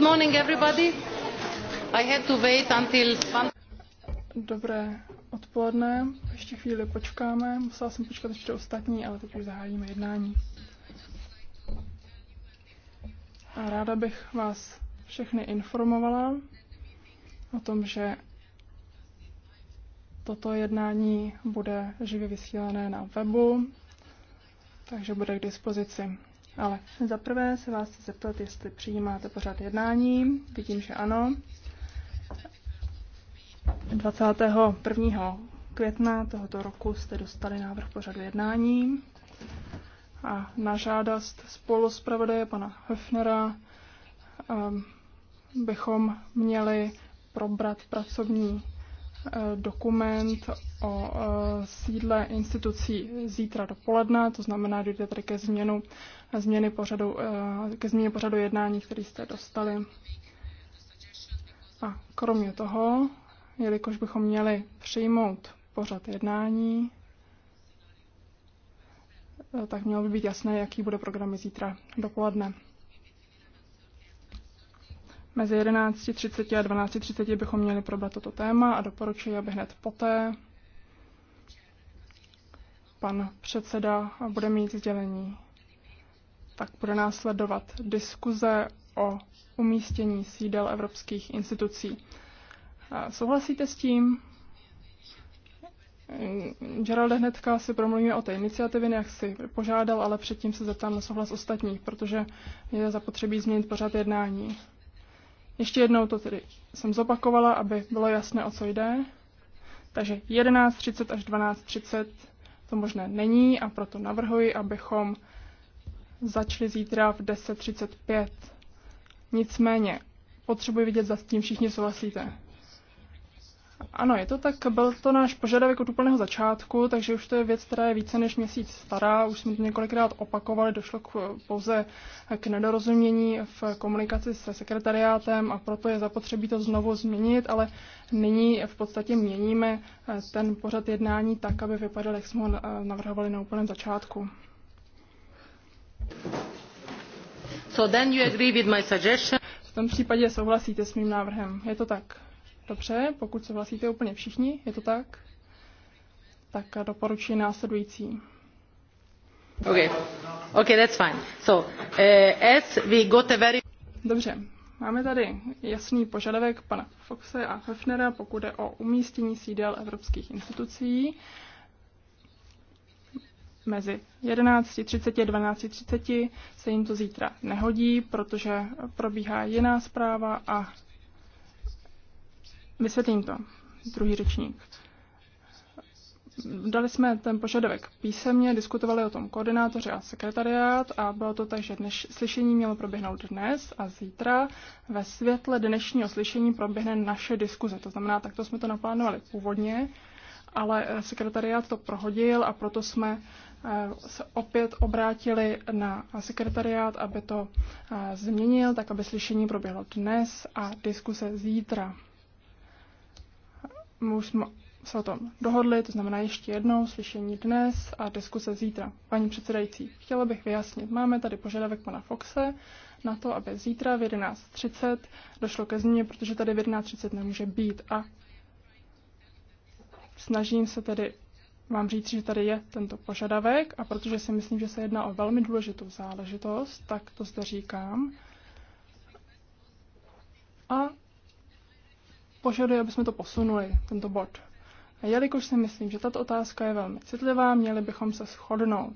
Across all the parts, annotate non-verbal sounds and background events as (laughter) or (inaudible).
Good morning everybody. I had to wait until... Dobré odpoledne, ještě chvíli počkáme. Musela jsem počkat ještě ostatní, ale teď už zahájíme jednání. A ráda bych vás všechny informovala o tom, že toto jednání bude živě vysílané na webu, takže bude k dispozici. Ale za prvé se vás chci zeptat, jestli přijímáte pořád jednání. Vidím, že ano. 21. května tohoto roku jste dostali návrh pořadu jednání a na žádost spoluzpravodaje pana Höfnera ehm, bychom měli probrat pracovní Eh, dokument o eh, sídle institucí zítra dopoledne, to znamená, jde tady ke, změnu, změny pořadu, eh, ke změně pořadu jednání, který jste dostali. A kromě toho, jelikož bychom měli přijmout pořad jednání, tak mělo by být jasné, jaký bude program zítra dopoledne. Mezi 11.30 a 12.30 bychom měli probrat toto téma a doporučuji, aby hned poté pan předseda bude mít sdělení. Tak bude následovat diskuze o umístění sídel evropských institucí. Souhlasíte s tím? Geralde hnedka si promluvíme o té iniciativě, jak si požádal, ale předtím se zeptám na souhlas ostatních, protože je zapotřebí změnit pořád jednání. Ještě jednou to tedy jsem zopakovala, aby bylo jasné, o co jde. Takže 11.30 až 12.30 to možné není a proto navrhuji, abychom začali zítra v 10.35. Nicméně potřebuji vidět, za tím všichni souhlasíte. Ano, je to tak. Byl to náš požadavek od úplného začátku, takže už to je věc, která je více než měsíc stará. Už jsme to několikrát opakovali, došlo k, pouze k nedorozumění v komunikaci se sekretariátem a proto je zapotřebí to znovu změnit, ale nyní v podstatě měníme eh, ten pořad jednání tak, aby vypadal, jak jsme ho eh, navrhovali na úplném začátku. So then you agree with my suggestion. V tom případě souhlasíte s mým návrhem. Je to tak. Dobře, pokud souhlasíte úplně všichni, je to tak? Tak doporučuji následující. Okay. Okay, that's fine. So, uh, as we got a very... Dobře, máme tady jasný požadavek pana Foxe a Hefnera, pokud je o umístění sídel evropských institucí mezi 11.30 a 12.30 se jim to zítra nehodí, protože probíhá jiná zpráva a Vysvětlím to, druhý řečník. Dali jsme ten požadavek písemně, diskutovali o tom koordinátoři a sekretariát a bylo to tak, že dneš, slyšení mělo proběhnout dnes a zítra. Ve světle dnešního slyšení proběhne naše diskuze. To znamená, takto jsme to naplánovali původně, ale eh, sekretariát to prohodil a proto jsme eh, se opět obrátili na sekretariát, aby to eh, změnil, tak aby slyšení proběhlo dnes a diskuse zítra. My už jsme se o tom dohodli, to znamená ještě jednou slyšení dnes a diskuse zítra. Paní předsedající, chtěla bych vyjasnit, máme tady požadavek pana Foxe na to, aby zítra v 11.30 došlo ke změně, protože tady v 11.30 nemůže být a snažím se tedy vám říct, že tady je tento požadavek a protože si myslím, že se jedná o velmi důležitou záležitost, tak to zde říkám. A požaduje, aby jsme to posunuli, tento bod. A jelikož si myslím, že tato otázka je velmi citlivá, měli bychom se shodnout.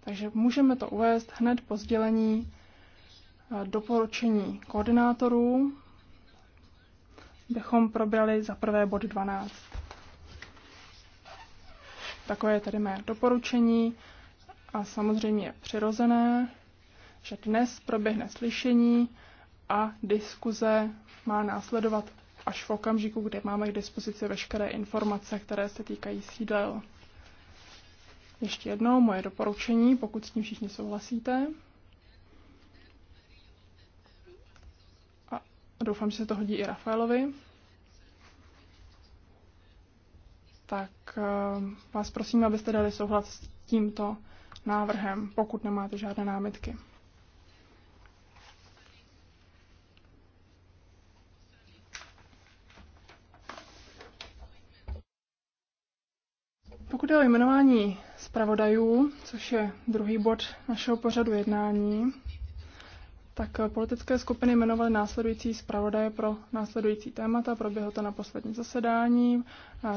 Takže můžeme to uvést hned po sdělení eh, doporučení koordinátorů, bychom probrali za prvé bod 12. Takové je tedy mé doporučení a samozřejmě je přirozené, že dnes proběhne slyšení a diskuze má následovat až v okamžiku, kdy máme k dispozici veškeré informace, které se týkají sídel. Ještě jednou moje doporučení, pokud s tím všichni souhlasíte. A doufám, že se to hodí i Rafaelovi. Tak eh, vás prosím, abyste dali souhlas s tímto návrhem, pokud nemáte žádné námitky. jde o jmenování zpravodajů, což je druhý bod našeho pořadu jednání, tak politické skupiny jmenovaly následující zpravodaje pro následující témata. Proběhlo to na posledním zasedání. Eh,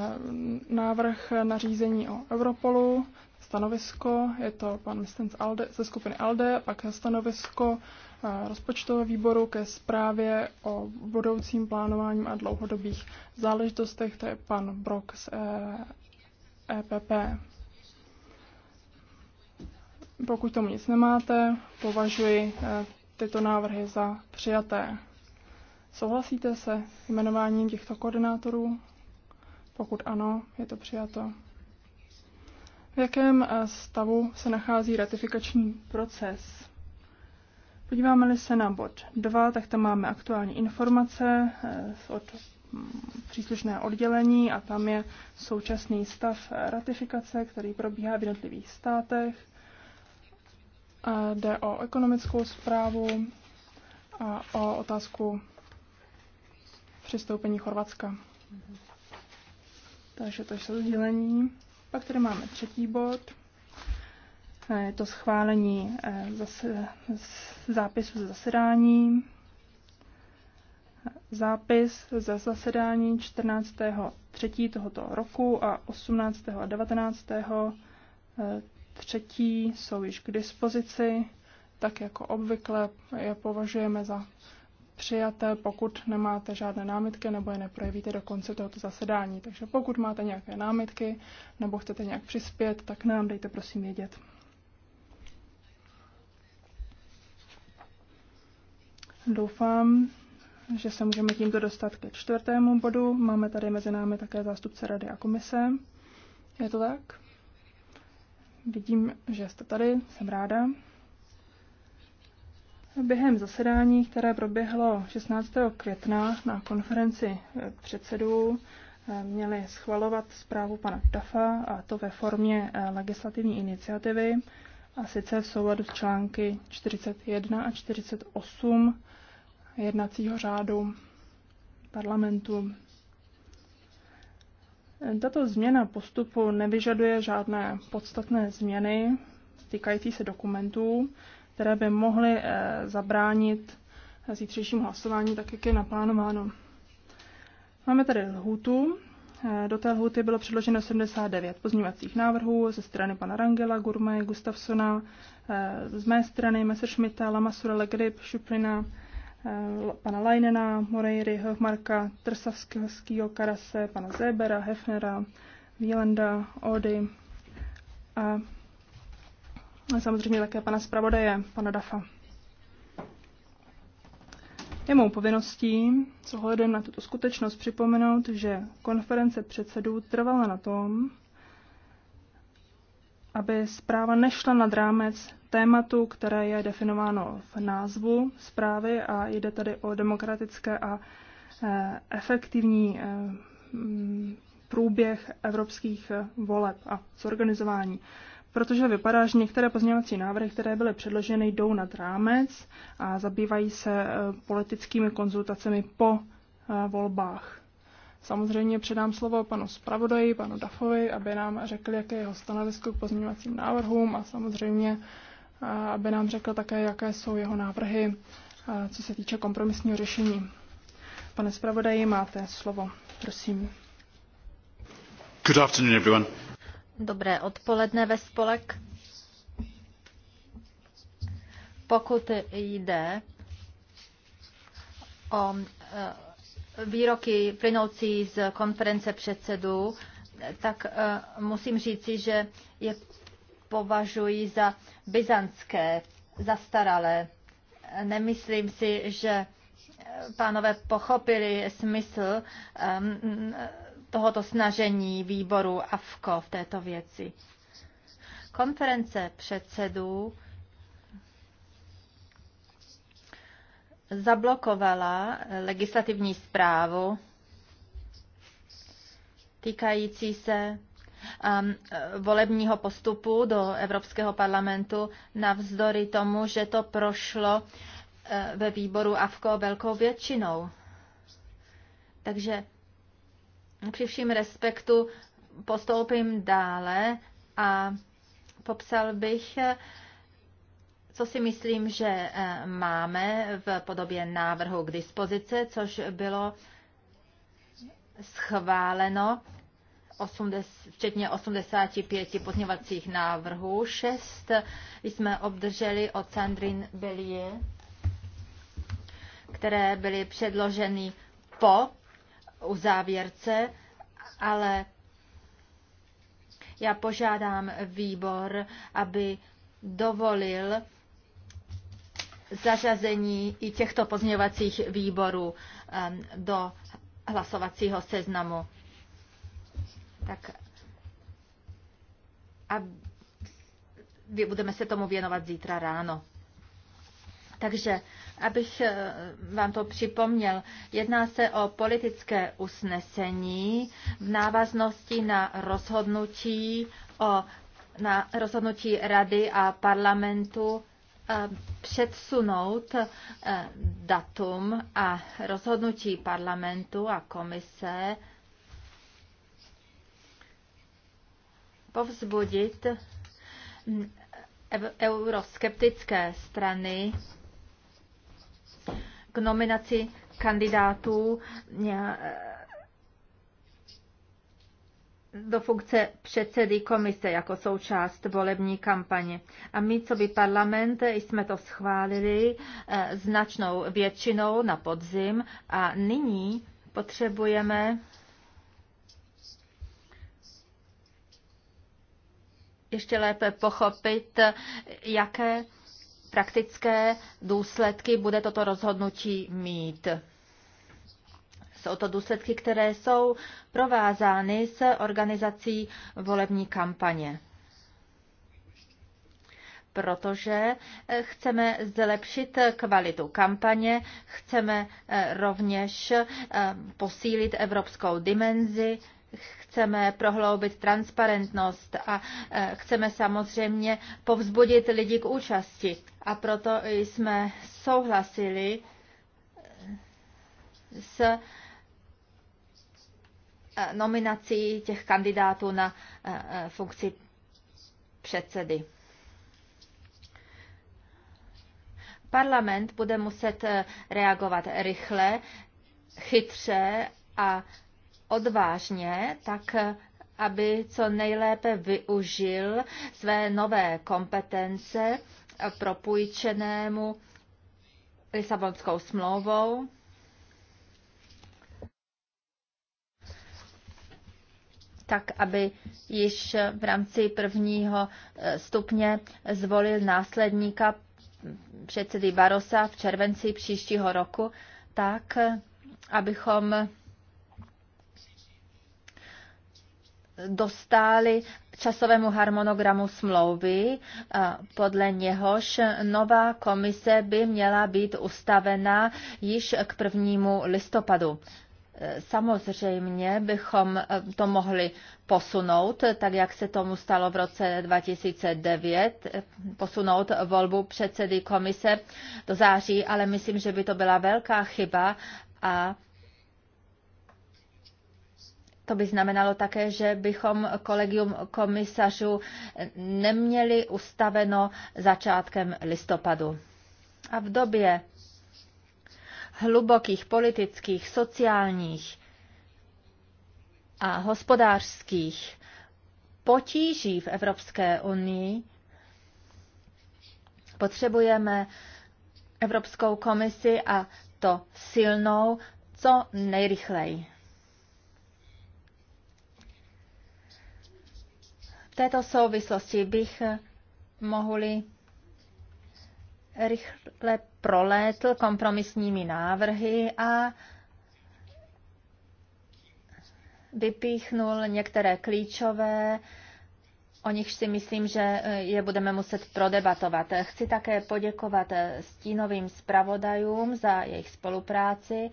návrh nařízení o Europolu, stanovisko, je to pan Mistens Alde, ze skupiny ALDE, pak stanovisko eh, rozpočtového výboru ke zprávě o budoucím plánování a dlouhodobých záležitostech, to je pan Brok z eh, EPP. Pokud tomu nic nemáte, považuji e, tyto návrhy za přijaté. Souhlasíte se jmenováním těchto koordinátorů? Pokud ano, je to přijato. V jakém e, stavu se nachází ratifikační proces? Podíváme-li se na bod 2, tak tam máme aktuální informace e, od příslušné oddělení a tam je současný stav ratifikace, který probíhá v jednotlivých státech. A jde o ekonomickou zprávu a o otázku přistoupení Chorvatska. Takže to jsou sdělení. Pak tady máme třetí bod. Eh, je to schválení eh, zase, zápisu ze zasedání zápis ze zasedání 14. 3. tohoto roku a 18. a 19. 3. Eh, jsou již k dispozici, tak jako obvykle je považujeme za přijaté, pokud nemáte žádné námitky nebo je neprojevíte do konce tohoto zasedání. Takže pokud máte nějaké námitky nebo chcete nějak přispět, tak nám dejte prosím vědět. Doufám, že se můžeme tímto dostat ke čtvrtému bodu. Máme tady mezi námi také zástupce Rady a komise. Je to tak? Vidím, že jste tady, jsem ráda. Během zasedání, které proběhlo 16. května na konferenci předsedů, měli schvalovat zprávu pana Dafa, a to ve formě eh, legislativní iniciativy, a sice v souladu s články 41 a 48 jednacího řádu parlamentu. Tato změna postupu nevyžaduje žádné podstatné změny týkající se dokumentů, které by mohly eh, zabránit zítřejším hlasování, tak jak je naplánováno. Máme tady lhůtu. Eh, do té lhůty bylo předloženo 79 pozměňovacích návrhů ze strany pana Rangela, Gurmaje, Gustafsona, eh, z mé strany Messerschmitta, Lamasura, Legrip, Šuplina, Eh, pana Leinena, Moreiry, Hofmarka, Trsavského, Karase, pana Zébera, Hefnera, Vílenda, Ody a samozřejmě také pana zpravodaje, pana Dafa. Je mou povinností s ohledem na tuto skutečnost připomenout, že konference předsedů trvala na tom, aby zpráva nešla nad rámec tématu, které je definováno v názvu zprávy a jde tady o demokratické a eh, efektivní eh, mm, průběh evropských eh, voleb a zorganizování. Protože vypadá, že některé pozměňovací návrhy, které byly předloženy, jdou nad rámec a zabývají se politickými konzultacemi po volbách. Samozřejmě předám slovo panu zpravodaji, panu Dafovi, aby nám řekl, jaké je jeho stanovisko k pozměňovacím návrhům a samozřejmě aby nám řekl také, jaké jsou jeho návrhy, co se týče kompromisního řešení. Pane zpravodaji, máte slovo. Prosím. Good afternoon, everyone. Dobré odpoledne ve spolek. Pokud jde o e, výroky plynoucí z konference předsedů, tak e, musím říci, že je považují za byzantské, zastaralé. Nemyslím si, že eh, pánové pochopili smysl um, tohoto snažení výboru AFKO v této věci. Konference předsedů zablokovala legislativní zprávu týkající se Um, volebního postupu do Evropského parlamentu navzdory tomu, že to prošlo uh, ve výboru AFKO velkou většinou. Takže při vším respektu postoupím dále a popsal bych, uh, co si myslím, že uh, máme v podobě návrhu k dispozici, což bylo schváleno 80, včetně 85 pozměvacích návrhů. Šest jsme obdrželi od Sandrine Bellier, které byly předloženy po uzávěrce, ale já požádám výbor, aby dovolil zařazení i těchto pozměňovacích výborů um, do hlasovacího seznamu tak a budeme se tomu věnovat zítra ráno. Takže, abych eh, vám to připomněl, jedná se o politické usnesení v návaznosti na rozhodnutí o na rozhodnutí Rady a parlamentu eh, předsunout eh, datum a rozhodnutí parlamentu a komise povzbudit euroskeptické strany k nominaci kandidátů eh, do funkce předsedy komise jako součást volební kampaně. A my, co by parlament, jsme to schválili eh, značnou většinou na podzim a nyní potřebujeme ještě lépe pochopit, jaké praktické důsledky bude toto rozhodnutí mít. Jsou to důsledky, které jsou provázány s organizací volební kampaně protože eh, chceme zlepšit kvalitu kampaně, chceme eh, rovněž eh, posílit evropskou dimenzi chceme prohloubit transparentnost a e, chceme samozřejmě povzbudit lidi k účasti. A proto jsme souhlasili e, s e, nominací těch kandidátů na funkci předsedy. Parlament bude muset reagovat rychle, chytře a odvážně, tak aby co nejlépe využil své nové kompetence propůjčenému Lisabonskou smlouvou. tak, aby již v rámci prvního eh, stupně zvolil následníka předsedy Barosa v červenci příštího roku, tak, abychom dostáli časovému harmonogramu smlouvy, podle něhož nová komise by měla být ustavena již k prvnímu listopadu. Samozřejmě bychom e, to mohli posunout, tak jak se tomu stalo v roce 2009, e, posunout volbu předsedy komise do září, ale myslím, že by to byla velká chyba a to by znamenalo také, že bychom kolegium komisařů neměli ustaveno začátkem listopadu. A v době hlubokých politických, sociálních a hospodářských potíží v Evropské unii potřebujeme Evropskou komisi a to silnou co nejrychleji. této souvislosti bych eh, mohli rychle prolétl kompromisními návrhy a vypíchnul některé klíčové, o nichž si myslím, že eh, je budeme muset prodebatovat. Chci také poděkovat eh, stínovým zpravodajům za jejich spolupráci,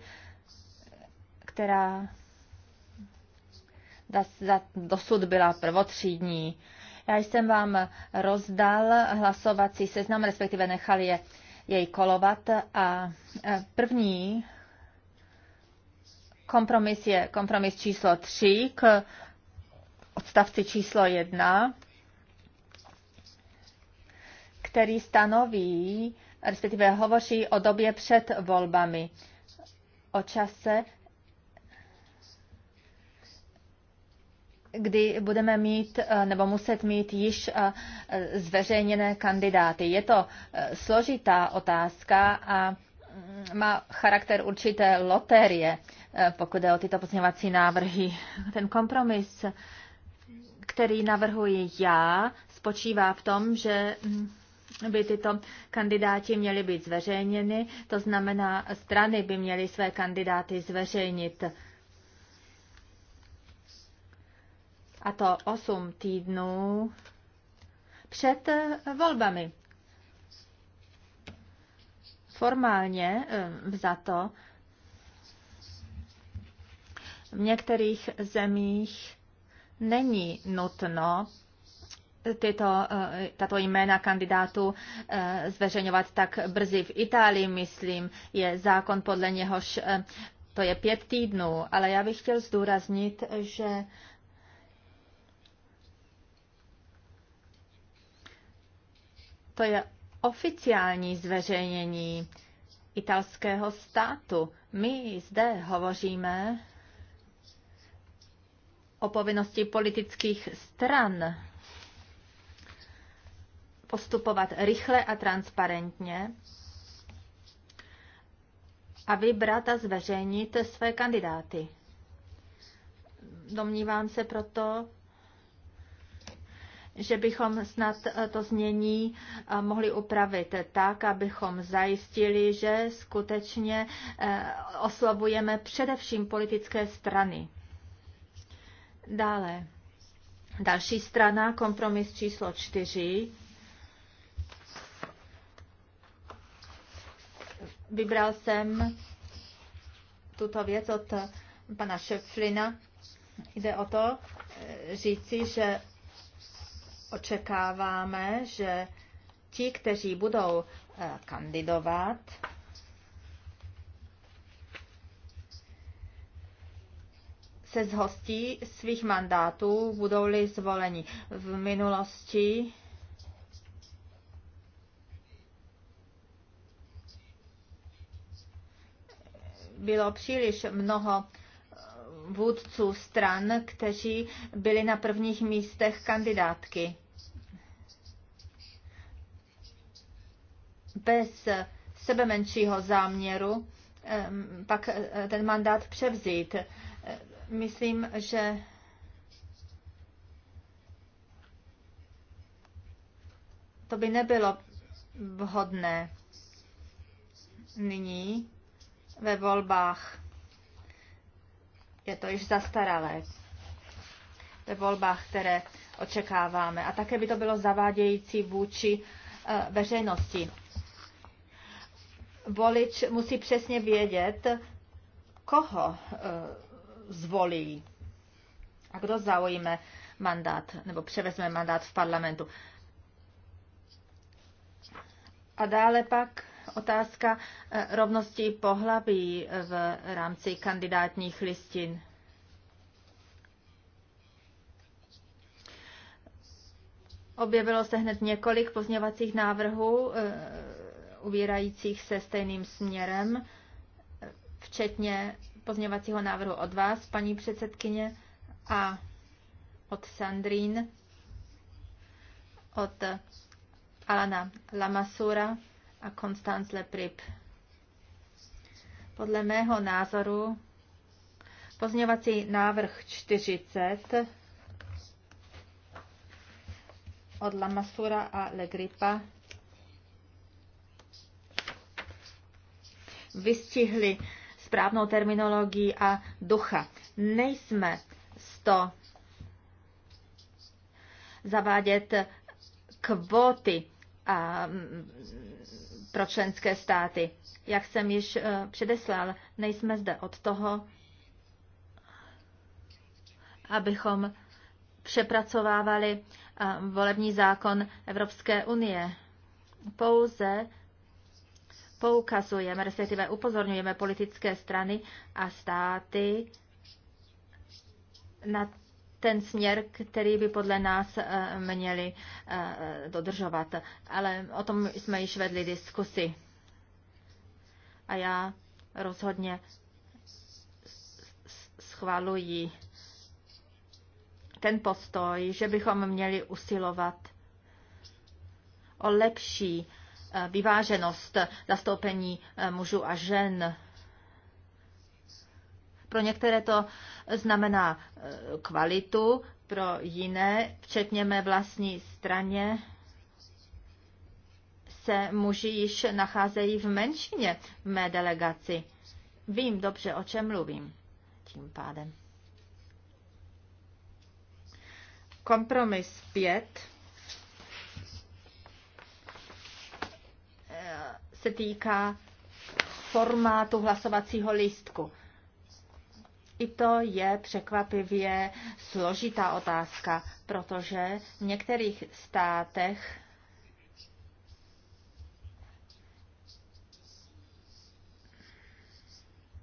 která dosud byla prvotřídní. Já jsem vám rozdal hlasovací seznam, respektive nechal je jej kolovat a e, první kompromis je kompromis číslo 3 k odstavci číslo 1, který stanoví, respektive hovoří o době před volbami, o čase, kdy budeme mít eh, nebo muset mít již eh, zveřejněné kandidáty. Je to eh, složitá otázka a mm, má charakter určité loterie, pokud jde o tyto pozměňovací návrhy. Ten kompromis, který navrhuji já, spočívá v tom, že mm, by tyto kandidáti měli být zveřejněny. to znamená, strany by měly své kandidáty zveřejnit a to 8 týdnů před eh, volbami. Formálně eh, vzato v některých zemích není nutno tyto, eh, tato jména kandidátů zveřejňovat tak brzy. V Itálii, myslím, je zákon podle něhož to je pět týdnů, ale já bych chtěl zdůraznit, že To je oficiální zveřejnění italského státu. My zde hovoříme o povinnosti politických stran postupovat rychle a transparentně a vybrat a zveřejnit své kandidáty. Domnívám se proto, že bychom snad eh, to znění eh, mohli upravit tak, abychom zajistili, že skutečně eh, oslovujeme především politické strany. Dále. Další strana, kompromis číslo čtyři. Vybral jsem tuto věc od pana Šeflina. Jde o to říci, že očekáváme, že ti, kteří budou eh, kandidovat, se zhostí svých mandátů, budou-li zvoleni. V minulosti bylo příliš mnoho vůdců stran, kteří byli na prvních místech kandidátky. Bez sebe menšího záměru pak eh, ten mandát převzít. Eh, myslím, že to by nebylo vhodné nyní ve volbách je to již zastaralé ve volbách, které očekáváme. A také by to bylo zavádějící vůči e, veřejnosti. Volič musí přesně vědět, koho e, zvolí a kdo zaujme mandát nebo převezme mandát v parlamentu. A dále pak otázka eh, rovnosti pohlaví eh, v rámci kandidátních listin. Objevilo se hned několik pozměvacích návrhů eh, uvírajících se stejným směrem, včetně pozměvacího návrhu od vás, paní předsedkyně, a od Sandrín, od Alana Lamasura a Konstanz Leprip. Podle mého názoru pozněvací návrh 40 od Lamasura a Legripa vystihli správnou terminologii a ducha. Nejsme sto zavádět kvóty pro členské státy. Jak jsem již eh, předeslal, nejsme zde od toho, abychom přepracovávali eh, volební zákon Evropské unie. Pouze poukazujeme, respektive upozorňujeme politické strany a státy na ten směr, který by podle nás eh, měli eh, dodržovat. Ale o tom jsme již vedli diskusy A já rozhodně schvaluji ten postoj, že bychom měli usilovat o lepší eh, vyváženost zastoupení mužů a žen pro některé to znamená eh, kvalitu, pro jiné, včetně mé vlastní straně, se muži již nacházejí v menšině v mé delegaci. Vím dobře, o čem mluvím tím pádem. Kompromis 5 eh, se týká formátu hlasovacího lístku. I to je překvapivě složitá otázka, protože v některých státech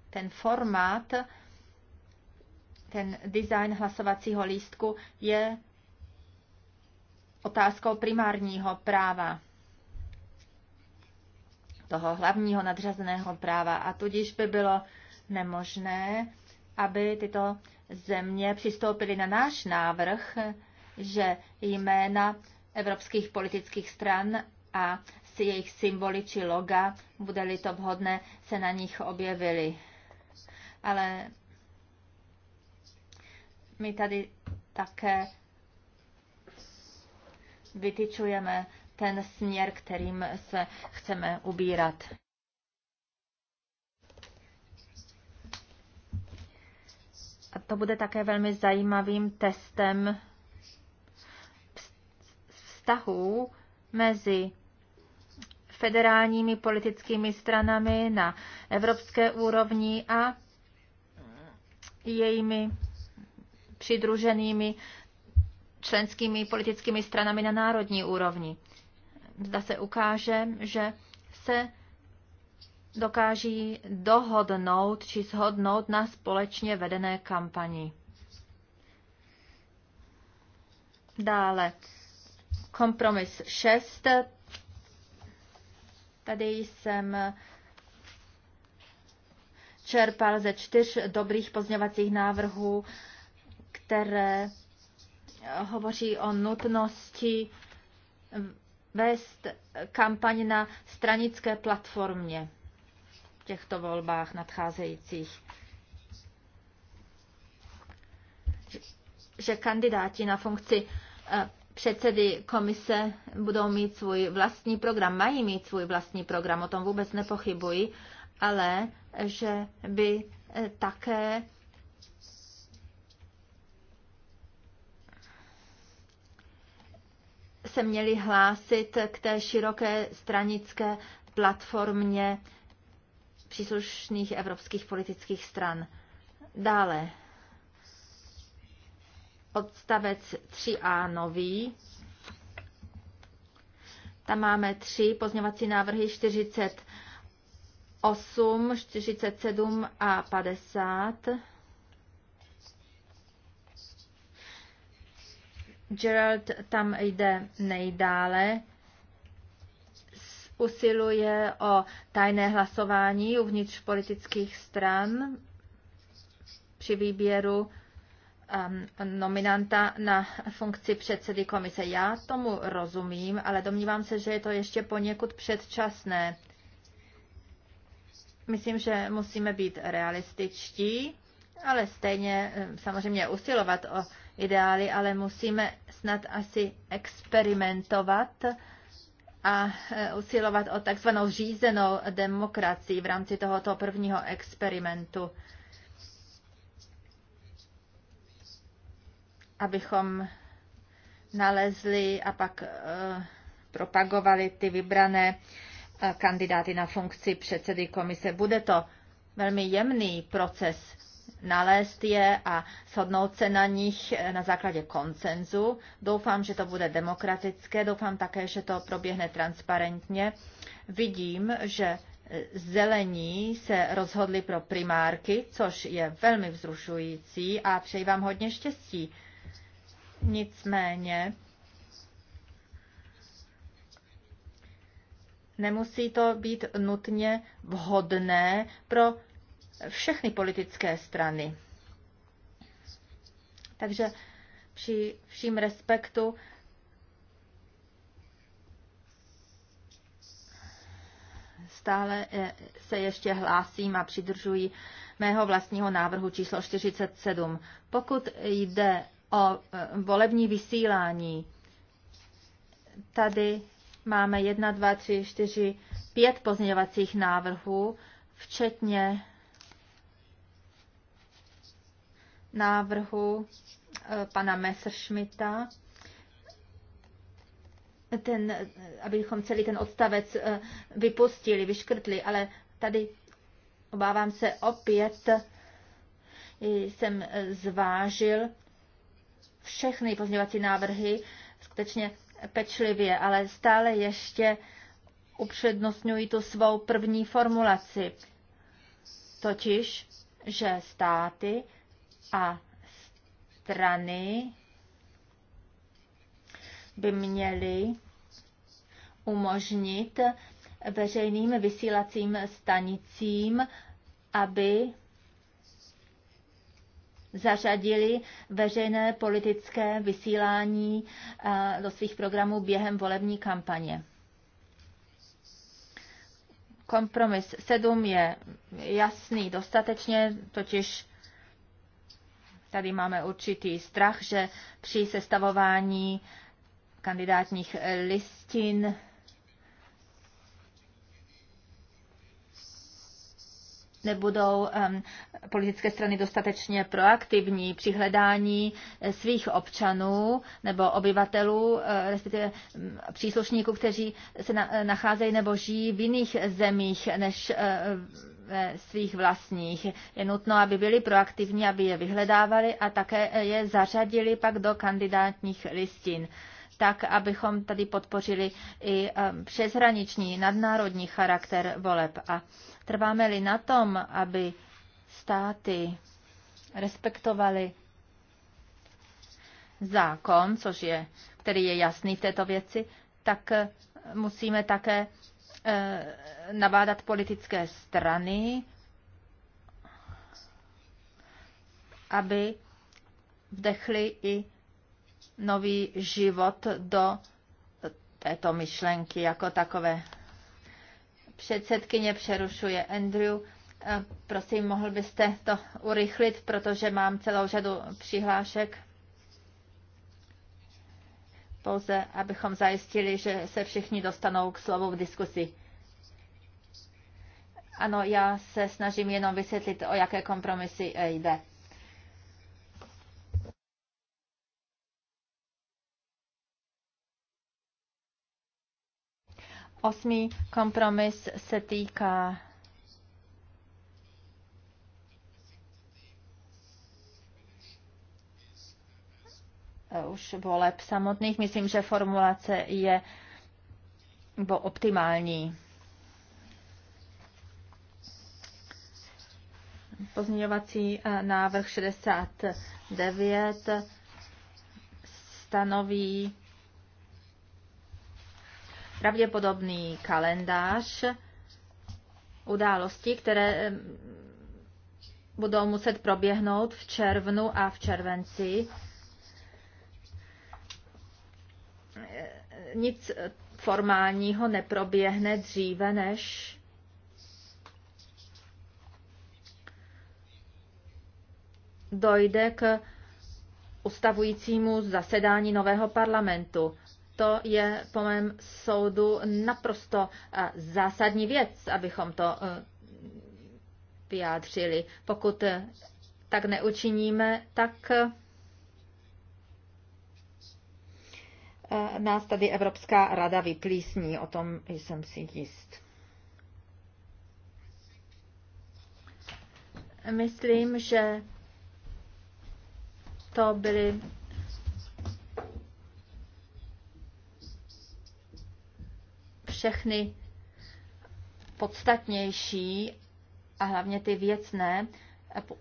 ten formát, ten design hlasovacího lístku je otázkou primárního práva, toho hlavního nadřazeného práva. A tudíž by bylo nemožné aby tyto země přistoupily na náš návrh, že jména evropských politických stran a si jejich symboly či loga, bude-li to vhodné, se na nich objevily. Ale my tady také vytyčujeme ten směr, kterým se chceme ubírat. to bude také velmi zajímavým testem vztahů mezi federálními politickými stranami na evropské úrovni a jejími přidruženými členskými politickými stranami na národní úrovni. Zda se ukáže, že se dokáží dohodnout či shodnout na společně vedené kampani. Dále kompromis 6. Tady jsem čerpal ze čtyř dobrých pozněvacích návrhů, které hovoří o nutnosti vést kampaň na stranické platformě těchto volbách nadcházejících. Že kandidáti na funkci eh, předsedy komise budou mít svůj vlastní program, mají mít svůj vlastní program, o tom vůbec nepochybuji, ale že by eh, také se měli hlásit k té široké stranické platformě příslušných evropských politických stran. Dále odstavec 3a nový. Tam máme tři pozměňovací návrhy 48, 47 a 50. Gerald tam jde nejdále usiluje o tajné hlasování uvnitř politických stran při výběru um, nominanta na funkci předsedy komise. Já tomu rozumím, ale domnívám se, že je to ještě poněkud předčasné. Myslím, že musíme být realističtí, ale stejně um, samozřejmě usilovat o ideály, ale musíme snad asi experimentovat a e, usilovat o takzvanou řízenou demokracii v rámci tohoto prvního experimentu, abychom nalezli a pak e, propagovali ty vybrané e, kandidáty na funkci předsedy komise. Bude to velmi jemný proces nalézt je a shodnout se na nich na základě koncenzu. Doufám, že to bude demokratické, doufám také, že to proběhne transparentně. Vidím, že zelení se rozhodli pro primárky, což je velmi vzrušující a přeji vám hodně štěstí. Nicméně nemusí to být nutně vhodné pro všechny politické strany. Takže při vším respektu stále eh, se ještě hlásím a přidržuji mého vlastního návrhu číslo 47. Pokud jde o eh, volební vysílání, tady máme 1, 2, 3, 4, 5 pozměňovacích návrhů, včetně návrhu eh, pana Messerschmitta, ten, eh, abychom celý ten odstavec eh, vypustili, vyškrtli, ale tady obávám se opět, jsem zvážil všechny pozměňovací návrhy skutečně pečlivě, ale stále ještě upřednostňuji tu svou první formulaci, totiž, že státy a strany by měly umožnit veřejným vysílacím stanicím, aby zařadili veřejné politické vysílání eh, do svých programů během volební kampaně. Kompromis 7 je jasný dostatečně, totiž Tady máme určitý strach, že při sestavování kandidátních listin nebudou um, politické strany dostatečně proaktivní při hledání eh, svých občanů nebo obyvatelů, eh, respektive mm, příslušníků, kteří se na, eh, nacházejí nebo žijí v jiných zemích než uh, svých vlastních. Je nutno, aby byli proaktivní, aby je vyhledávali a také je zařadili pak do kandidátních listin tak, abychom tady podpořili i um, přeshraniční nadnárodní charakter voleb. A trváme-li na tom, aby státy respektovali zákon, což je, který je jasný v této věci, tak uh, musíme také Eh, nabádat politické strany, aby vdechli i nový život do této myšlenky jako takové. Předsedkyně přerušuje Andrew. Eh, prosím, mohl byste to urychlit, protože mám celou řadu přihlášek pouze abychom zajistili, že se všichni dostanou k slovu v diskusi. Ano, já se snažím jenom vysvětlit, o jaké kompromisy eh, jde. Osmý kompromis se týká Eh, už voleb samotných. Myslím, že formulace je bo optimální. Pozměňovací eh, návrh 69 stanoví pravděpodobný kalendář událostí, které eh, budou muset proběhnout v červnu a v červenci nic formálního neproběhne dříve než dojde k ustavujícímu zasedání nového parlamentu. To je po mém soudu naprosto eh, zásadní věc, abychom to eh, vyjádřili. Pokud eh, tak neučiníme, tak Eh, nás tady Evropská rada vyplísní, o tom jsem si jist. Myslím, že to byly všechny podstatnější a hlavně ty věcné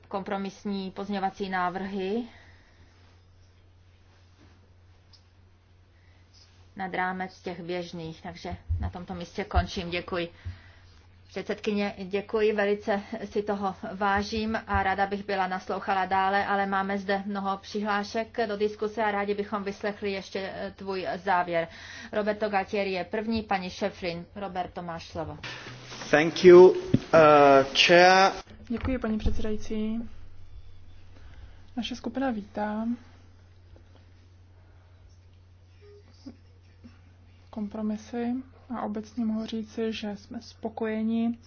kompromisní pozměňovací návrhy nad rámec těch běžných. Takže na tomto místě končím. Děkuji. Předsedkyně, děkuji, velice si toho vážím a ráda bych byla naslouchala dále, ale máme zde mnoho přihlášek do diskuse a rádi bychom vyslechli ještě eh, tvůj závěr. Roberto Galtieri je první, paní Šefrin. Roberto, máš slovo. Thank you, uh, chair. Děkuji, paní předsedající. Naše skupina vítám. kompromisy a obecně mohu říci, že jsme spokojeni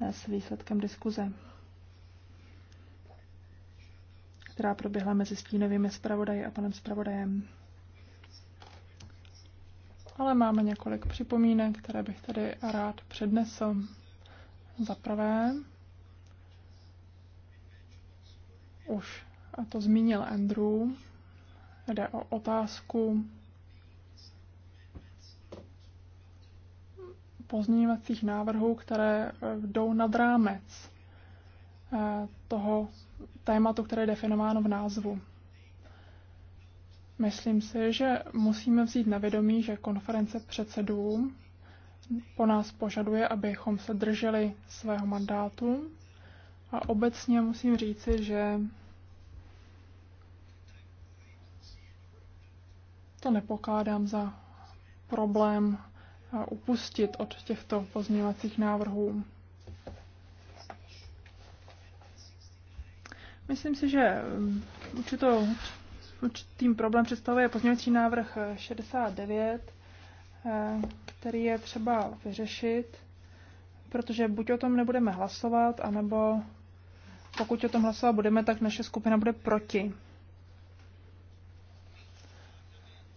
s výsledkem diskuze, která proběhla mezi stínovými zpravodaji a panem zpravodajem. Ale máme několik připomínek, které bych tady rád přednesl. Za prvé, už a to zmínil Andrew, jde o otázku pozměňovacích návrhů, které eh, jdou nad rámec eh, toho tématu, které je definováno v názvu. Myslím si, že musíme vzít na vědomí, že konference předsedů po nás požaduje, abychom se drželi svého mandátu. A obecně musím říci, že to nepokládám za problém upustit od těchto pozměňovacích návrhů. Myslím si, že mm, určitou, určitým problém představuje pozměňovací návrh 69, eh, který je třeba vyřešit, protože buď o tom nebudeme hlasovat, anebo pokud o tom hlasovat budeme, tak naše skupina bude proti.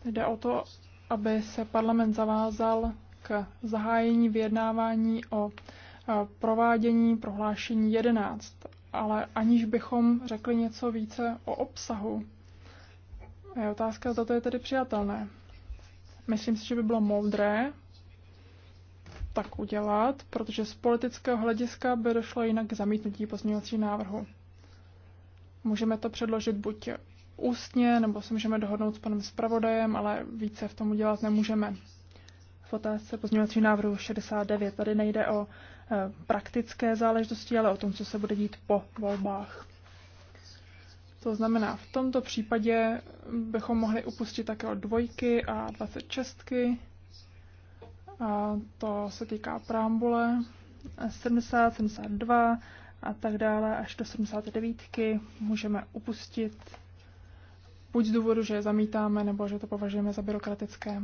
Jde o to, aby se parlament zavázal k zahájení vyjednávání o provádění prohlášení 11, ale aniž bychom řekli něco více o obsahu. Je otázka, zda to je tedy přijatelné. Myslím si, že by bylo moudré tak udělat, protože z politického hlediska by došlo jinak k zamítnutí pozměňovacího návrhu. Můžeme to předložit buď ústně, nebo se můžeme dohodnout s panem zpravodajem, ale více v tom udělat nemůžeme. V otázce pozměňovacího návrhu 69 tady nejde o eh, praktické záležitosti, ale o tom, co se bude dít po volbách. To znamená, v tomto případě bychom mohli upustit také od dvojky a 26. A to se týká preambule 70, 72 a tak dále až do 79. Můžeme upustit buď z důvodu, že je zamítáme, nebo že to považujeme za byrokratické.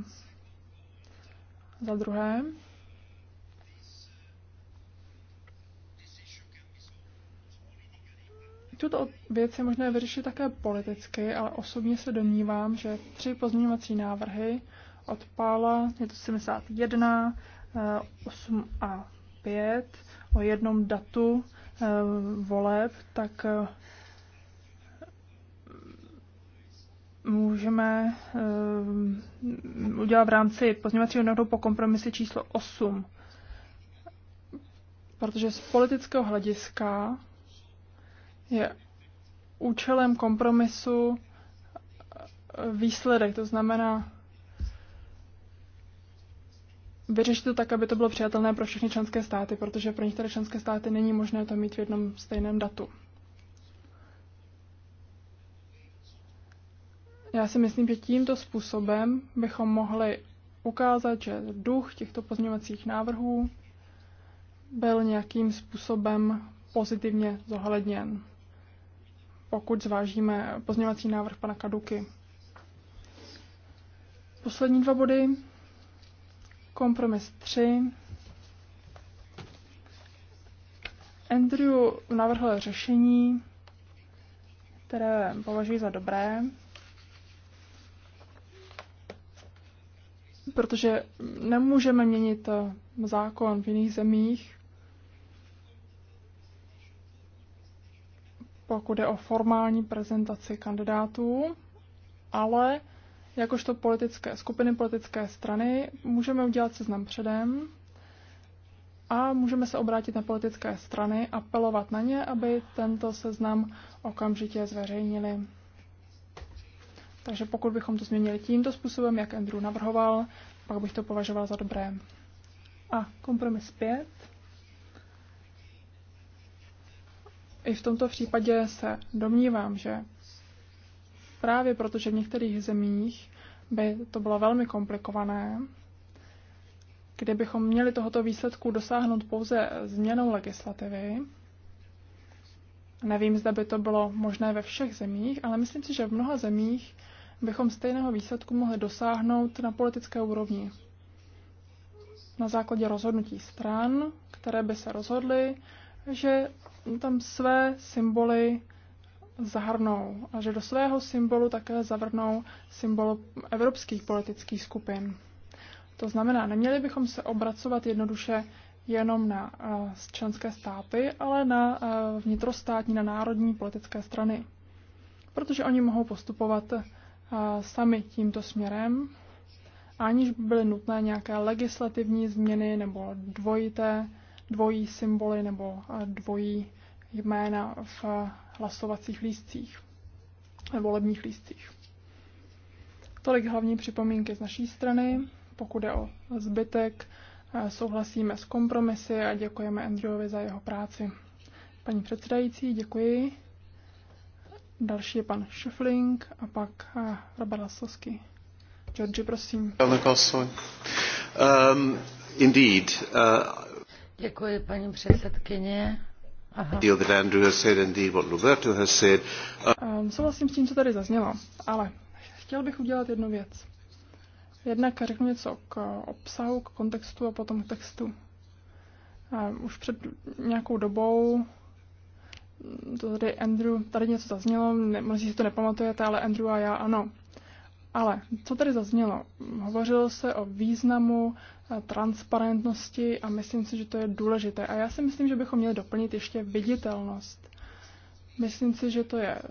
Za druhé, Tuto věc je možné vyřešit také politicky, ale osobně se domnívám, že tři pozměňovací návrhy od Pála, je to 71, 8 eh, a 5, o jednom datu eh, voleb, tak eh, můžeme um, udělat v rámci pozměňovacího návrhu po kompromisy číslo 8. Protože z politického hlediska je účelem kompromisu výsledek, to znamená vyřešit to tak, aby to bylo přijatelné pro všechny členské státy, protože pro některé členské státy není možné to mít v jednom stejném datu. Já si myslím, že tímto způsobem bychom mohli ukázat, že duch těchto pozměňovacích návrhů byl nějakým způsobem pozitivně zohledněn, pokud zvážíme pozměňovací návrh pana Kaduky. Poslední dva body. Kompromis 3. Andrew navrhl řešení, které považuji za dobré, protože nemůžeme měnit eh, zákon v jiných zemích, pokud je o formální prezentaci kandidátů, ale jakožto politické skupiny, politické strany, můžeme udělat seznam předem a můžeme se obrátit na politické strany, apelovat na ně, aby tento seznam okamžitě zveřejnili. Takže pokud bychom to změnili tímto způsobem, jak Andrew navrhoval, pak bych to považoval za dobré. A kompromis 5. I v tomto případě se domnívám, že právě protože v některých zemích by to bylo velmi komplikované, kdybychom měli tohoto výsledku dosáhnout pouze změnou legislativy, Nevím, zda by to bylo možné ve všech zemích, ale myslím si, že v mnoha zemích bychom stejného výsledku mohli dosáhnout na politické úrovni. Na základě rozhodnutí stran, které by se rozhodly, že tam své symboly zahrnou a že do svého symbolu také zavrnou symbol evropských politických skupin. To znamená, neměli bychom se obracovat jednoduše jenom na eh, členské státy, ale na eh, vnitrostátní, na národní politické strany. Protože oni mohou postupovat eh, sami tímto směrem, aniž by byly nutné nějaké legislativní změny nebo dvojité, dvojí symboly nebo dvojí jména v hlasovacích lístcích, volebních lístcích. Tolik hlavní připomínky z naší strany. Pokud je o zbytek, souhlasíme s kompromisy a děkujeme Andrewovi za jeho práci. Paní předsedající, děkuji. Další je pan Schöfling a pak eh, Robert Lasovský. Georgi, prosím. Um, indeed. Uh, Děkuji, paní předsedkyně. Eh, ehm, souhlasím s tím, co tady zaznělo, ale chtěl bych udělat jednu věc. Jednak řeknu něco k obsahu, k kontextu a potom k textu. Ehm, už před nějakou dobou tady Andrew, tady něco zaznělo, ne, možná si to nepamatujete, ale Andrew a já ano. Ale co tady zaznělo? Hovořilo se o významu eh, transparentnosti a myslím si, že to je důležité. A já si myslím, že bychom měli doplnit ještě viditelnost. Myslím si, že to je eh,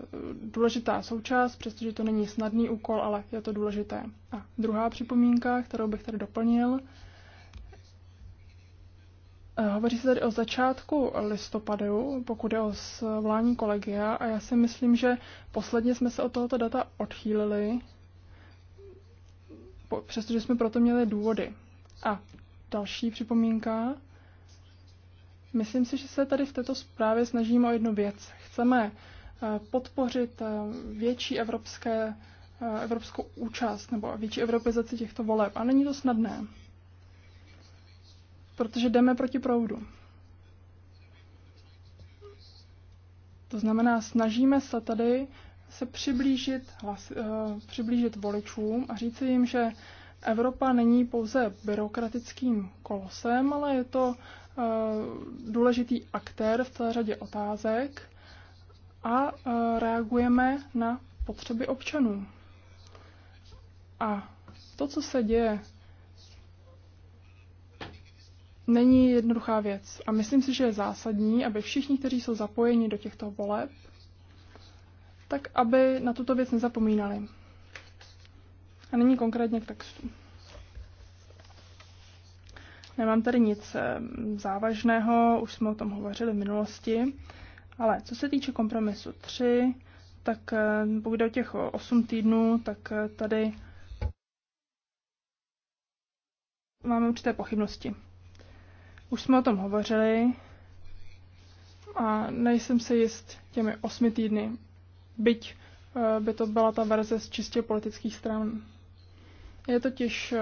důležitá součást, přestože to není snadný úkol, ale je to důležité. A druhá připomínka, kterou bych tady doplnil, Eh, hovoří se tady o začátku listopadu, pokud je o svolání kolegia, a já si myslím, že posledně jsme se od tohoto data odchýlili, přestože jsme proto měli důvody. A další připomínka. Myslím si, že se tady v této zprávě snažíme o jednu věc. Chceme eh, podpořit eh, větší evropské, evropskou účast nebo větší evropizaci těchto voleb. A není to snadné protože jdeme proti proudu. To znamená, snažíme se tady se přiblížit, hlas, eh, přiblížit voličům a říci jim, že Evropa není pouze byrokratickým kolosem, ale je to eh, důležitý aktér v celé řadě otázek a eh, reagujeme na potřeby občanů. A to, co se děje není jednoduchá věc. A myslím si, že je zásadní, aby všichni, kteří jsou zapojeni do těchto voleb, tak aby na tuto věc nezapomínali. A nyní konkrétně k textu. Nemám tady nic eh, závažného, už jsme o tom hovořili v minulosti, ale co se týče kompromisu 3, tak eh, pokud o těch 8 týdnů, tak eh, tady máme určité pochybnosti. Už jsme o tom hovořili a nejsem si jist těmi osmi týdny, byť eh, by to byla ta verze z čistě politických stran. Je totiž eh,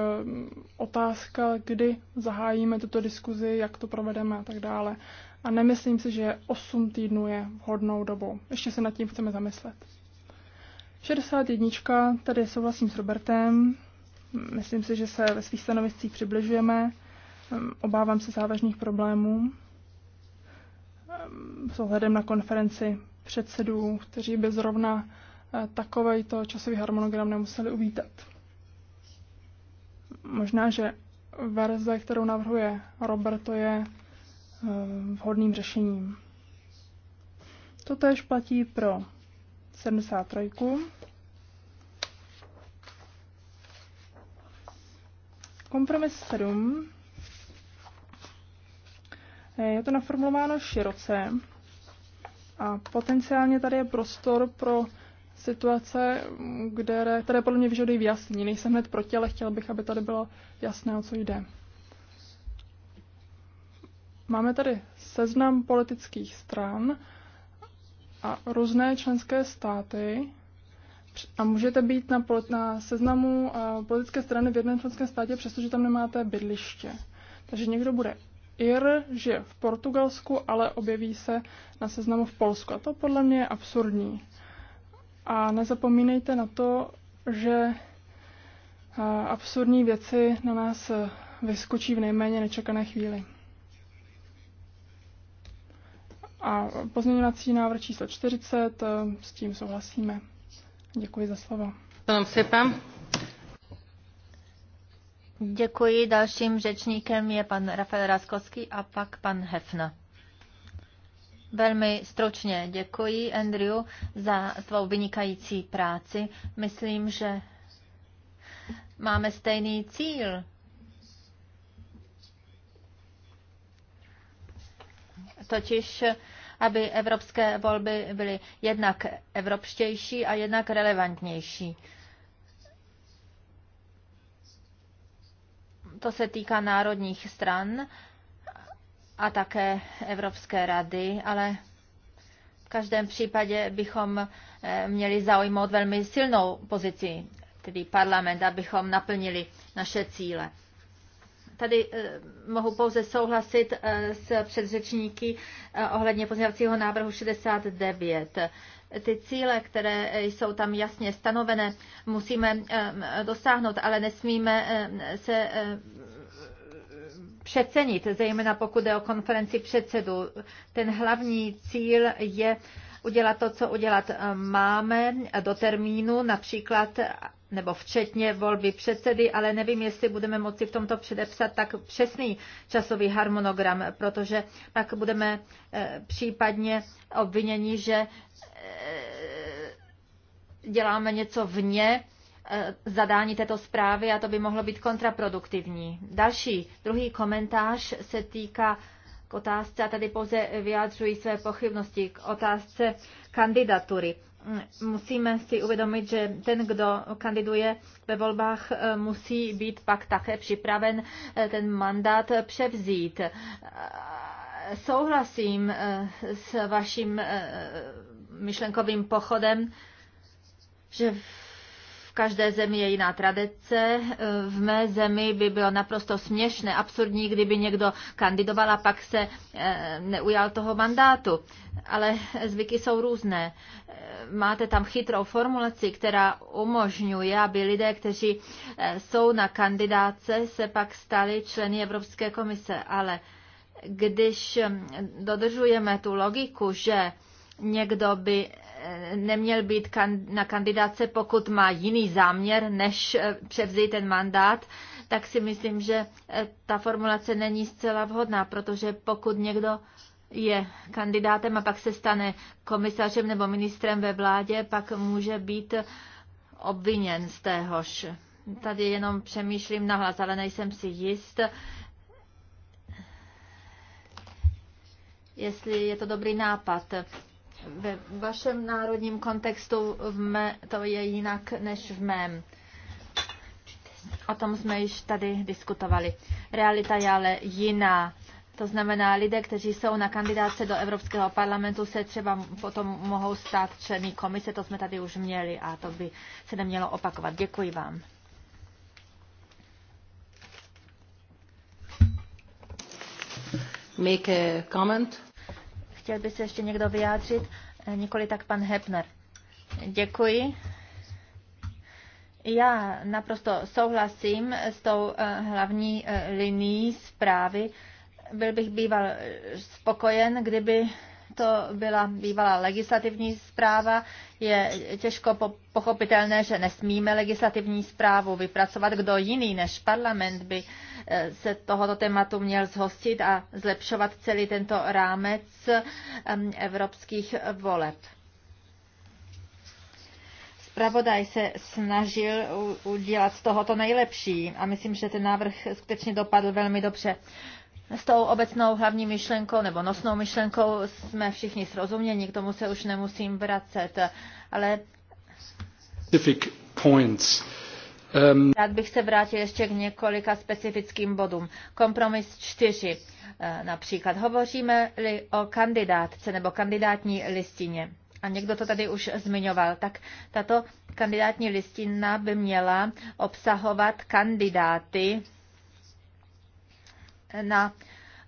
otázka, kdy zahájíme tuto diskuzi, jak to provedeme a tak dále. A nemyslím si, že 8 týdnů je vhodnou dobou. Ještě se nad tím chceme zamyslet. 61. Tady souhlasím s Robertem. Myslím si, že se ve svých stanoviscích přibližujeme. Ehm, obávám se závažných problémů ehm, s ohledem na konferenci předsedů, kteří by zrovna eh, takovýto časový harmonogram nemuseli uvítat. Možná, že verze, kterou navrhuje Roberto, je ehm, vhodným řešením. To též platí pro 73. Kompromis 7 je to naformulováno široce a potenciálně tady je prostor pro situace, které, které podle mě vyžadují vyjasnění. Nejsem hned proti, ale chtěl bych, aby tady bylo jasné, o co jde. Máme tady seznam politických stran a různé členské státy a můžete být na, na seznamu eh, politické strany v jednom členském státě, přestože tam nemáte bydliště. Takže někdo bude Ir žije v Portugalsku, ale objeví se na seznamu v Polsku. A to podle mě je absurdní. A nezapomínejte na to, že absurdní věci na nás vyskočí v nejméně nečekané chvíli. A pozměňovací návrh číslo 40, e, s tím souhlasíme. Děkuji za slovo. Děkuji. Děkuji. Dalším řečníkem je pan Rafael Raskovský a pak pan Hefna. Velmi stručně děkuji, Andrew, za tvou vynikající práci. Myslím, že máme stejný cíl. Totiž, aby evropské volby byly jednak evropštější a jednak relevantnější. To se týká národních stran a také Evropské rady, ale v každém případě bychom eh, měli zaujmout velmi silnou pozici, tedy parlament, abychom naplnili naše cíle. Tady eh, mohu pouze souhlasit eh, s předřečníky ohledně pozměňovacího návrhu 69 ty cíle, které eh, jsou tam jasně stanovené, musíme ehm, dosáhnout, ale nesmíme ehm, se ehm, přecenit, zejména pokud je o konferenci předsedu. Ten hlavní cíl je udělat to, co udělat eh, máme do termínu, například nebo včetně volby předsedy, ale nevím, jestli budeme moci v tomto předepsat tak přesný časový harmonogram, protože pak budeme eh, případně obviněni, že eh, děláme něco vně zadání této zprávy a to by mohlo být kontraproduktivní. Další, druhý komentář se týká otázce a tady pouze vyjádřují své pochybnosti k otázce kandidatury. Musíme si uvědomit, že ten, kdo kandiduje ve volbách, musí být pak také připraven eh, ten mandát převzít. Eh, souhlasím eh, s vaším myšlenkovým pochodem, že v každé zemi je jiná tradice. V mé zemi by bylo naprosto směšné, absurdní, kdyby někdo kandidoval a pak se eh, neujal toho mandátu. Ale zvyky jsou různé. Eh, máte tam chytrou formulaci, která umožňuje, aby lidé, kteří eh, jsou na kandidáce, se pak stali členy Evropské komise. Ale když hm, dodržujeme tu logiku, že někdo by neměl být na kandidáce, pokud má jiný záměr, než eh, převzít ten mandát, tak si myslím, že eh, ta formulace není zcela vhodná, protože pokud někdo je kandidátem a pak se stane komisařem nebo ministrem ve vládě, pak může být obviněn z téhož. Tady jenom přemýšlím nahlas, ale nejsem si jist, jestli je to dobrý nápad. Ve vašem národním kontextu v mé, to je jinak než v mém. O tom jsme již tady diskutovali. Realita je ale jiná. To znamená, lidé, kteří jsou na kandidáce do Evropského parlamentu, se třeba potom mohou stát členy komise, to jsme tady už měli a to by se nemělo opakovat. Děkuji vám. Make a comment. Chtěl by se ještě někdo vyjádřit? Eh, Nikoli tak pan Hepner. Děkuji. Já naprosto souhlasím s tou eh, hlavní eh, linií zprávy. Byl bych býval spokojen, kdyby to byla bývalá legislativní zpráva. Je těžko pochopitelné, že nesmíme legislativní zprávu vypracovat. Kdo jiný než parlament by eh, se tohoto tématu měl zhostit a zlepšovat celý tento rámec ehm, evropských voleb. Spravodaj se snažil udělat z toho to nejlepší a myslím, že ten návrh skutečně dopadl velmi dobře. S tou obecnou hlavní myšlenkou nebo nosnou myšlenkou jsme všichni srozuměni, k tomu se už nemusím vracet, ale um, Rád bych se vrátil ještě k několika specifickým bodům. Kompromis čtyři. E, například hovoříme-li o kandidátce nebo kandidátní listině. A někdo to tady už zmiňoval. Tak tato kandidátní listina by měla obsahovat kandidáty na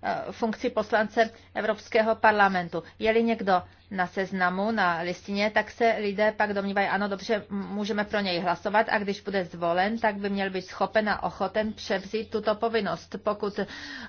eh, funkci poslance Evropského parlamentu. Je-li někdo na seznamu, na listině, tak se lidé pak domnívají, ano, dobře, můžeme pro něj hlasovat a když bude zvolen, tak by měl být schopen a ochoten převzít tuto povinnost. Pokud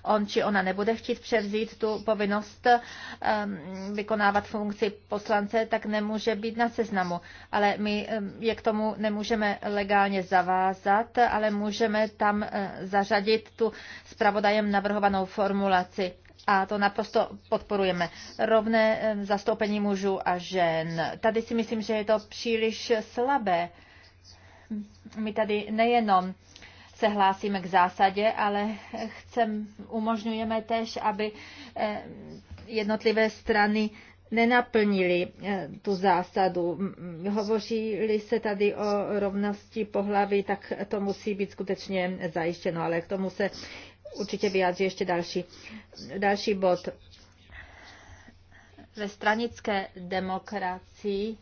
on či ona nebude chtít převzít tu povinnost um, vykonávat funkci poslance, tak nemůže být na seznamu. Ale my je k tomu nemůžeme legálně zavázat, ale můžeme tam eh, zařadit tu zpravodajem navrhovanou formulaci a to naprosto podporujeme. Rovné eh, zastoupení mužů a žen. Tady si myslím, že je to příliš slabé. My tady nejenom se hlásíme k zásadě, ale chcem, umožňujeme tež, aby eh, jednotlivé strany nenaplnili eh, tu zásadu. Hovoří-li se tady o rovnosti pohlaví, tak to musí být skutečně zajištěno, ale k tomu se určitě vyjádří ještě další, další bod. Ve stranické demokracii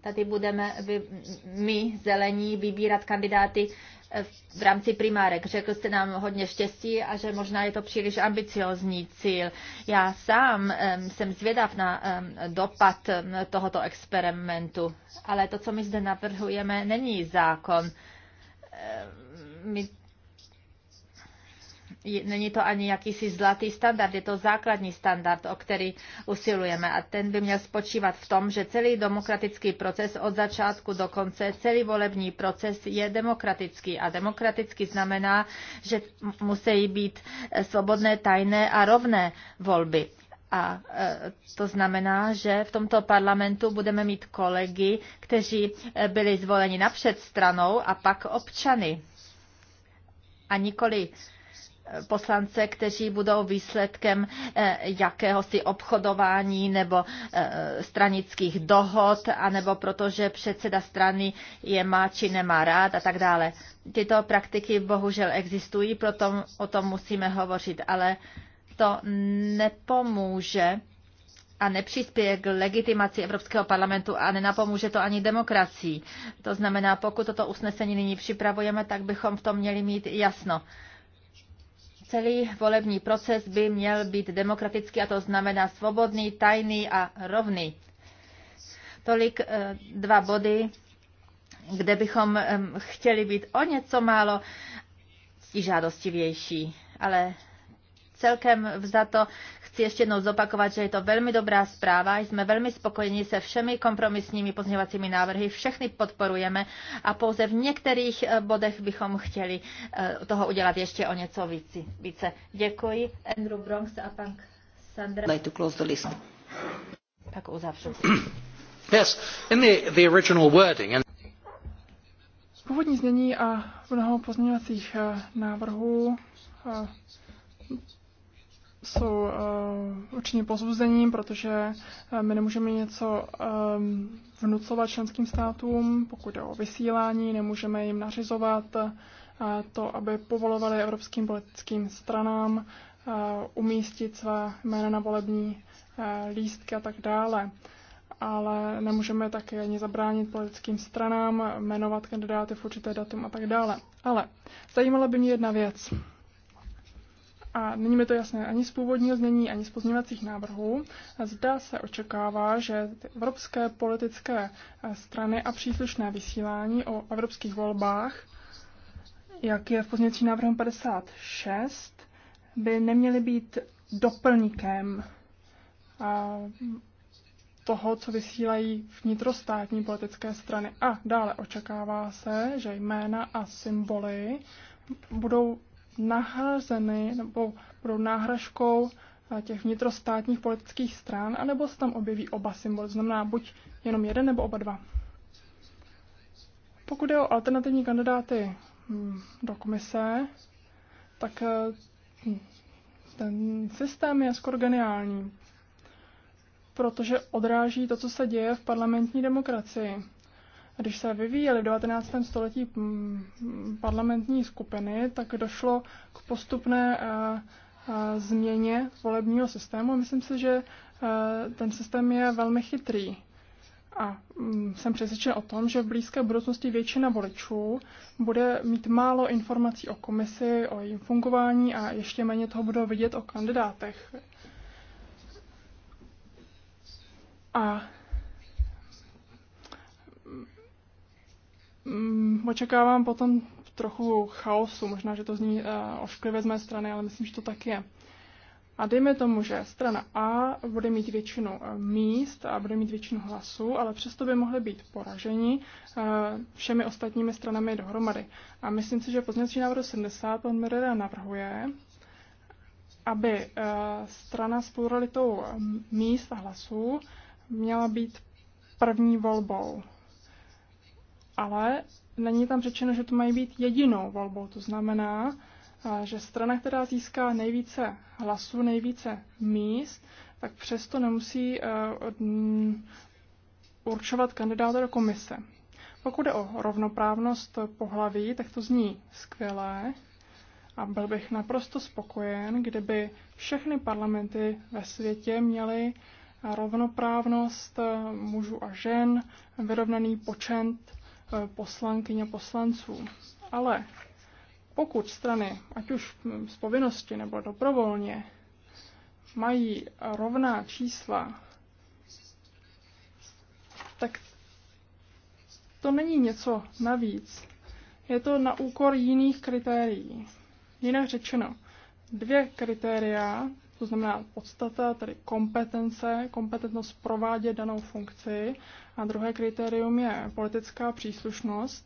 tady budeme vy, my, zelení, vybírat kandidáty v rámci primárek. Řekl jste nám hodně štěstí a že možná je to příliš ambiciozní cíl. Já sám jsem zvědav na dopad tohoto experimentu, ale to, co my zde navrhujeme, není zákon. My Není to ani jakýsi zlatý standard, je to základní standard, o který usilujeme. A ten by měl spočívat v tom, že celý demokratický proces od začátku do konce, celý volební proces je demokratický. A demokratický znamená, že musí být eh, svobodné, tajné a rovné volby. A eh, to znamená, že v tomto parlamentu budeme mít kolegy, kteří eh, byli zvoleni napřed stranou a pak občany. A nikoli poslance, kteří budou výsledkem eh, jakéhosi obchodování nebo eh, stranických dohod, anebo protože předseda strany je má či nemá rád a tak dále. Tyto praktiky bohužel existují, proto o tom musíme hovořit, ale to nepomůže a nepřispěje k legitimaci Evropského parlamentu a nenapomůže to ani demokracii. To znamená, pokud toto usnesení nyní připravujeme, tak bychom v tom měli mít jasno. Celý volební proces by měl být demokratický a to znamená svobodný, tajný a rovný. Tolik eh, dva body, kde bychom chtěli být o něco málo žádostivější, ale celkem vzato Chci ještě jednou zopakovat, že je to velmi dobrá zpráva. Jsme velmi spokojeni se všemi kompromisními pozměňovacími návrhy. Všechny podporujeme a pouze v některých eh, bodech bychom chtěli eh, toho udělat ještě o něco více. Děkuji. Andrew Bronx a pan Sandra. Like to close the list. Tak uzavřu. Yes, in the, the original wording and Původní znění a mnoho pozměňovacích eh, návrhů jsou eh, určitě pozbuzením, protože eh, my nemůžeme něco ehm, vnucovat členským státům, pokud je o vysílání, nemůžeme jim nařizovat eh, to, aby povolovali evropským politickým stranám umístit své jména na volební lístky a tak dále. Ale nemůžeme také ani zabránit politickým stranám, jmenovat kandidáty v určité datum a tak dále. Ale zajímala by mě jedna věc a není mi to jasné ani z původního znění, ani z pozměňovacích návrhů, zda se očekává, že evropské politické eh, strany a příslušné vysílání o evropských volbách, jak je v pozměňovacím návrhu 56, by neměly být doplníkem eh, toho, co vysílají vnitrostátní politické strany. A dále očekává se, že jména a symboly budou nahrazeny nebo budou náhražkou eh, těch vnitrostátních politických stran, anebo se tam objeví oba symboly, znamená buď jenom jeden nebo oba dva. Pokud je o alternativní kandidáty hm, do komise, tak eh, ten systém je skoro geniální, protože odráží to, co se děje v parlamentní demokracii. Když se vyvíjely v 19. století mm, parlamentní skupiny, tak došlo k postupné eh, eh, změně volebního systému. Myslím si, že eh, ten systém je velmi chytrý. A mm, jsem přesvědčen o tom, že v blízké budoucnosti většina voličů bude mít málo informací o komisi, o jejím fungování a ještě méně toho budou vidět o kandidátech. A mm, očekávám potom trochu chaosu. Možná, že to zní uh, ošklivě z mé strany, ale myslím, že to tak je. A dejme tomu, že strana A bude mít většinu eh, míst a bude mít většinu hlasů, ale přesto by mohly být poraženi eh, všemi ostatními stranami dohromady. A myslím si, že pozměnací návrh 70 pan Merida navrhuje, aby strana s pluralitou míst a hlasů měla být první volbou ale není tam řečeno, že to mají být jedinou volbou. To znamená, eh, že strana, která získá nejvíce hlasů, nejvíce míst, tak přesto nemusí eh, mm, určovat kandidáta do komise. Pokud je o rovnoprávnost pohlaví, tak to zní skvělé a byl bych naprosto spokojen, kdyby všechny parlamenty ve světě měly rovnoprávnost eh, mužů a žen, vyrovnaný počet Eh, poslankyň a poslanců. Ale pokud strany, ať už z povinnosti nebo dobrovolně, mají rovná čísla, tak to není něco navíc. Je to na úkor jiných kritérií. Jinak řečeno, dvě kritéria to znamená podstata, tedy kompetence, kompetentnost provádět danou funkci. A druhé kritérium je politická příslušnost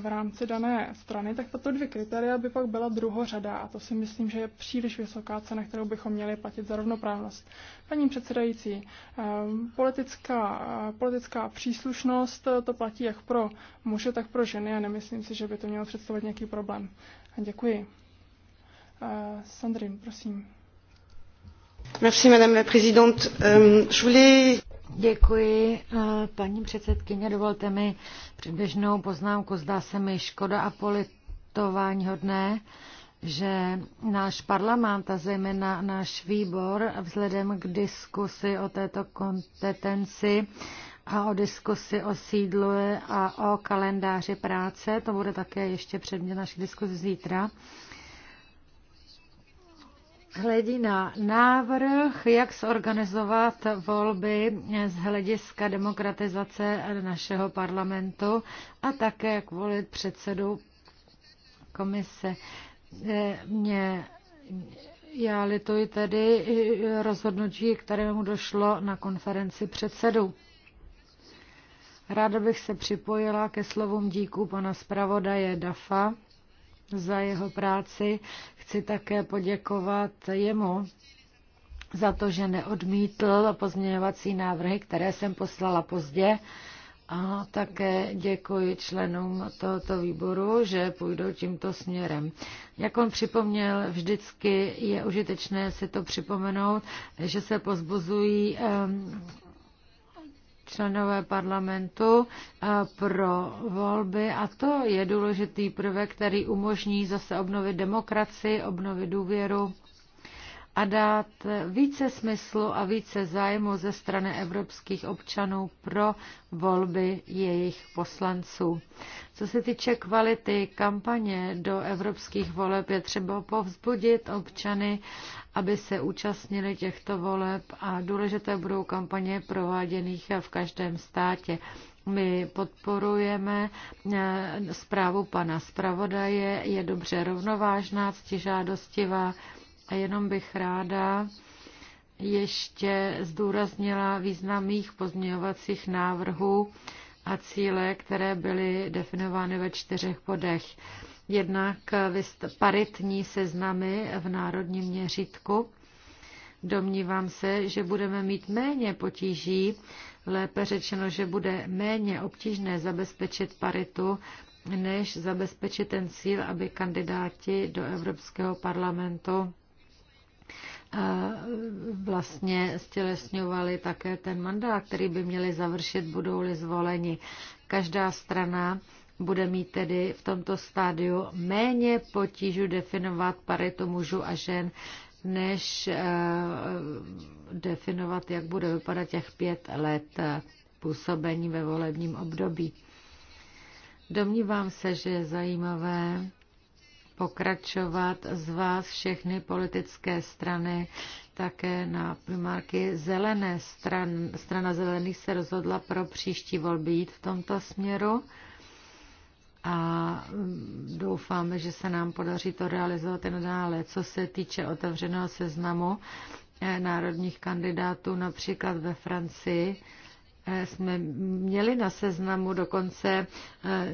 v rámci dané strany, tak tato dvě kritéria by pak byla druhořada a to si myslím, že je příliš vysoká cena, kterou bychom měli platit za rovnoprávnost. Paní předsedající, ehm, politická, eh, politická příslušnost eh, to platí jak pro muže, tak pro ženy a nemyslím si, že by to mělo představovat nějaký problém. Děkuji. Eh, Sandrin, prosím. Euh, Děkuji, eh, paní předsedající Dovolte mi předběžnou poznámku. Zdá se mi škoda a politování hodné, že náš parlament a zejména náš výbor vzhledem k diskusi o této kompetenci a o diskusi o sídlu a o kalendáři práce, to bude také ještě předmět naší diskuse zítra, hledí na návrh, jak zorganizovat volby z hlediska demokratizace našeho parlamentu a také jak volit předsedu komise. E, mě, já lituji tedy rozhodnutí, kterému došlo na konferenci předsedu. Ráda bych se připojila ke slovům díků pana zpravodaje Dafa za jeho práci. Chci také poděkovat jemu za to, že neodmítl pozměňovací návrhy, které jsem poslala pozdě. A také děkuji členům tohoto výboru, že půjdou tímto směrem. Jak on připomněl, vždycky je užitečné si to připomenout, že se pozbuzují ehm, členové parlamentu eh, pro volby a to je důležitý prvek, který umožní zase obnovit demokracii, obnovit důvěru a dát více smyslu a více zájmu ze strany evropských občanů pro volby jejich poslanců. Co se týče kvality kampaně do evropských voleb, je třeba povzbudit občany, aby se účastnili těchto voleb a důležité budou kampaně prováděných v každém státě. My podporujeme eh, zprávu pana zpravodaje, je dobře rovnovážná, ctižádostivá žádostivá a Jenom bych ráda ještě zdůraznila význam mých pozměňovacích návrhů a cíle, které byly definovány ve čtyřech bodech. Jednak paritní seznamy v národním měřítku. Domnívám se, že budeme mít méně potíží, lépe řečeno, že bude méně obtížné zabezpečit paritu, než zabezpečit ten cíl, aby kandidáti do Evropského parlamentu E, vlastně stělesňovali také ten mandát, který by měli završit, budou-li zvoleni. Každá strana bude mít tedy v tomto stádiu méně potížů definovat paritu mužů a žen, než e, definovat, jak bude vypadat těch pět let působení ve volebním období. Domnívám se, že je zajímavé, pokračovat z vás všechny politické strany, také na primárky zelené stran. Strana zelených se rozhodla pro příští volby jít v tomto směru a mm, doufáme, že se nám podaří to realizovat i nadále. Co se týče otevřeného seznamu eh, národních kandidátů, například ve Francii, Eh, jsme měli na seznamu dokonce eh,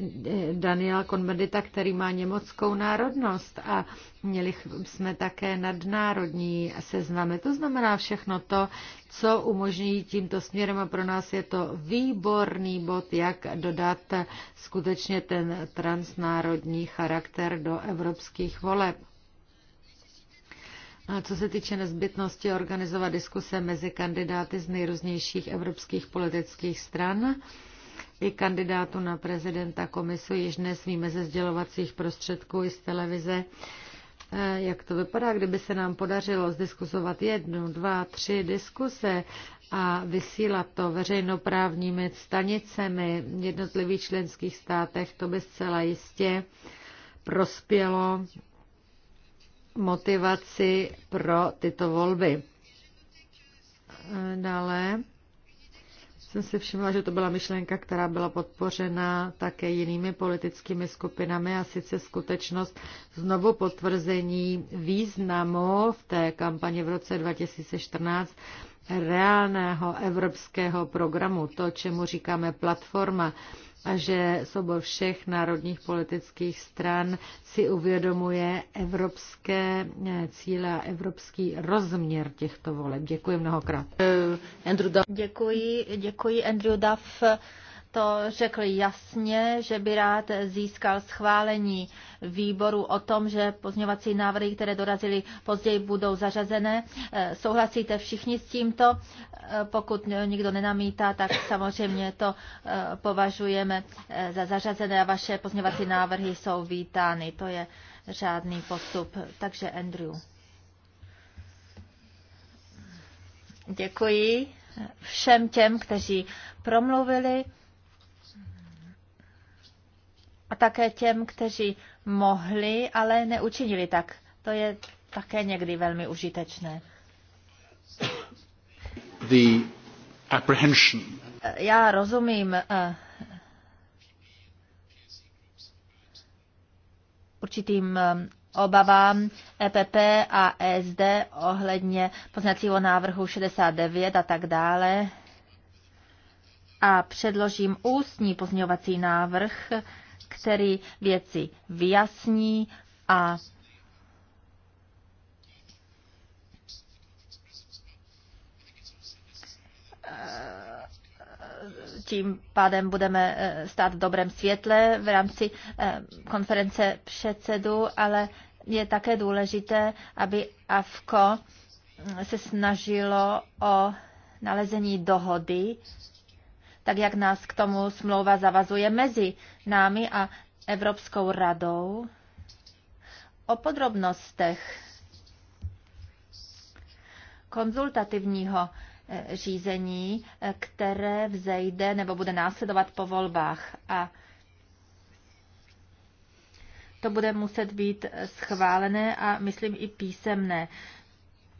Daniela Konbendita, který má německou národnost a měli jsme také nadnárodní seznamy. To znamená všechno to, co umožní tímto směrem a pro nás je to výborný bod, jak dodat skutečně ten transnárodní charakter do evropských voleb. Co se týče nezbytnosti organizovat diskuse mezi kandidáty z nejrůznějších evropských politických stran, i kandidátu na prezidenta komisu již dnes víme ze sdělovacích prostředků i z televize, eh, jak to vypadá, kdyby se nám podařilo zdiskusovat jednu, dva, tři diskuse a vysílat to veřejnoprávními stanicemi v jednotlivých členských státech, to by zcela jistě prospělo motivaci pro tyto volby. Dále jsem si všimla, že to byla myšlenka, která byla podpořena také jinými politickými skupinami a sice skutečnost znovu potvrzení významu v té kampani v roce 2014 reálného evropského programu, to, čemu říkáme platforma, a že sobo všech národních politických stran si uvědomuje evropské eh, cíle a evropský rozměr těchto voleb. Děkuji mnohokrát. Eh, děkuji, děkuji Andrew Duff to řekl jasně, že by rád získal schválení výboru o tom, že pozměňovací návrhy, které dorazily později, budou zařazené. Eh, souhlasíte všichni s tímto? Eh, pokud nikdo nenamítá, tak samozřejmě to eh, považujeme za zařazené a vaše pozměňovací návrhy jsou vítány. To je řádný postup. Takže Andrew. Děkuji všem těm, kteří promluvili a také těm, kteří mohli, ale neučinili tak. To je také někdy velmi užitečné. The apprehension. Já rozumím eh, určitým eh, obavám EPP a e SD ohledně poznacího návrhu 69 a tak dále. A předložím ústní pozměňovací návrh, který věci vyjasní a tím pádem budeme eh, stát v dobrém světle v rámci eh, konference předsedu, ale je také důležité, aby AFKO se snažilo o nalezení dohody tak jak nás k tomu smlouva zavazuje mezi námi a Evropskou radou. O podrobnostech konzultativního eh, řízení, eh, které vzejde nebo bude následovat po volbách. A to bude muset být eh, schválené a myslím i písemné.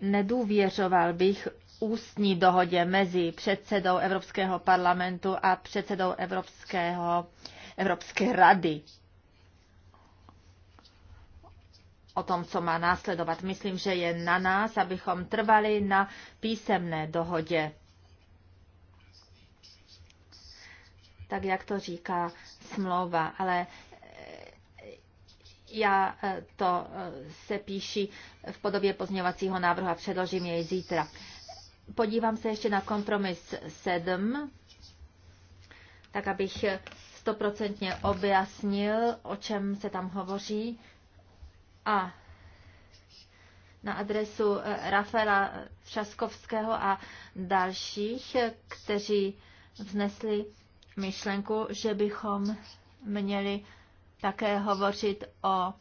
Nedůvěřoval bych ústní dohodě mezi předsedou Evropského parlamentu a předsedou Evropského, Evropské rady o tom, co má následovat. Myslím, že je na nás, abychom trvali na písemné dohodě. Tak jak to říká smlouva, ale eh, já eh, to eh, se píši v podobě pozměňovacího návrhu a předložím jej zítra podívám se ještě na kompromis 7, tak abych stoprocentně objasnil, o čem se tam hovoří. A na adresu eh, Rafaela Šaskovského a dalších, kteří vznesli myšlenku, že bychom měli také hovořit o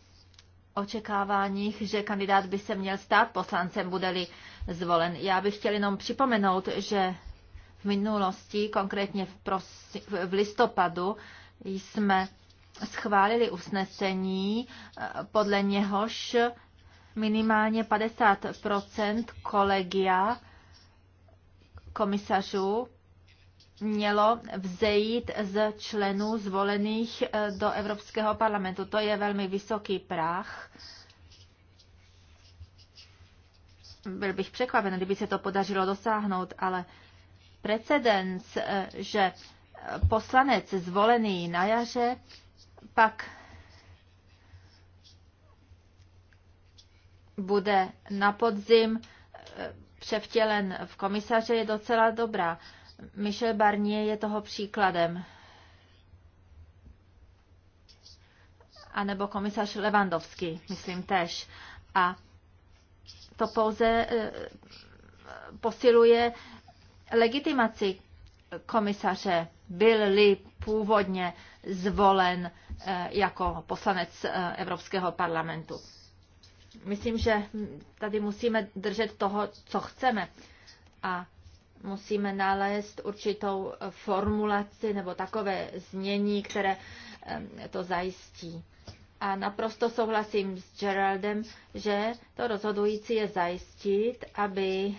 očekáváních, že kandidát by se měl stát poslancem, bude-li zvolen. Já bych chtěl jenom připomenout, že v minulosti, konkrétně v, prosi, v listopadu, jsme schválili usnesení, eh, podle něhož minimálně 50 kolegia komisařů mělo vzejít z členů zvolených eh, do Evropského parlamentu. To je velmi vysoký práh byl bych překvapen, kdyby se to podařilo dosáhnout, ale precedens, eh, že eh, poslanec zvolený na jaře pak bude na podzim eh, převtělen v komisaře, je docela dobrá. Michel Barnier je toho příkladem. A nebo komisař Levandovský, myslím tež. A to pouze eh, posiluje legitimaci komisaře, byl-li původně zvolen eh, jako poslanec eh, Evropského parlamentu. Myslím, že tady musíme držet toho, co chceme a musíme nalézt určitou formulaci nebo takové znění, které to zajistí. A naprosto souhlasím s Geraldem, že to rozhodující je zajistit, aby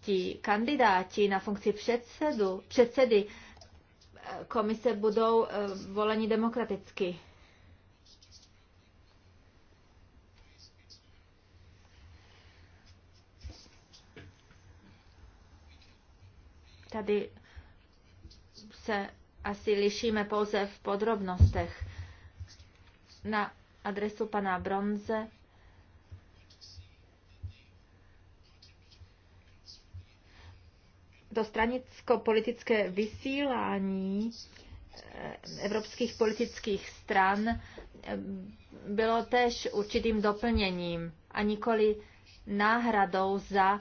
ti kandidáti na funkci předsedu, předsedy eh, komise budou eh, voleni demokraticky. Tady se asi lišíme pouze v podrobnostech na adresu pana Bronze. To stranicko-politické vysílání eh, evropských politických stran eh, bylo též určitým doplněním a nikoli náhradou za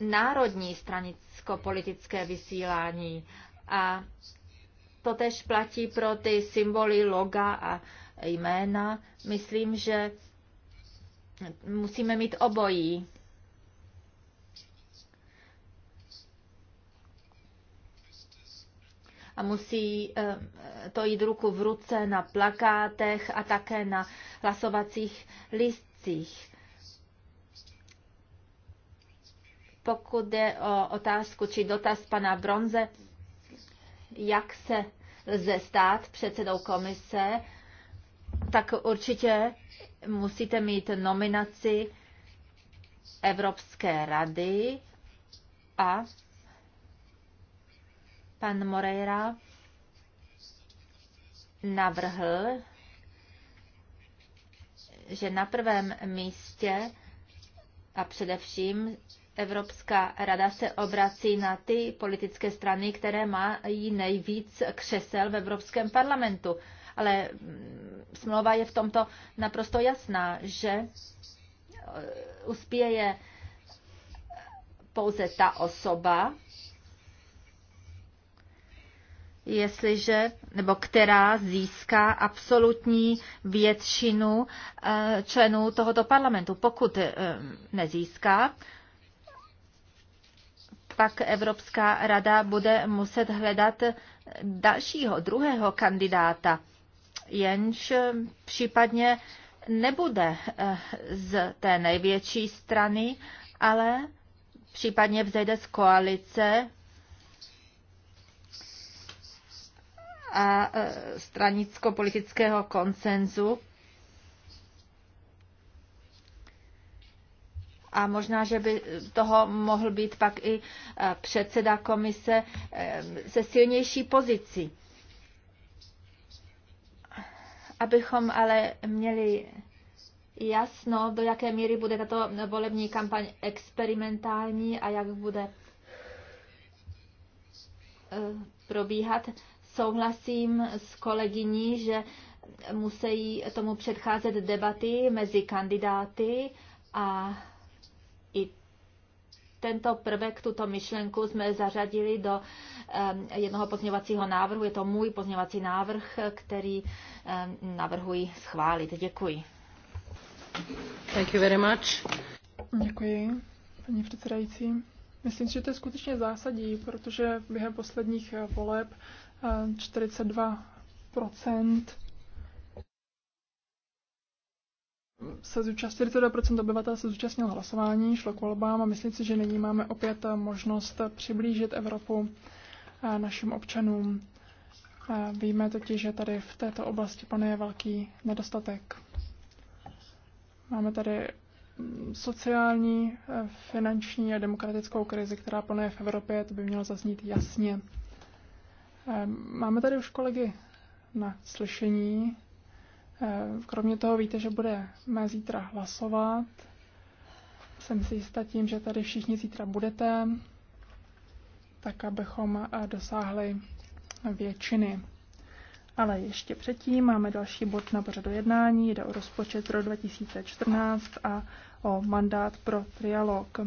národní stranicko-politické vysílání. A to tež platí pro ty symboly, loga a jména. Myslím, že musíme mít obojí. a musí eh, to jít ruku v ruce na plakátech a také na hlasovacích listcích. Pokud jde o otázku či dotaz pana Bronze, jak se lze stát předsedou komise, tak určitě musíte mít nominaci Evropské rady a pan Moreira navrhl, že na prvém místě a především Evropská rada se obrací na ty politické strany, které mají nejvíc křesel v Evropském parlamentu. Ale smlouva je v tomto naprosto jasná, že eh, uspěje pouze ta osoba, jestliže, nebo která získá absolutní většinu eh, členů tohoto parlamentu. Pokud eh, nezíská, pak Evropská rada bude muset hledat dalšího, druhého kandidáta jenž případně nebude eh, z té největší strany, ale případně vzejde z koalice a eh, stranicko-politického konsenzu. A možná, že by toho mohl být pak i eh, předseda komise se silnější pozicí. Abychom ale měli jasno, do jaké míry bude tato volební kampaň experimentální a jak bude eh, probíhat. Souhlasím s kolegyní, že musí tomu předcházet debaty mezi kandidáty a tento prvek, tuto myšlenku jsme zařadili do jednoho pozměňovacího návrhu. Je to můj pozměňovací návrh, který navrhuji schválit. Děkuji. Thank you very much. Děkuji, paní předsedající. Myslím si, že to je skutečně zásadní, protože během posledních eh, voleb 42 eh, se zúčastnil, 42% obyvatel se zúčastnil hlasování, šlo k volbám a myslím si, že nyní máme opět možnost přiblížit Evropu eh, našim občanům. Eh, víme totiž, že tady v této oblasti panuje velký nedostatek. Máme tady mm, sociální, eh, finanční a demokratickou krizi, která panuje v Evropě, to by mělo zaznít jasně. Máme tady už kolegy na slyšení. Eh, kromě toho víte, že budeme zítra hlasovat. Jsem si jistá tím, že tady všichni zítra budete, tak abychom eh, dosáhli většiny. Ale ještě předtím máme další bod na pořadu jednání, jde o rozpočet pro 2014 a o mandát pro trialog.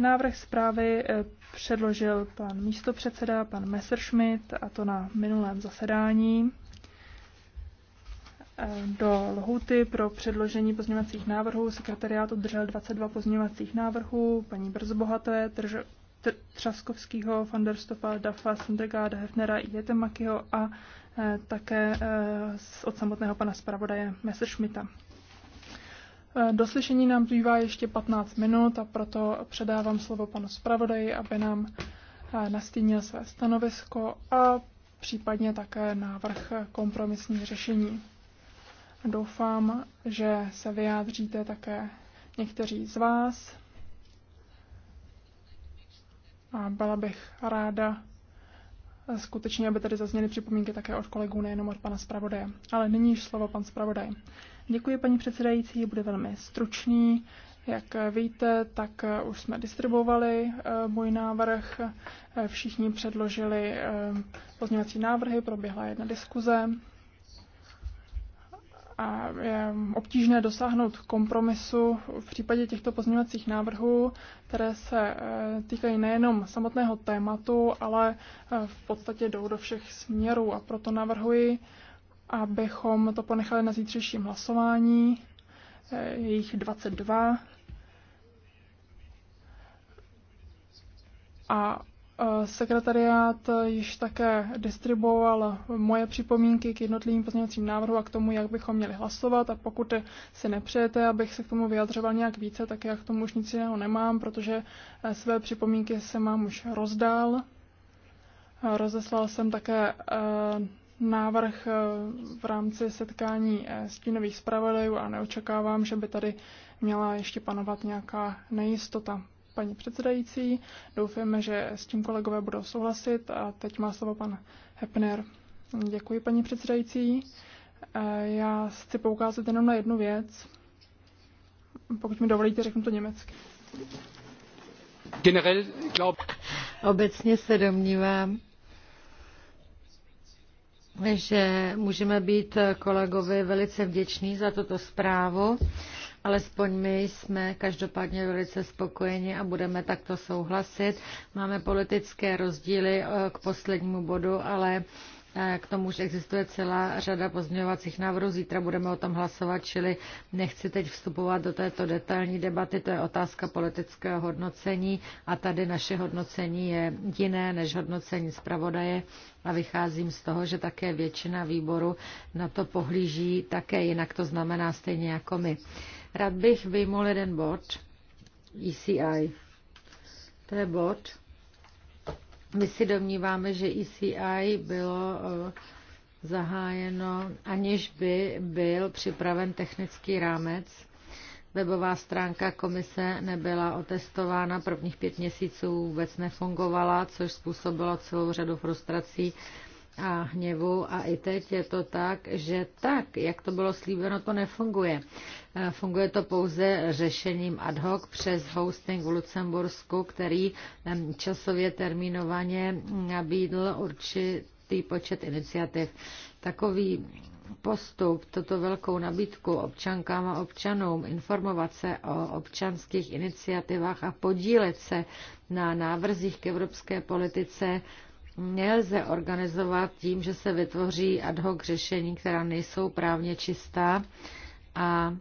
Návrh zprávy eh, předložil pan místopředseda, pan Messerschmidt, a to na minulém zasedání do lhuty pro předložení pozměňovacích návrhů. Sekretariát obdržel 22 pozměňovacích návrhů paní Brzobohaté, Trž, Tr, Třaskovského, Fanderstofa, Dafa, Sindegáda, Hefnera, Jetemakyho a e, také e, od samotného pana zpravodaje Messerschmitta. E, do slyšení nám zbývá ještě 15 minut a proto předávám slovo panu zpravodaji, aby nám e, nastínil své stanovisko a případně také návrh kompromisní řešení. Doufám, že se vyjádříte také někteří z vás. A byla bych ráda skutečně, aby tady zazněly připomínky také od kolegů, nejenom od pana zpravodaje. Ale nyní již slovo pan zpravodaj. Děkuji, paní předsedající, bude velmi stručný. Jak víte, tak eh, už jsme distribuovali eh, můj návrh. Eh, všichni předložili pozměňovací návrhy, proběhla jedna diskuze a je obtížné dosáhnout kompromisu v případě těchto pozměňovacích návrhů, které se eh, týkají nejenom samotného tématu, ale eh, v podstatě jdou do všech směrů a proto navrhuji, abychom to ponechali na zítřejším hlasování, eh, jejich 22. A Sekretariát již také distribuoval moje připomínky k jednotlivým pozměňovacím návrhu a k tomu, jak bychom měli hlasovat. A pokud si nepřejete, abych se k tomu vyjadřoval nějak více, tak já k tomu už nic jiného nemám, protože eh, své připomínky se mám už rozdál. Rozeslal jsem také eh, návrh eh, v rámci setkání stínových zpravodajů a neočekávám, že by tady měla ještě panovat nějaká nejistota paní předsedající. Doufáme, že s tím kolegové budou souhlasit. A teď má slovo pan Hepner. Děkuji, paní předsedající. Eh, já chci poukázat jenom na jednu věc. Pokud mi dovolíte, řeknu to německy. Generell, glaub... Obecně se domnívám, že můžeme být kolegovi velice vděční za toto zprávu. Alespoň my jsme každopádně velice spokojeni a budeme takto souhlasit. Máme politické rozdíly eh, k poslednímu bodu, ale Eh, k tomu už existuje celá řada pozměňovacích návrhů. Zítra budeme o tom hlasovat, čili nechci teď vstupovat do této detailní debaty. To je otázka politického hodnocení a tady naše hodnocení je jiné než hodnocení zpravodaje a vycházím z toho, že také většina výboru na to pohlíží také jinak, to znamená stejně jako my. Rád bych vyjmul jeden bod, ECI. To je bod, my si domníváme, že ECI bylo eh, zahájeno, aniž by byl připraven technický rámec. Webová stránka komise nebyla otestována, prvních pět měsíců vůbec nefungovala, což způsobilo celou řadu frustrací a hněvu a i teď je to tak, že tak, jak to bylo slíbeno, to nefunguje. Eh, funguje to pouze řešením ad hoc přes hosting v Lucembursku, který časově termínovaně nabídl určitý počet iniciativ. Takový postup, toto velkou nabídku občankám a občanům, informovat se o občanských iniciativách a podílet se na návrzích k evropské politice, nelze organizovat tím, že se vytvoří ad hoc řešení, která nejsou právně čistá a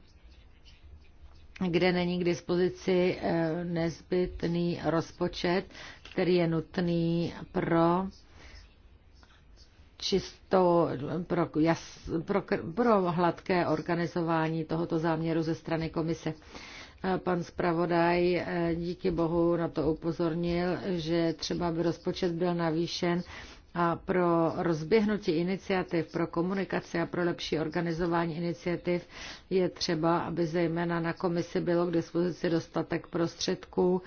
kde není k dispozici eh, nezbytný rozpočet, který je nutný pro čisto pro, jas, pro, pro hladké organizování tohoto záměru ze strany komise. Pan zpravodaj eh, díky bohu na to upozornil, že třeba by rozpočet byl navýšen a pro rozběhnutí iniciativ, pro komunikaci a pro lepší organizování iniciativ je třeba, aby zejména na komisi bylo k dispozici dostatek prostředků,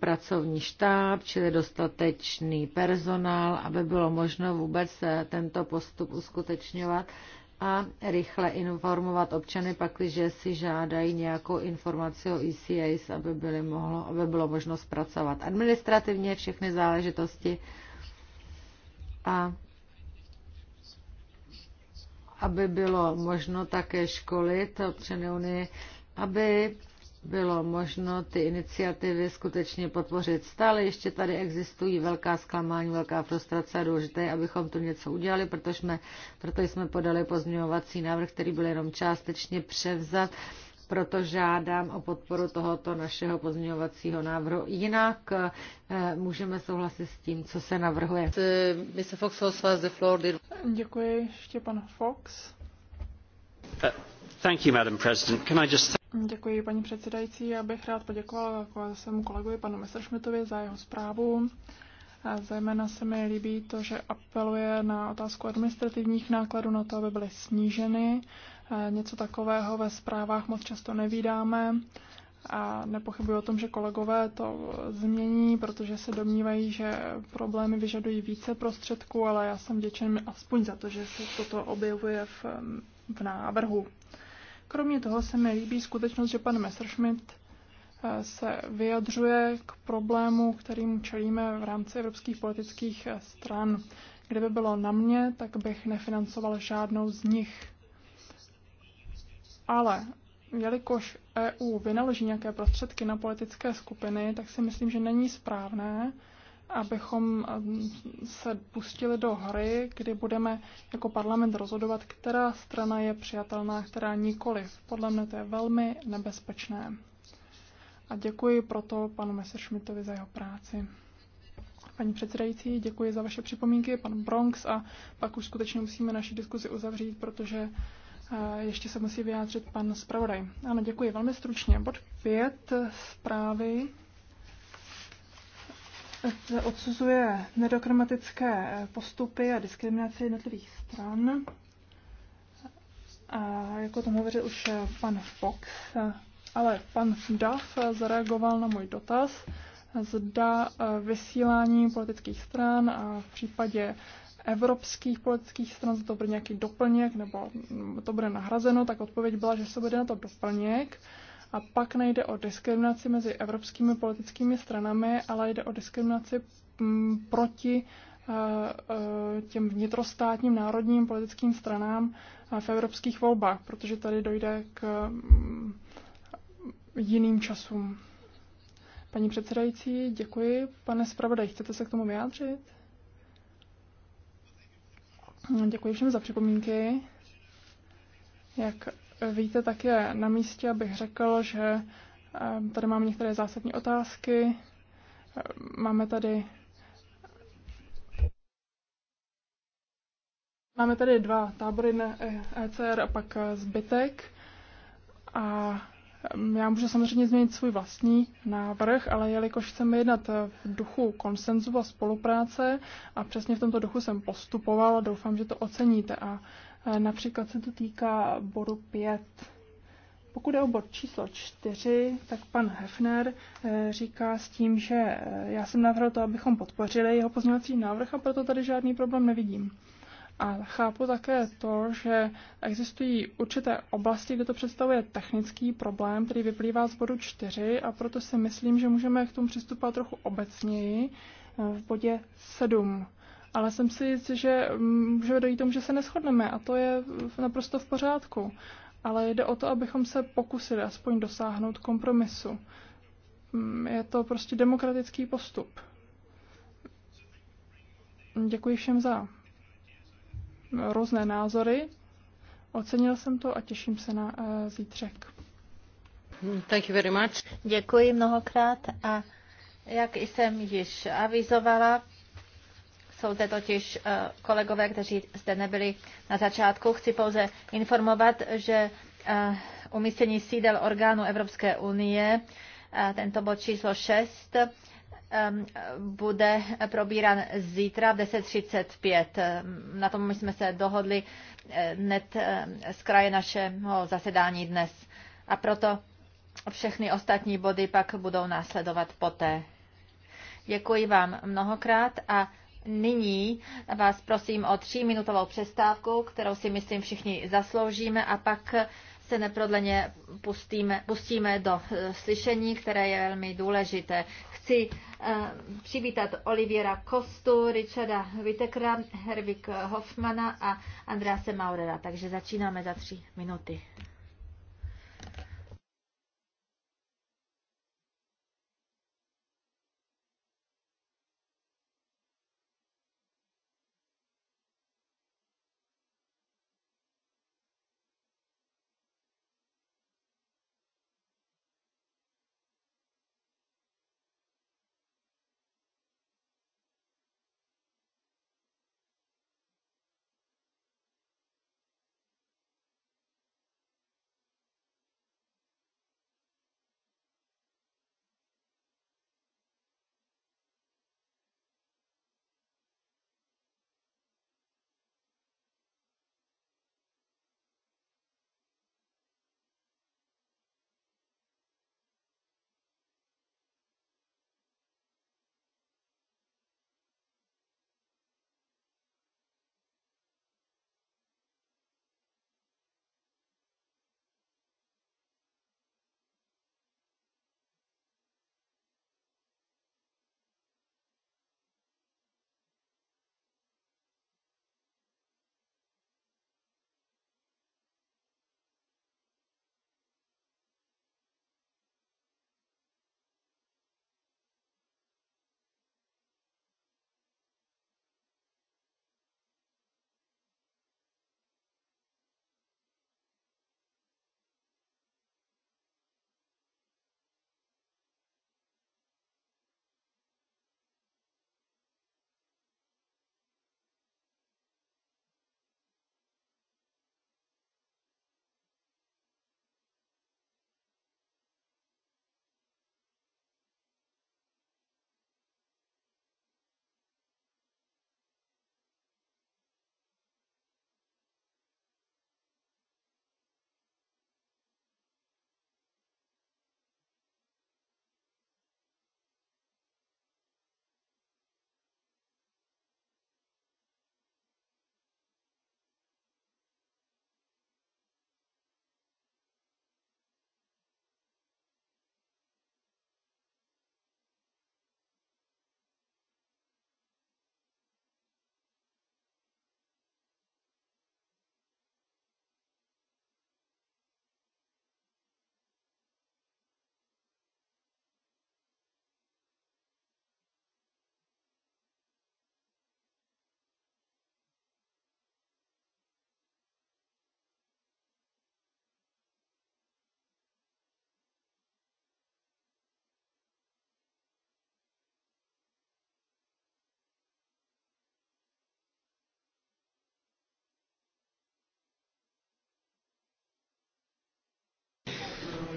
pracovní štáb, čili dostatečný personál, aby bylo možno vůbec eh, tento postup uskutečňovat a rychle informovat občany, pakliže si žádají nějakou informaci o ECAs, aby, byly mohlo, aby bylo možno zpracovat administrativně všechny záležitosti a aby bylo možno také školit občany Unie, aby bylo možno ty iniciativy skutečně podpořit. Stále ještě tady existují velká zklamání, velká frustrace a důležité, abychom tu něco udělali, protože jsme, proto jsme podali pozměňovací návrh, který byl jenom částečně převzat proto žádám o podporu tohoto našeho pozměňovacího návrhu. Jinak eh, můžeme souhlasit s tím, co se navrhuje. Eh, Děkuji, ještě pan Fox. Eh, Děkuji, paní předsedající. Já bych rád poděkoval jako svému kolegovi panu Messerschmittovi za jeho zprávu. zejména se mi líbí to, že apeluje na otázku administrativních nákladů, na to, aby byly sníženy. Něco takového ve zprávách moc často nevídáme a nepochybuji o tom, že kolegové to změní, protože se domnívají, že problémy vyžadují více prostředků, ale já jsem vděčen aspoň za to, že se toto objevuje v, v návrhu. Kromě toho se mi líbí skutečnost, že pan Messerschmidt eh, se vyjadřuje k problému, kterým čelíme v rámci evropských politických eh, stran. Kdyby bylo na mě, tak bych nefinancoval žádnou z nich. Ale jelikož EU vynaloží nějaké prostředky na politické skupiny, tak si myslím, že není správné, abychom eh, se pustili do hry, kdy budeme jako parlament rozhodovat, která strana je přijatelná, která nikoli. Podle mne to je velmi nebezpečné. A děkuji proto panu Messerschmittovi za jeho práci. Paní předsedající, děkuji za vaše připomínky, pan Bronx, a pak už skutečně musíme naši diskuzi uzavřít, protože eh, ještě se musí vyjádřit pan zpravodaj. Ano, děkuji. Velmi stručně. Bod 5 zprávy odsuzuje nedokramatické eh, postupy a diskriminaci jednotlivých stran. A jako tomu hovořil už eh, pan Fox, eh, ale pan Duff zareagoval na můj dotaz, zda vysílání politických stran a v případě evropských politických stran, zda to bude nějaký doplněk nebo mm, to bude nahrazeno, tak odpověď byla, že se bude na to doplněk a pak nejde o diskriminaci mezi evropskými politickými stranami, ale jde o diskriminaci mm, proti eh, eh, těm vnitrostátním národním politickým stranám eh, v evropských volbách, protože tady dojde k mm, jiným časům. Paní předsedající, děkuji. Pane zpravodaj, chcete se k tomu vyjádřit? Děkuji všem za připomínky. Jak víte, tak je na místě, abych řekl, že ehm, tady mám některé zásadní otázky. Ehm, máme tady Máme tady dva tábory na ECR eh, e a pak eh, zbytek. A ehm, já můžu samozřejmě změnit svůj vlastní návrh, ale jelikož chceme jednat eh, v duchu konsenzu a spolupráce a přesně v tomto duchu jsem postupoval doufám, že to oceníte. A Například se to týká bodu 5. Pokud je o bod číslo 4, tak pan Hefner eh, říká s tím, že eh, já jsem navrhl to, abychom podpořili jeho pozměňovací návrh a proto tady žádný problém nevidím. A chápu také to, že existují určité oblasti, kde to představuje technický problém, který vyplývá z bodu 4 a proto si myslím, že můžeme k tomu přistupovat trochu obecněji eh, v bodě 7 ale jsem si jist, že mm, můžeme dojít tomu, že se neschodneme a to je naprosto v pořádku. Ale jde o to, abychom se pokusili aspoň dosáhnout kompromisu. Mm, je to prostě demokratický postup. Děkuji všem za různé názory. Ocenil jsem to a těším se na eh, zítřek. Thank you very much. Děkuji mnohokrát a jak jsem již avizovala, jsou zde totiž eh, kolegové, kteří zde nebyli na začátku. Chci pouze informovat, že eh, umístění sídel orgánů Evropské unie, eh, tento bod číslo 6, bude probíran zítra v 10.35. Na tom jsme se dohodli hned z kraje našeho zasedání dnes. A proto všechny ostatní body pak budou následovat poté. Děkuji vám mnohokrát a Nyní vás prosím o tříminutovou přestávku, kterou si myslím všichni zasloužíme a pak se neprodleně pustíme, pustíme do eh, slyšení, které je velmi důležité. Chci eh, přivítat Oliviera Kostu, Richarda Vitekra, Hervik Hoffmana a Andrease Maurera. Takže začínáme za tři minuty.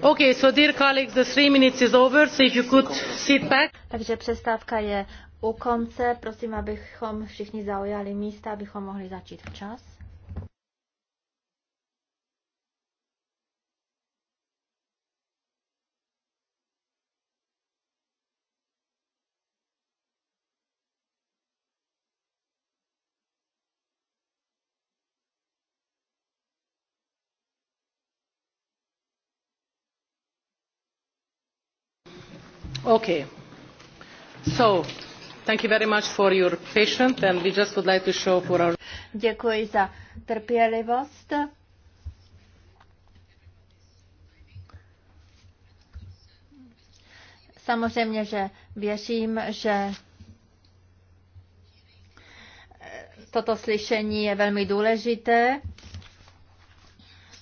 Okay, so dear colleagues, the three minutes is over, so if you could sit back. Takže přestávka je u konce. Prosím, abychom všichni zaujali místa, abychom mohli začít včas. Okay. So, thank you very much for your patience and we just would like to show for our... Děkuji za trpělivost. Samozřejmě, že věřím, že toto slyšení je velmi důležité.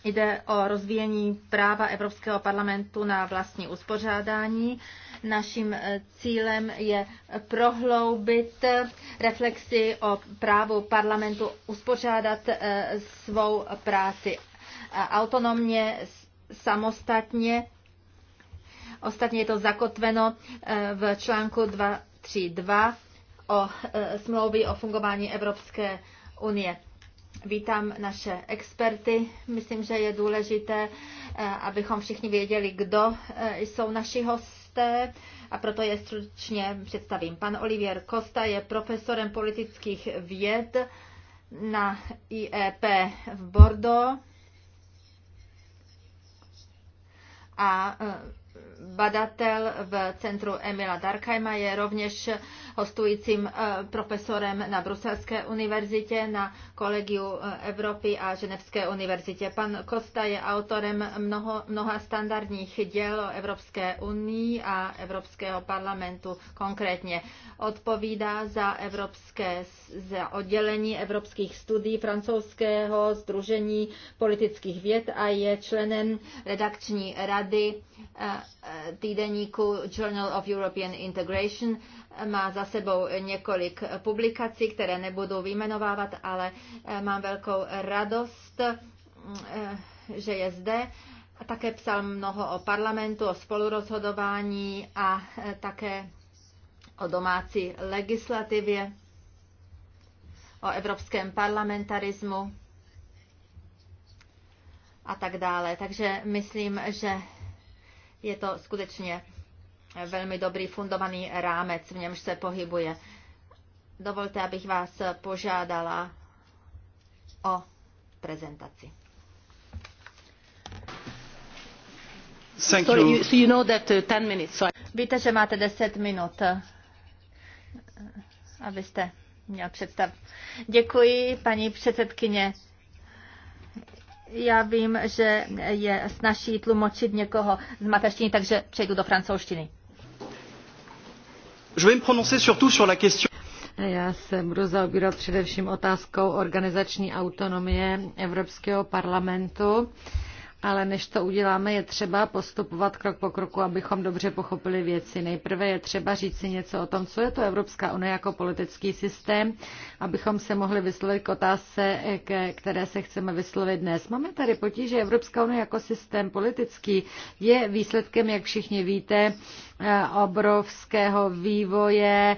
Jde o rozvíjení práva Evropského parlamentu na vlastní uspořádání Naším eh, cílem je prohloubit eh, reflexi o právu parlamentu uspořádat eh, svou práci autonomně, samostatně. Ostatně je to zakotveno v článku 232 o smlouvy o fungování Evropské unie. Vítám naše experty. Myslím, že je důležité, abychom všichni věděli, kdo jsou naši hosté hosté a proto je stručně představím. Pan Olivier Costa je profesorem politických věd na IEP v Bordeaux a e, badatel v centru Emila Darkheima, je rovněž hostujícím eh, profesorem na Bruselské univerzitě, na Kolegiu eh, Evropy a Ženevské univerzitě. Pan Kosta je autorem mnoho, mnoha standardních děl o Evropské unii a Evropského parlamentu konkrétně. Odpovídá za evropské za oddělení evropských studií francouzského Združení politických věd a je členem redakční rady eh, týdeníku Journal of European Integration. Má za sebou několik publikací, které nebudu vyjmenovávat, ale eh, mám velkou radost, eh, že je zde. Také psal mnoho o parlamentu, o spolurozhodování a eh, také o domácí legislativě, o evropském parlamentarismu a tak dále. Takže myslím, že je to skutečně velmi dobrý fundovaný rámec, v němž se pohybuje. Dovolte, abych vás požádala o prezentaci. Thank you. So you know that uh, ten minutes. So... Víte, že máte 10 minut, abyste měl představ. Děkuji, paní předsedkyně. Já vím, že je snaží tlumočit někoho z mateřštiny, takže přejdu do francouzštiny. Je vais me prononcer surtout sur la question. Já se budu zaobírat především otázkou organizační autonomie Evropského parlamentu ale než to uděláme, je třeba postupovat krok po kroku, abychom dobře pochopili věci. Nejprve je třeba říct si něco o tom, co je to Evropská unie jako politický systém, abychom se mohli vyslovit k otázce, které se chceme vyslovit dnes. Máme tady potíže Evropská unie jako systém politický je výsledkem, jak všichni víte, obrovského vývoje,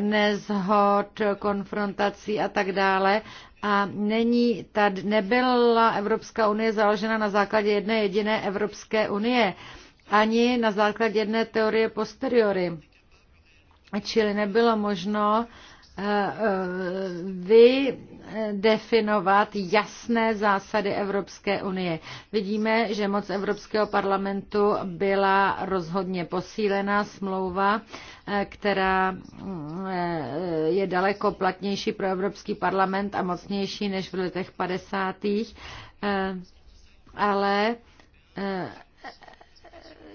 nezhod, konfrontací a tak dále. A není, tady nebyla Evropská unie založena na základě jedné jediné Evropské unie, ani na základě jedné teorie posteriory. Čili nebylo možno Eh, eh, vydefinovat eh, jasné zásady Evropské unie. Vidíme, že moc Evropského parlamentu byla rozhodně posílená smlouva, která mm, je daleko platnější pro Evropský parlament a mocnější než v letech 50. Ale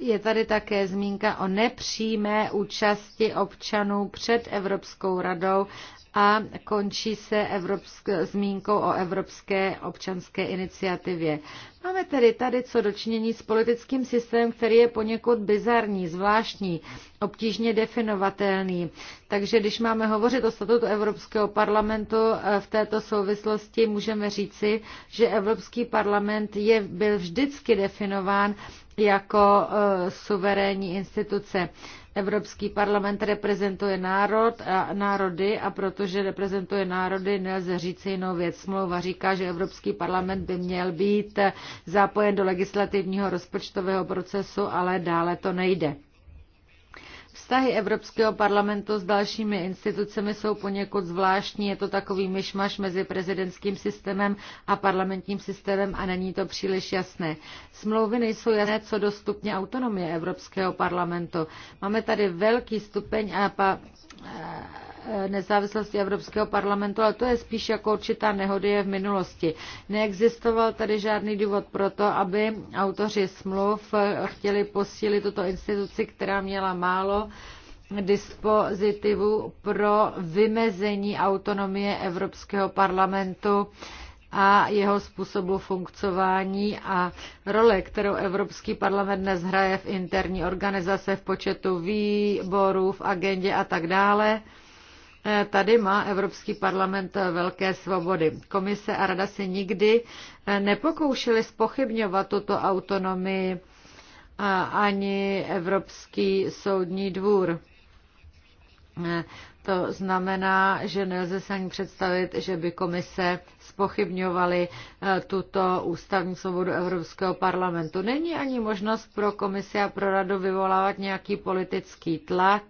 je tady také zmínka o nepřímé účasti občanů před Evropskou radou a končí se evropsk- zmínkou o Evropské občanské iniciativě. Máme tedy tady co dočinění s politickým systémem, který je poněkud bizarní, zvláštní, obtížně definovatelný. Takže když máme hovořit o statutu Evropského parlamentu eh, v této souvislosti, můžeme říci, že Evropský parlament je, byl vždycky definován jako e, suverénní instituce. Evropský parlament reprezentuje národ a národy a protože reprezentuje národy, nelze říci jinou věc. Smlouva říká, že Evropský parlament by měl být zapojen do legislativního rozpočtového procesu, ale dále to nejde. Vztahy Evropského parlamentu s dalšími institucemi jsou poněkud zvláštní. Je to takový myšmaš mezi prezidentským systémem a parlamentním systémem a není to příliš jasné. Smlouvy nejsou jasné co dostupně autonomie Evropského parlamentu. Máme tady velký stupeň a pa, Eh, nezávislosti Evropského parlamentu, ale to je spíš jako určitá nehodie v minulosti. Neexistoval tady žádný důvod pro to, aby autoři smluv eh, chtěli posílit tuto instituci, která měla málo dispozitivu pro vymezení autonomie Evropského parlamentu a jeho způsobu funkcování a role, kterou Evropský parlament dnes hraje v interní organizace, v počtu výborů, v agendě a tak dále. Tady má Evropský parlament eh, velké svobody. Komise a rada se nikdy eh, nepokoušely spochybňovat tuto autonomii ani Evropský soudní dvůr. Eh, to znamená, že nelze se ani představit, že by komise spochybňovaly tuto ústavní svobodu Evropského parlamentu. Není ani možnost pro komisi a pro radu vyvolávat nějaký politický tlak,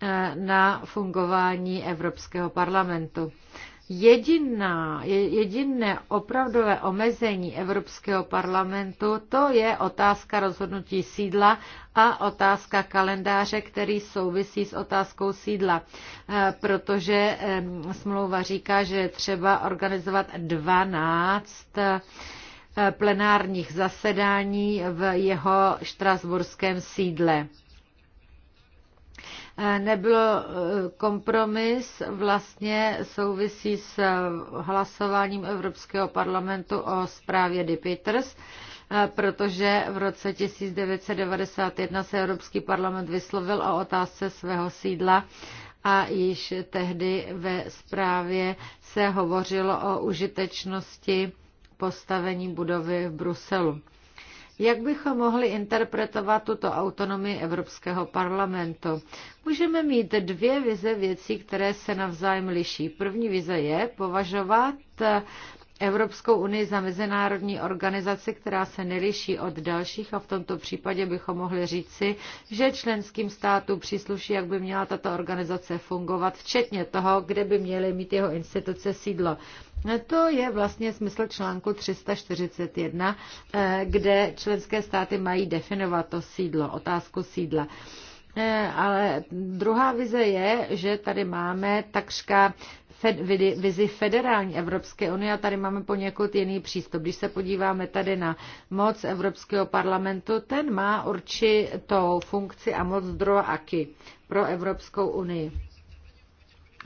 Eh, na fungování Evropského parlamentu. Jediná, jediné opravdové omezení Evropského parlamentu, to je otázka rozhodnutí sídla a otázka kalendáře, který souvisí s otázkou sídla, eh, protože eh, smlouva říká, že je třeba organizovat 12 plenárních zasedání v jeho štrasburském sídle. Eh, nebylo eh, kompromis, vlastně souvisí s eh, hlasováním Evropského parlamentu o zprávě De Peters, protože v roce 1991 se Evropský parlament vyslovil o otázce svého sídla a již tehdy ve zprávě se hovořilo o užitečnosti postavení budovy v Bruselu. Jak bychom mohli interpretovat tuto autonomii Evropského parlamentu? Můžeme mít dvě vize věcí, které se navzájem liší. První vize je považovat Evropskou unii za mezinárodní organizaci, která se neliší od dalších a v tomto případě bychom mohli říci, že členským státům přísluší, jak by měla tato organizace fungovat, včetně toho, kde by měly mít jeho instituce sídlo. To je vlastně smysl článku 341, eh, kde členské státy mají definovat to sídlo, otázku sídla. Eh, ale druhá vize je, že tady máme takřka vizi federální Evropské unie a tady máme poněkud jiný přístup. Když se podíváme tady na moc Evropského parlamentu, ten má určitou funkci a moc droaky pro Evropskou unii.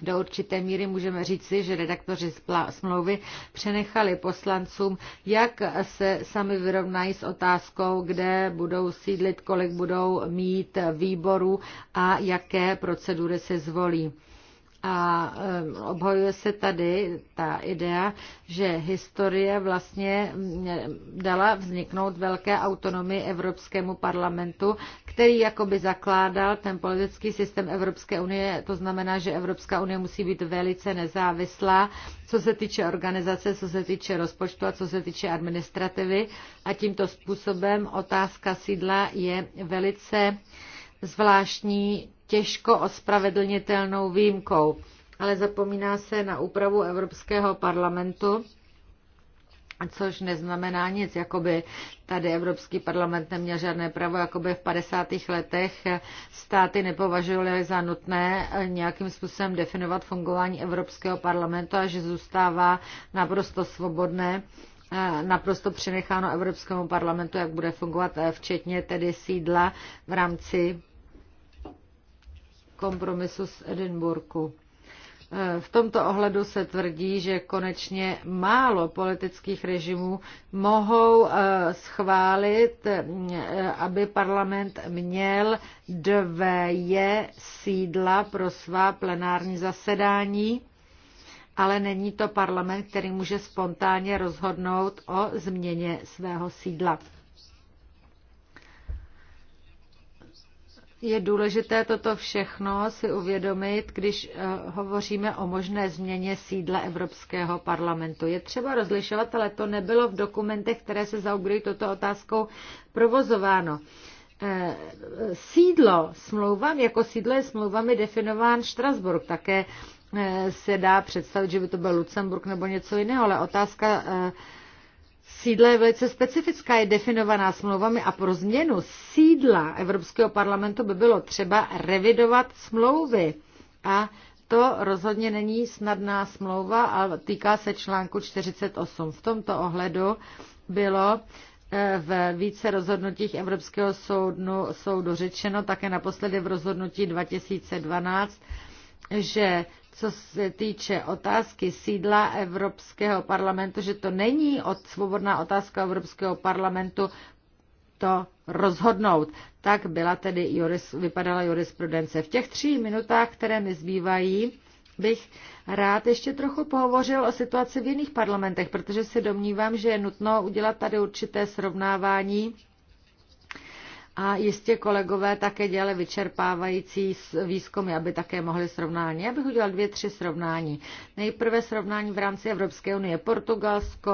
Do určité míry můžeme říci, že redaktoři smlouvy přenechali poslancům, jak se sami vyrovnají s otázkou, kde budou sídlit, kolik budou mít výborů a jaké procedury se zvolí. A obhajuje se tady ta idea, že historie vlastně mm, dala vzniknout velké autonomii Evropskému parlamentu, který jakoby zakládal ten politický systém Evropské unie. To znamená, že Evropská unie musí být velice nezávislá, co se týče organizace, co se týče rozpočtu a co se týče administrativy. A tímto způsobem otázka sídla je velice zvláštní těžko ospravedlnitelnou výjimkou, ale zapomíná se na úpravu Evropského parlamentu, což neznamená nic, jakoby tady Evropský parlament neměl žádné právo, jakoby v 50. letech státy nepovažovaly za nutné nějakým způsobem definovat fungování Evropského parlamentu a že zůstává naprosto svobodné naprosto přenecháno Evropskému parlamentu, jak bude fungovat, včetně tedy sídla v rámci kompromisu z Edinburghu. V tomto ohledu se tvrdí, že konečně málo politických režimů mohou eh, schválit, eh, aby parlament měl dvě sídla pro svá plenární zasedání, ale není to parlament, který může spontánně rozhodnout o změně svého sídla. Je důležité toto všechno si uvědomit, když eh, hovoříme o možné změně sídla Evropského parlamentu. Je třeba rozlišovat, ale to nebylo v dokumentech, které se zaobírají toto otázkou, provozováno. Eh, sídlo smlouvám, jako sídlo je smlouvami definován Štrasburg, také eh, se dá představit, že by to byl Lucemburg nebo něco jiného, ale otázka sídla je velice specifická, je definovaná smlouvami a pro změnu sídla Evropského parlamentu by bylo třeba revidovat smlouvy. A to rozhodně není snadná smlouva, ale týká se článku 48. V tomto ohledu bylo eh, v více rozhodnutích Evropského soudnu, soudu řečeno, také naposledy v rozhodnutí 2012, že co se týče otázky sídla Evropského parlamentu, že to není od svobodná otázka Evropského parlamentu to rozhodnout. Tak byla tedy juris, vypadala jurisprudence. V těch tří minutách, které mi zbývají, bych rád ještě trochu pohovořil o situaci v jiných parlamentech, protože se domnívám, že je nutno udělat tady určité srovnávání a jistě kolegové také dělali vyčerpávající výzkumy, aby také mohli srovnání. Já bych udělal dvě, tři srovnání. Nejprve srovnání v rámci Evropské unie. Portugalsko,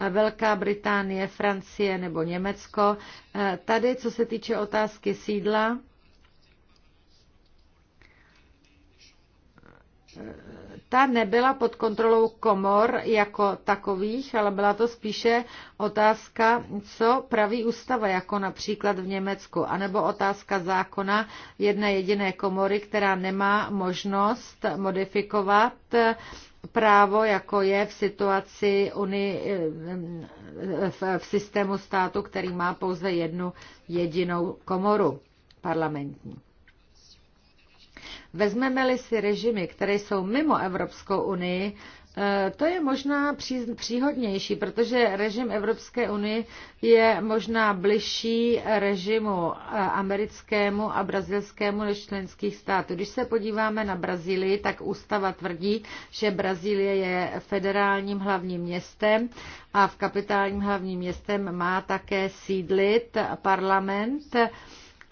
eh, Velká Británie, Francie nebo Německo. Eh, Tady, co se týče otázky sídla, ta nebyla pod kontrolou komor jako takových, ale byla to spíše otázka, co praví ústava, jako například v Německu, anebo otázka zákona jedné jediné komory, která nemá možnost modifikovat právo, jako je v situaci uni, v, v systému státu, který má pouze jednu jedinou komoru parlamentní. Vezmeme-li si režimy, které jsou mimo Evropskou unii, eh, to je možná pří, příhodnější, protože režim Evropské unie je možná bližší režimu eh, americkému a brazilskému než členských států. Když se podíváme na Brazílii, tak ústava tvrdí, že Brazílie je federálním hlavním městem a v kapitálním hlavním městem má také sídlit parlament,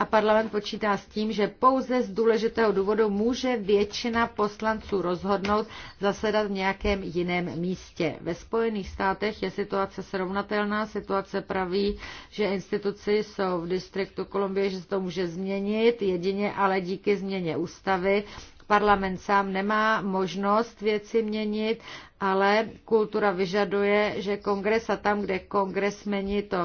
a parlament počítá s tím, že pouze z důležitého důvodu může většina poslanců rozhodnout zasedat v nějakém jiném místě. Ve Spojených státech je situace srovnatelná. Situace praví, že instituci jsou v distriktu Kolumbie, že se to může změnit jedině ale díky změně ústavy Parlament sám nemá možnost věci měnit, ale kultura vyžaduje, že kongres a tam, kde kongresmeni to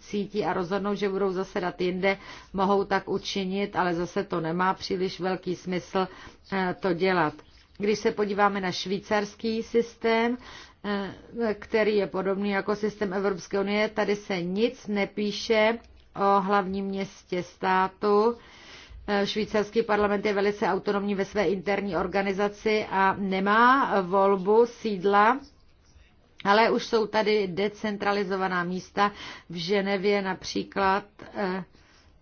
cítí a rozhodnou, že budou zasedat jinde, mohou tak učinit, ale zase to nemá příliš velký smysl eh, to dělat. Když se podíváme na švýcarský systém, eh, který je podobný jako systém Evropské unie, tady se nic nepíše o hlavním městě státu Eh, švýcarský parlament je velice autonomní ve své interní organizaci a nemá volbu sídla, ale už jsou tady decentralizovaná místa. V Ženevě například, eh,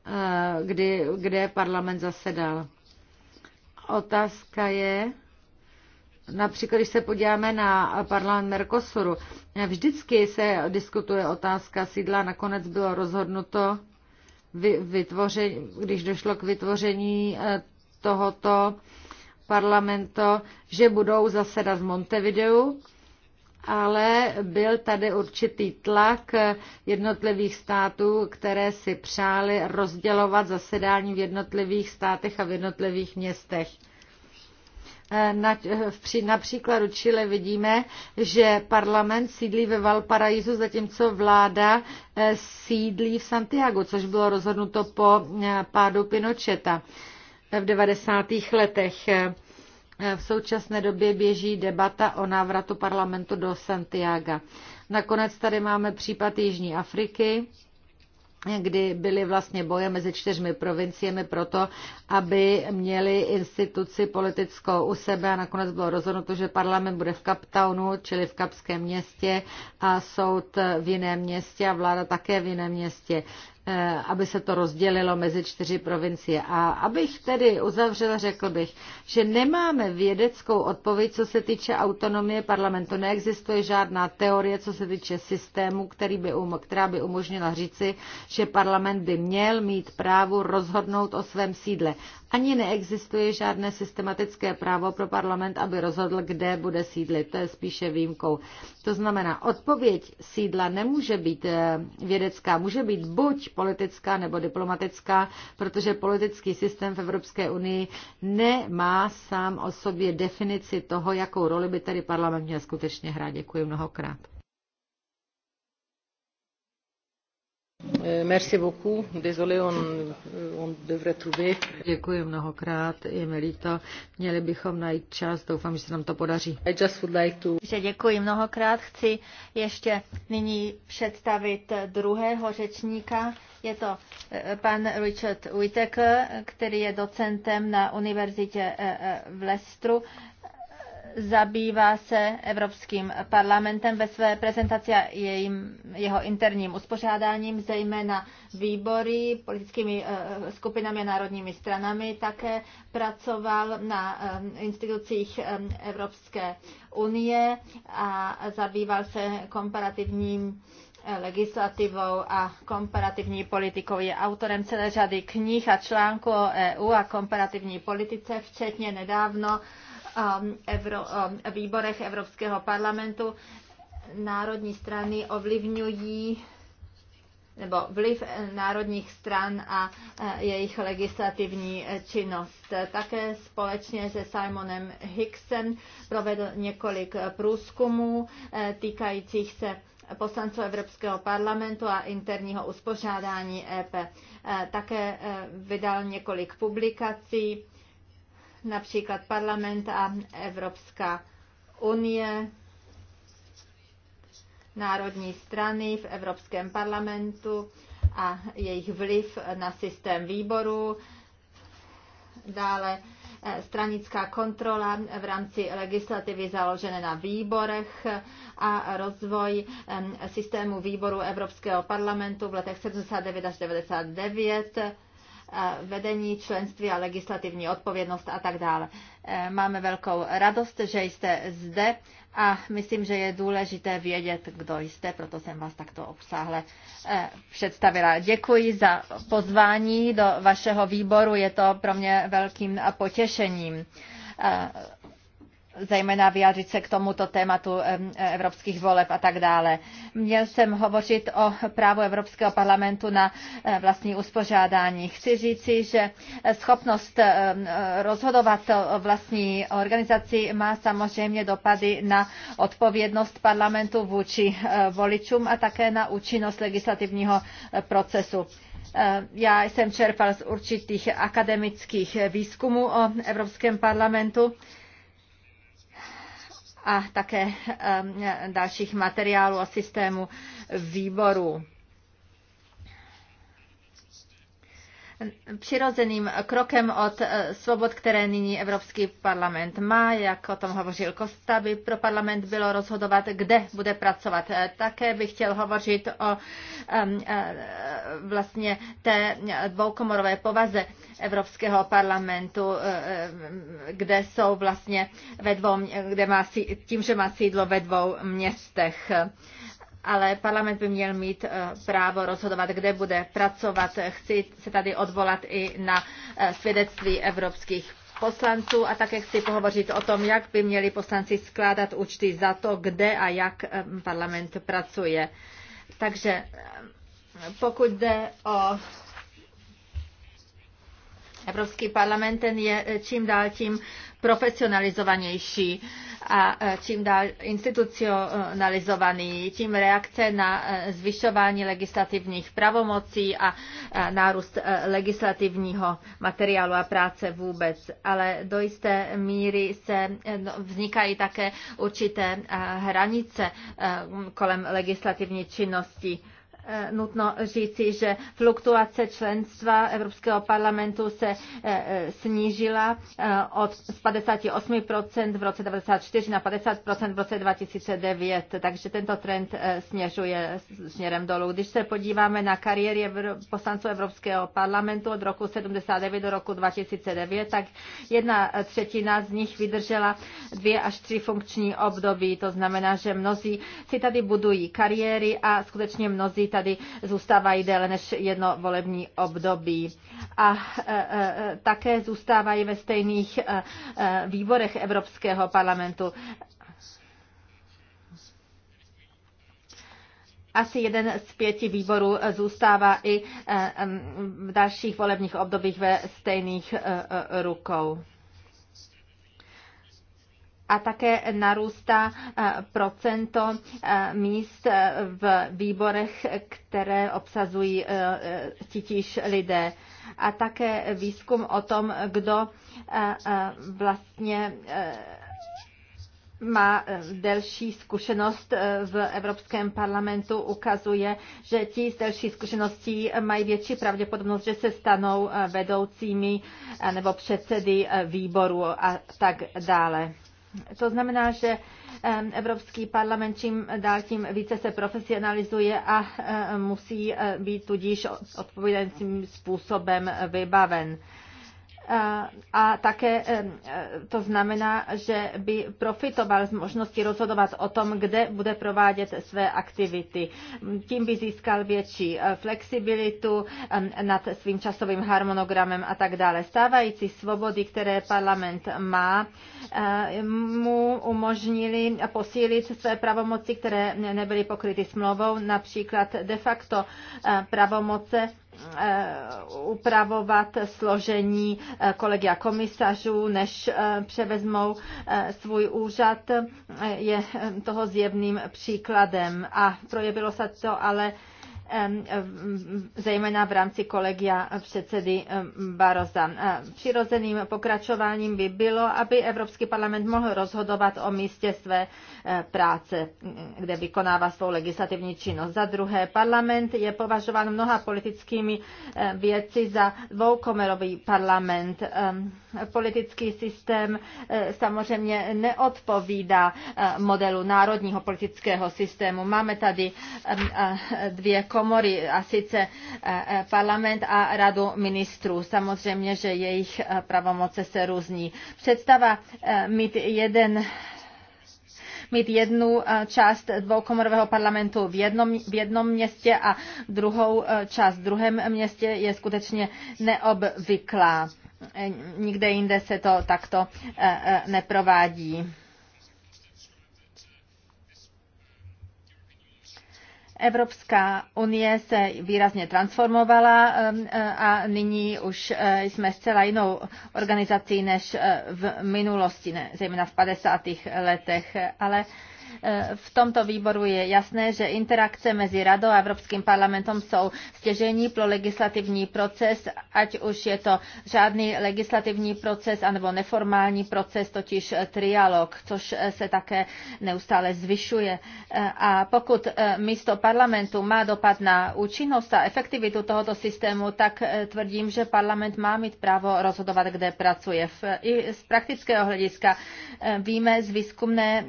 eh, kdy, kde parlament zasedal. Otázka je, Například, když se podíváme na parlament Mercosuru, vždycky se diskutuje otázka sídla, nakonec bylo rozhodnuto, vytvoření, když došlo k vytvoření eh, tohoto parlamentu, že budou zasedat v Montevideu, ale byl tady určitý tlak eh, jednotlivých států, které si přáli rozdělovat zasedání v jednotlivých státech a v jednotlivých městech. Eh, na, eh, na příkladu Chile vidíme, že parlament sídlí ve Valparaisu, zatímco vláda eh, sídlí v Santiago, což bylo rozhodnuto po pádu Pinocheta v 90. letech. V současné době běží debata o návratu parlamentu do Santiago. Nakonec tady máme případ Jižní Afriky, kdy byly vlastně boje mezi čtyřmi provinciemi proto, aby měli instituci politickou u sebe a nakonec bylo rozhodnuto, že parlament bude v Kaptaunu, čili v Kapském městě a soud v jiném městě a vláda také v jiném městě. Eh, aby se to rozdělilo mezi čtyři provincie. A abych tedy uzavřela, řekl bych, že nemáme vědeckou odpověď, co se týče autonomie parlamentu. Neexistuje žádná teorie, co se týče systému, který by, um, která by umožnila říci, že parlament by měl mít právo rozhodnout o svém sídle. Ani neexistuje žádné systematické právo pro parlament, aby rozhodl, kde bude sídlit. To je spíše výjimkou. To znamená, odpověď sídla nemůže být eh, vědecká, může být buď politická nebo diplomatická, protože politický systém v Evropské unii nemá sám o sobě definici toho, jakou roli by tady parlament měl skutečně hrát. Děkuji mnohokrát. Merci beaucoup. Désolé, on, on devrait trouver. Děkuji mnohokrát, je mi líto. Měli bychom najít čas, doufám, že se nám to podaří. I just would like to... Že děkuji mnohokrát. Chci ještě nyní představit druhého řečníka, je to eh, pan Richard Whitaker, který je docentem na univerzitě eh, eh, v Lestru. zabývá se Evropským parlamentem ve své prezentaci a jejím, jeho interním uspořádáním, zejména výbory, politickými skupinami a národními stranami. Také pracoval na institucích Evropské unie a zabýval se komparativním legislativou a komparativní politikou. Je autorem celé řady knih a článků o EU a komparativní politice, včetně nedávno um, Evro, um, výborech Evropského parlamentu. Národní strany ovlivňují nebo vliv národních stran a e, jejich legislativní činnost. Také společně se Simonem Hicksem provedl několik průzkumů e, týkajících se poslanců Evropského parlamentu a interního uspořádání EP. E, také e, vydal několik publikací, například Parlament a Evropská unie, národní strany v Evropském parlamentu a jejich vliv na systém výboru, dále Eh, stranická kontrola v rámci legislativy založené na výborech a rozvoj systému výboru Evropského parlamentu v letech 79 až 99 vedení členství a legislativní odpovědnost a tak dále. E, máme velkou radost, že jste zde a myslím, že je důležité vědět, kdo jste, proto jsem vás takto obsáhle e, představila. Děkuji za pozvání do vašeho výboru, je to pro mě velkým potěšením e, zejména vyjádřit se k tomuto tématu evropských voleb a tak dále. Měl jsem hovořit o právu Evropského parlamentu na eh, vlastní uspořádání. Chci říci, že eh, schopnost eh, rozhodovat o vlastní organizaci má samozřejmě dopady na odpovědnost parlamentu vůči voličům a také na účinnost legislativního procesu. Já jsem čerpal z určitých akademických výzkumů o Evropském parlamentu a také ehm, dalších materiálů a systému výboru. přirozeným krokem od eh, svobod, které nyní Evropský parlament má, jak o tom hovořil Kosta, by pro parlament bylo rozhodovat, kde bude pracovat. Eh, Také bych chtěl hovořit o eh, vlastně té dvoukomorové povaze Evropského parlamentu, kde jsou vlastně ve dvou, kde má, tím, že má sídlo ve dvou městech ale parlament by měl mít eh, právo rozhodovat, kde bude pracovat. Chci se tady odvolat i na eh, svědectví evropských poslanců a také chci pohovořit o tom, jak by měli poslanci skládat účty za to, kde a jak eh, parlament pracuje. Takže pokud jde o Evropský parlament, ten je čím dál tím profesionalizovanější a e, čím dál institucionalizovaný, tím reakce na e, zvyšování legislativních pravomocí a e, nárůst legislativního materiálu a práce vůbec. Ale do jisté míry se no, vznikají také určité hranice kolem legislativní činnosti Eh, nutno říci, že fluktuace členstva Evropského parlamentu se eh, eh, snížila od 58% v roce 2004 na 50% v roce 2009, takže tento trend směřuje směrem dolů. Když se podíváme na kariéry poslanců Evropského parlamentu od roku 79 do roku 2009, tak jedna třetina z nich vydržela dvě až tři funkční období. To znamená, že mnozí si tady budují kariéry a skutečně mnozí tady zůstávají déle než jedno volební období. A e, e, také zůstávají ve stejných e, výborech Evropského parlamentu. Asi jeden z pěti výborů zůstává i v dalších volebních obdobích ve stejných rukou a také narůstá eh, procento eh, míst eh, v výborech, které obsazují titíž lidé. A také výzkum o tom, kdo vlastně má delší zkušenost v Evropském parlamentu, ukazuje, že ti s delší zkušeností mají větší pravděpodobnost, že se stanou vedoucími nebo předsedy výboru a tak dále. To znamená, že Evropský parlament čím dál tím více se profesionalizuje a musí e, být tudíž odpovídajícím způsobem vybaven a také e, to znamená, že by profitoval z možnosti rozhodovat o tom, kde bude provádět své aktivity. Tím by získal větší e, flexibilitu nad svým časovým harmonogramem a tak dále. Stávající svobody, které parlament má, e, mu umožnili posílit své pravomoci, které nebyly pokryty smlouvou, například de facto pravomoce Eh, upravovat složení eh, kolegia komisařů, než eh, převezmou svůj úřad, je toho zjevným příkladem. A projevilo se to ale zejména v rámci kolegia předsedy Baroza. Přirozeným pokračováním by bylo, aby Evropský parlament mohl rozhodovat o místě své eh, práce, kde vykonává svou legislativní činnost. Za druhé, parlament je považován mnoha politickými eh, věci za dvoukomerový parlament. Politický systém eh, samozřejmě neodpovídá modelu národního politického systému. Máme tady dvě komory komory, a sice eh, eh, parlament a radu ministrů. Samozřejmě, že jejich eh, pravomoce se různí. Představa mít jeden mít jednu část dvoukomorového parlamentu v jednom, v jednom městě a druhou část v druhém městě je skutečně neobvyklá. Nikde jinde se to takto neprovádí. Evropská unie se výrazně transformovala um, eh, a nyní už eh, jsme zcela jinou organizací než eh, v minulosti, ne, zejména v 50. letech, ale Eh, v tomto výboru je jasné, že interakce mezi Radou a Evropským parlamentem jsou stěžení pro legislativní proces, ať už je to žádný legislativní proces anebo neformální proces, totiž eh, trialog, což eh, se také neustále zvyšuje. A pokud místo parlamentu má dopad na účinnost a efektivitu tohoto systému, tak tvrdím, že parlament má mít právo rozhodovat, kde pracuje. I z praktického hlediska víme z výzkumné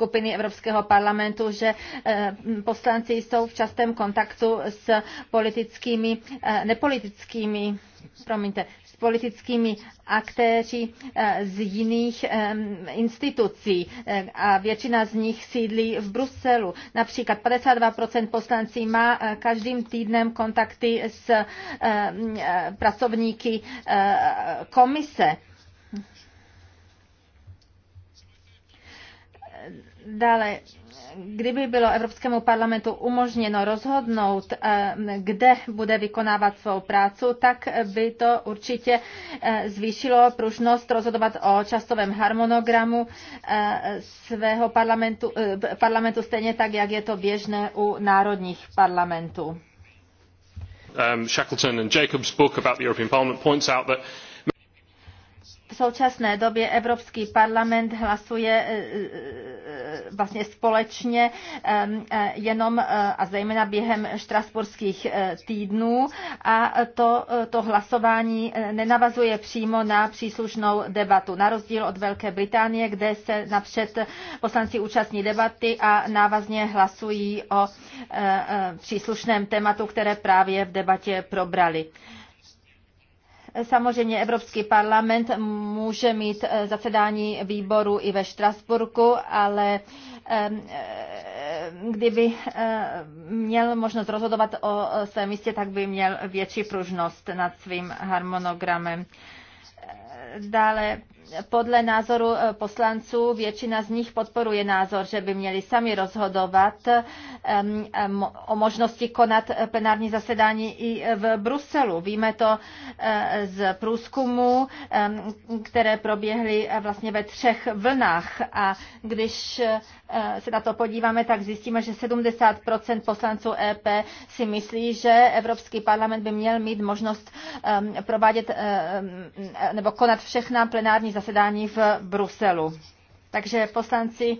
skupiny Evropského parlamentu, že eh, poslanci jsou v častém kontaktu s politickými, eh, nepolitickými, promiňte, s politickými aktéři eh, z jiných institucí a většina z nich sídlí v Bruselu. Například 52% poslanci má každým týdnem kontakty s pracovníky komise Dále, kdyby bylo Evropskému parlamentu umožněno rozhodnout, eh, kde bude vykonávat svou práci, tak by to určitě eh, zvýšilo pružnost rozhodovat o časovém harmonogramu eh, svého parlamentu, parlamentu stejně tak, jak je to běžné u národních parlamentů. Um, Shackleton and Jacobs book about the European Parliament points out that v současné době Evropský parlament hlasuje e, e, e, vlastně společně jenom a zejména během štrasburských týdnů a to, to hlasování nenavazuje přímo na příslušnou debatu. Na rozdíl od Velké Británie, kde se napřed poslanci účastní debaty a návazně hlasují o příslušném tématu, které právě v debatě probrali. Samozřejmě Evropský parlament může mít eh, zasedání výboru i ve Štrasburku, ale eh, eh, kdyby měl možnost rozhodovat o svém místě, tak by měl větší pružnost nad svým harmonogramem. Dále podle názoru eh, poslanců většina z nich podporuje názor, že by měli sami rozhodovat eh, eh, o možnosti konat plenární zasedání i v Bruselu. Víme to z průzkumu, které proběhly vlastně ve třech vlnách. A když se na to podíváme, tak zjistíme, že 70 poslanců EP si myslí, že Evropský parlament by měl mít možnost provádět nebo konat všechna plenární zasedání zasedání v Bruselu. Takže poslanci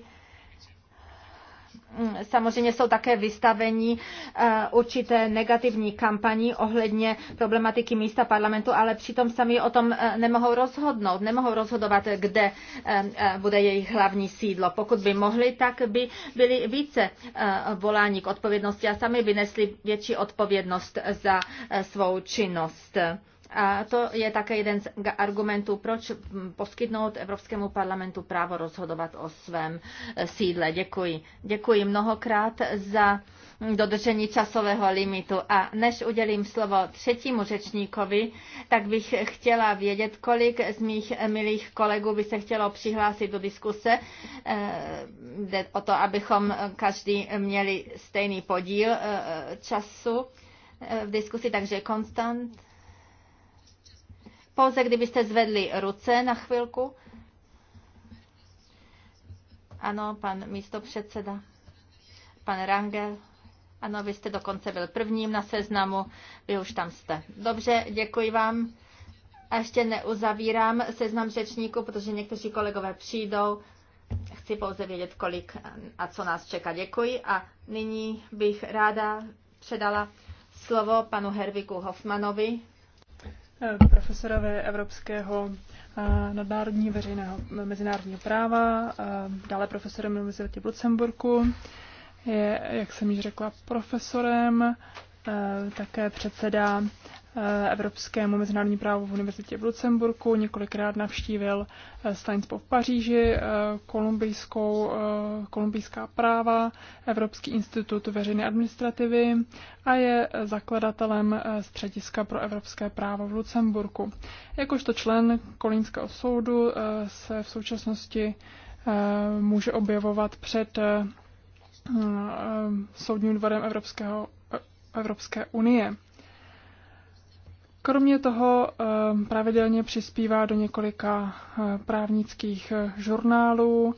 mm, samozřejmě jsou také vystaveni eh, určité negativní kampaní ohledně problematiky místa parlamentu, ale přitom sami o tom eh, nemohou rozhodnout, nemohou rozhodovat, kde eh, bude jejich hlavní sídlo. Pokud by mohli, tak by byli více voláni k odpovědnosti a sami by nesli větší odpovědnost za svou činnost. A to je také jeden z argumentů, proč poskytnout Evropskému parlamentu právo rozhodovat o svém eh, sídle. Děkuji. Děkuji mnohokrát za dodržení časového limitu. A než udělím slovo třetímu řečníkovi, tak bych chtěla vědět, kolik z mých eh, milých kolegů by se chtělo přihlásit do diskuse. Eh, jde o to, abychom každý měli stejný podíl času v diskusi, takže Konstant pouze kdybyste zvedli ruce na chvilku. Ano, pan místo předseda, pan Rangel. Ano, vy jste dokonce byl prvním na seznamu, vy už tam jste. Dobře, děkuji vám. A ještě neuzavírám seznam řečníků, protože někteří kolegové přijdou. Chci pouze vědět, kolik a co nás čeká. Děkuji. A nyní bych ráda předala slovo panu Herviku Hoffmanovi, profesorovi Evropského eh, nadnárodní veřejného mezinárodního práva, eh, dále profesorem na univerzitě v Lucemburku. Je, jak jsem již řekla, profesorem, eh, také předseda Eh, evropskému mezinárodní právu v univerzitě v Lucemburku, několikrát navštívil eh, Steinspo v Paříži, eh, kolumbijskou, kolumbijská práva, Evropský institut veřejné administrativy a je zakladatelem střediska pro evropské právo v Lucemburku. Jakožto člen Kolínského soudu se v současnosti může objevovat před soudním dvorem Evropského, Evropské unie. Kromě toho eh, pravidelně přispívá do několika eh, právnických eh, žurnálů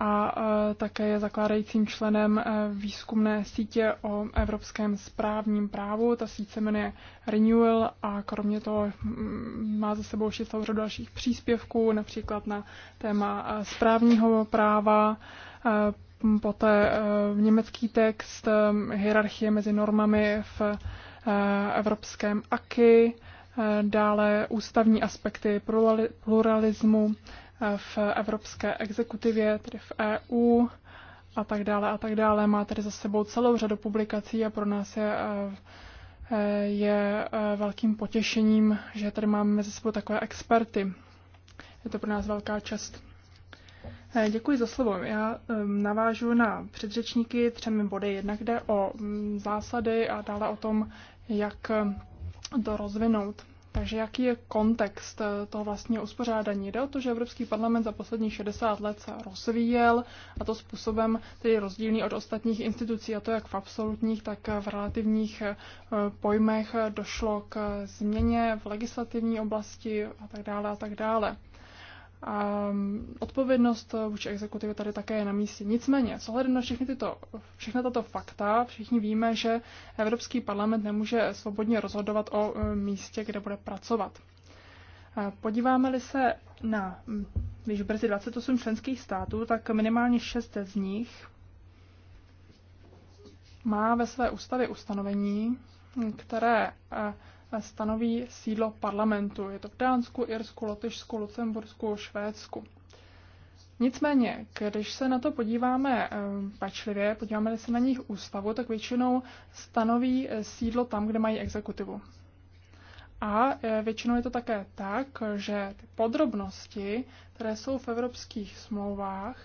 a také je zakládajícím členem výzkumné sítě o evropském správním právu. Ta síť se jmenuje Renewal a kromě toho mm, má za sebou ještě celou řadu dalších příspěvků, například na téma správního práva, poté německý text, hierarchie mezi normami v Eh, evropském AKY, eh, dále ústavní aspekty pluralismu eh, v evropské exekutivě, tedy v EU a tak dále a tak dále. Má tedy za sebou celou řadu publikací a pro nás je, je velkým potěšením, že tady máme mezi sebou takové experty. Je to pro nás velká čest. Děkuji za slovo. Já navážu na předřečníky třemi body. Jednak jde o mm, zásady a dále o tom, jak eh, to rozvinout. Takže jaký je kontext eh, toho vlastního uspořádání? Jde o to, že Evropský parlament za posledních 60 let se rozvíjel a to způsobem, tedy rozdílný od ostatních institucí, a to jak v absolutních, tak v relativních eh, pojmech došlo k změně v legislativní oblasti a tak dále a tak dále a mm, odpovědnost eh, vůči exekutivě tady také je na místě. Nicméně, s ohledem na všechny tyto, všechna tato fakta, všichni víme, že Evropský parlament nemůže svobodně rozhodovat o eh, místě, kde bude pracovat. Podíváme-li se na, mm, když brzy 28 členských států, tak minimálně 6 z nich má ve své ústavě ustanovení, které eh, stanoví sídlo parlamentu. Je to v Dánsku, Irsku, Lotyšsku, Lucembursku, Švédsku. Nicméně, když se na to podíváme eh, pečlivě, podíváme se na nich ústavu, tak většinou stanoví eh, sídlo tam, kde mají exekutivu. A eh, většinou je to také tak, že ty podrobnosti, které jsou v evropských smlouvách,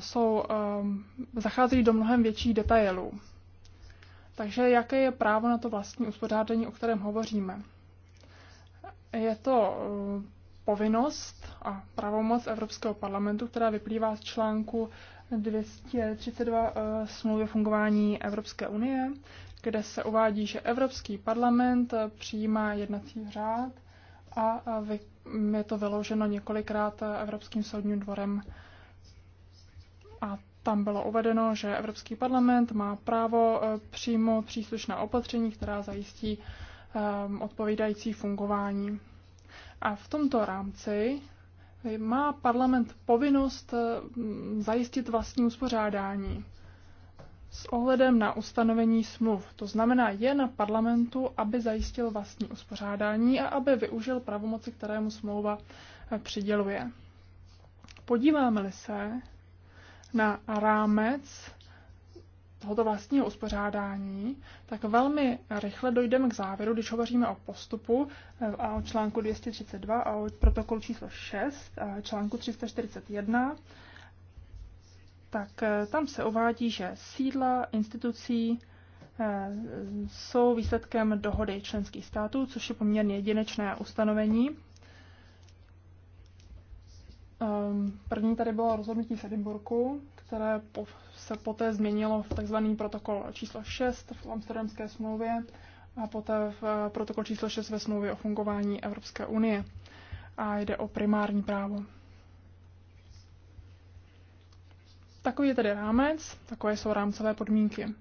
jsou, um, zacházejí do mnohem větších detailů. Takže jaké je právo na to vlastní uspořádání, o kterém hovoříme? Je to eh, povinnost a pravomoc Evropského parlamentu, která vyplývá z článku 232 eh, smlouvy o fungování Evropské unie, kde se uvádí, že Evropský parlament eh, přijímá jednací řád a je to vyloženo několikrát Evropským soudním dvorem. A tam bylo uvedeno, že Evropský parlament má právo eh, přijmout příslušná opatření, která zajistí eh, odpovídající fungování. A v tomto rámci eh, má parlament povinnost zajistit vlastní uspořádání s ohledem na ustanovení smluv. To znamená, je na parlamentu, aby zajistil vlastní uspořádání a aby využil pravomoci, kterému mu smlouva přiděluje. Podíváme-li se na rámec tohoto vlastního uspořádání, tak velmi rychle dojdeme k závěru, když hovoříme o postupu eh, a o článku 232 a o protokolu číslo 6 a eh, článku 341, tak eh, tam se uvádí, že sídla institucí jsou výsledkem dohody členských států, což je poměrně jedinečné ustanovení Ehm, první tady bylo rozhodnutí v Edinburgu, které se poté změnilo v tzv. protokol číslo 6 v Amsterdamské smlouvě a poté v eh, protokol číslo 6 ve smlouvě o fungování Evropské unie. A jde o primární právo. Takový je tedy rámec, takové jsou rámcové podmínky.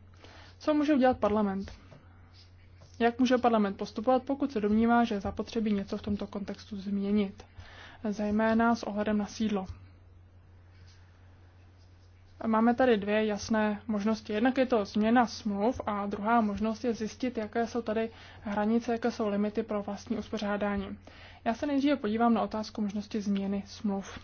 Co může udělat parlament? Jak může parlament postupovat, pokud se domnívá, že zapotřebí něco v tomto kontextu změnit? zejména s ohledem na sídlo. Máme tady dvě jasné možnosti. Jednak je to změna smluv a druhá možnost je zjistit, jaké jsou tady hranice, jaké jsou limity pro vlastní uspořádání. Já se nejdříve podívám na otázku možnosti změny smluv.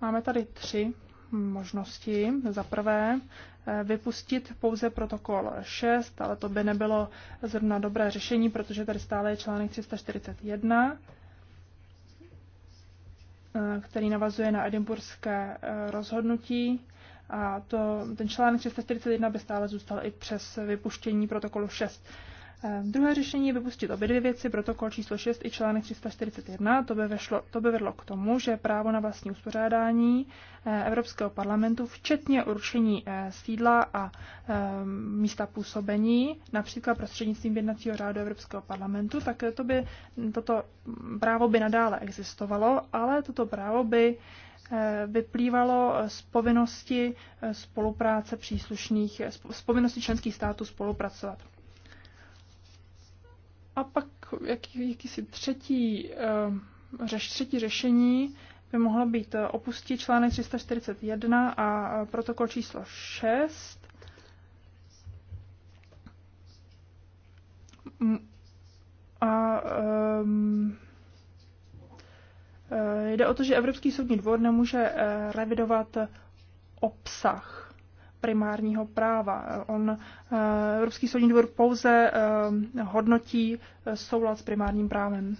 Máme tady tři možnosti. Za prvé eh, vypustit pouze protokol 6, ale to by nebylo zrovna dobré řešení, protože tady stále je článek 341. Eh, který navazuje na edimburské eh, rozhodnutí. A to, ten článek 341 by stále zůstal i přes vypuštění protokolu 6. Ehm, druhé řešení je vypustit obě dvě věci, protokol číslo 6 i článek 341. To by, vešlo, to by vedlo k tomu, že právo na vlastní uspořádání eh, Evropského parlamentu, včetně určení eh, sídla a ehm, místa působení, například prostřednictvím jednacího řádu Evropského parlamentu, tak to by, toto právo by nadále existovalo, ale toto právo by eh, vyplývalo z povinnosti spolupráce příslušných, z povinnosti členských států spolupracovat. A pak jaký, jakýsi třetí, eh, řeš, třetí řešení by mohlo být eh, opustit článek 341 a eh, protokol číslo 6. A um, jde o to, že Evropský soudní dvor nemůže revidovat obsah primárního práva. On, eh, Evropský soudní dvůr pouze eh, hodnotí eh, soulad s primárním právem.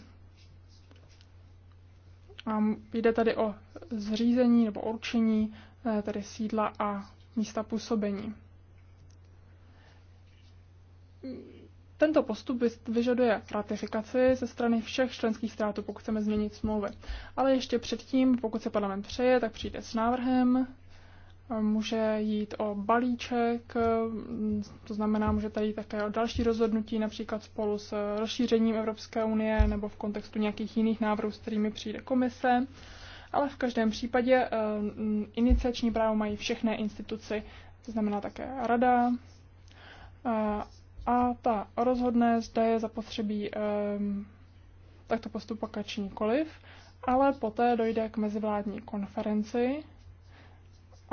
A jde tady o zřízení nebo určení tedy sídla a místa působení. Tento postup vyžaduje ratifikaci ze strany všech členských států, pokud chceme změnit smlouvy. Ale ještě předtím, pokud se parlament přeje, tak přijde s návrhem Může jít o balíček, to znamená, může tady jít také o další rozhodnutí, například spolu s rozšířením Evropské unie nebo v kontextu nějakých jiných návrhů, s kterými přijde komise. Ale v každém případě eh, iniciační právo mají všechny instituci, to znamená také rada. Eh, a ta rozhodné zda je zapotřebí eh, takto postupovat či nikoliv, ale poté dojde k mezivládní konferenci,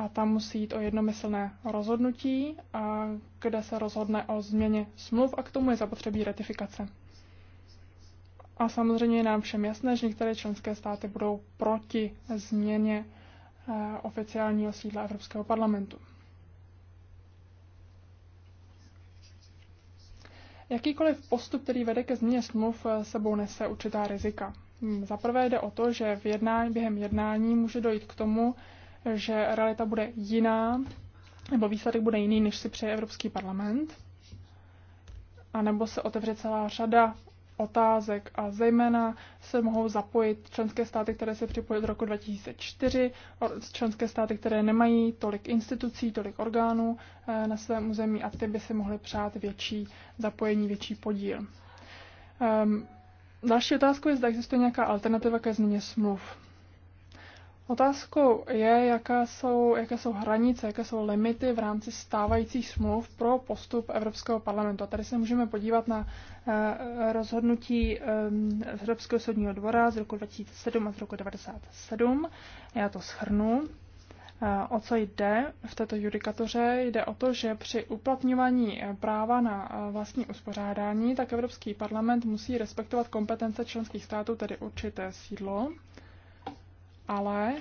a tam musí jít o jednomyslné rozhodnutí, a kde se rozhodne o změně smluv a k tomu je zapotřebí ratifikace. A samozřejmě je nám všem jasné, že některé členské státy budou proti změně eh, oficiálního sídla Evropského parlamentu. Jakýkoliv postup, který vede ke změně smluv, eh, sebou nese určitá rizika. Hmm, za prvé jde o to, že v jednání, během jednání může dojít k tomu, že realita bude jiná, nebo výsledek bude jiný, než si přeje Evropský parlament, anebo se otevře celá řada otázek a zejména se mohou zapojit členské státy, které se připojí od roku 2004, členské státy, které nemají tolik institucí, tolik orgánů eh, na svém území a ty by si mohly přát větší zapojení, větší podíl. Um, další otázkou je, zda existuje nějaká alternativa ke změně smluv. Otázkou je, jaká jsou, jaké jsou hranice, jaké jsou limity v rámci stávajících smluv pro postup Evropského parlamentu. A tady se můžeme podívat na eh, rozhodnutí ehm, Evropského soudního dvora z roku 2007 a z roku 1997. Já to schrnu. Eh, o co jde v této judikatoře? Jde o to, že při uplatňování práva na eh, vlastní uspořádání, tak Evropský parlament musí respektovat kompetence členských států, tedy určité sídlo ale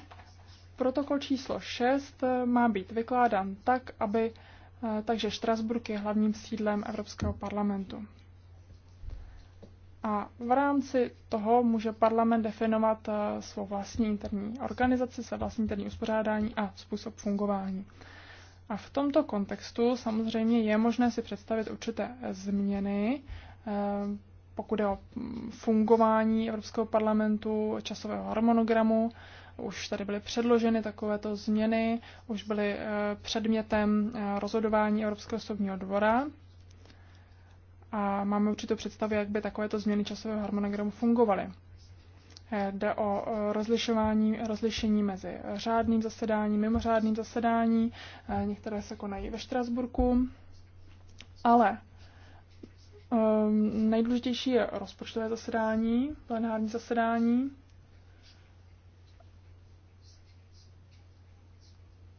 protokol číslo 6 eh, má být vykládán tak, aby eh, takže Štrasburg je hlavním sídlem Evropského parlamentu. A v rámci toho může parlament definovat eh, svou vlastní interní organizaci, své vlastní interní uspořádání a způsob fungování. A v tomto kontextu samozřejmě je možné si představit určité změny, pokud je o mm, fungování Evropského parlamentu, časového harmonogramu, už tady byly předloženy takovéto změny, už byly eh, předmětem eh, rozhodování Evropského soudního dvora a máme určitou představu, jak by takovéto změny časového harmonogramu fungovaly. Eh, jde o rozlišování, rozlišení mezi řádným zasedáním, mimořádným zasedání. Některé se konají ve Štrasburku, ale nejdůležitější je rozpočtové zasedání, plenární zasedání.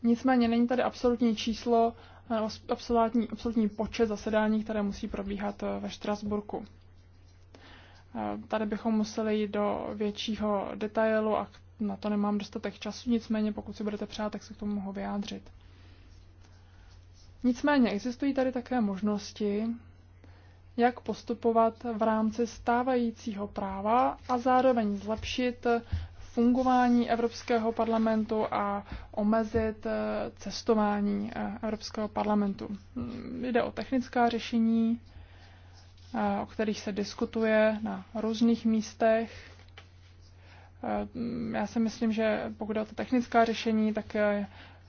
Nicméně není tady absolutní číslo eh, absolutní, absolutní počet zasedání, které musí probíhat eh, ve Štrasburku. Eh, tady bychom museli jít do většího detailu a na to nemám dostatek času, nicméně pokud si budete přát, tak se k tomu mohu vyjádřit. Nicméně existují tady také možnosti, jak postupovat v rámci stávajícího práva a zároveň zlepšit fungování Evropského parlamentu a omezit eh, cestování eh, Evropského parlamentu. Mm, jde o technická řešení, eh, o kterých se diskutuje na různých místech. Mm, já si myslím, že pokud jde o to technická řešení, tak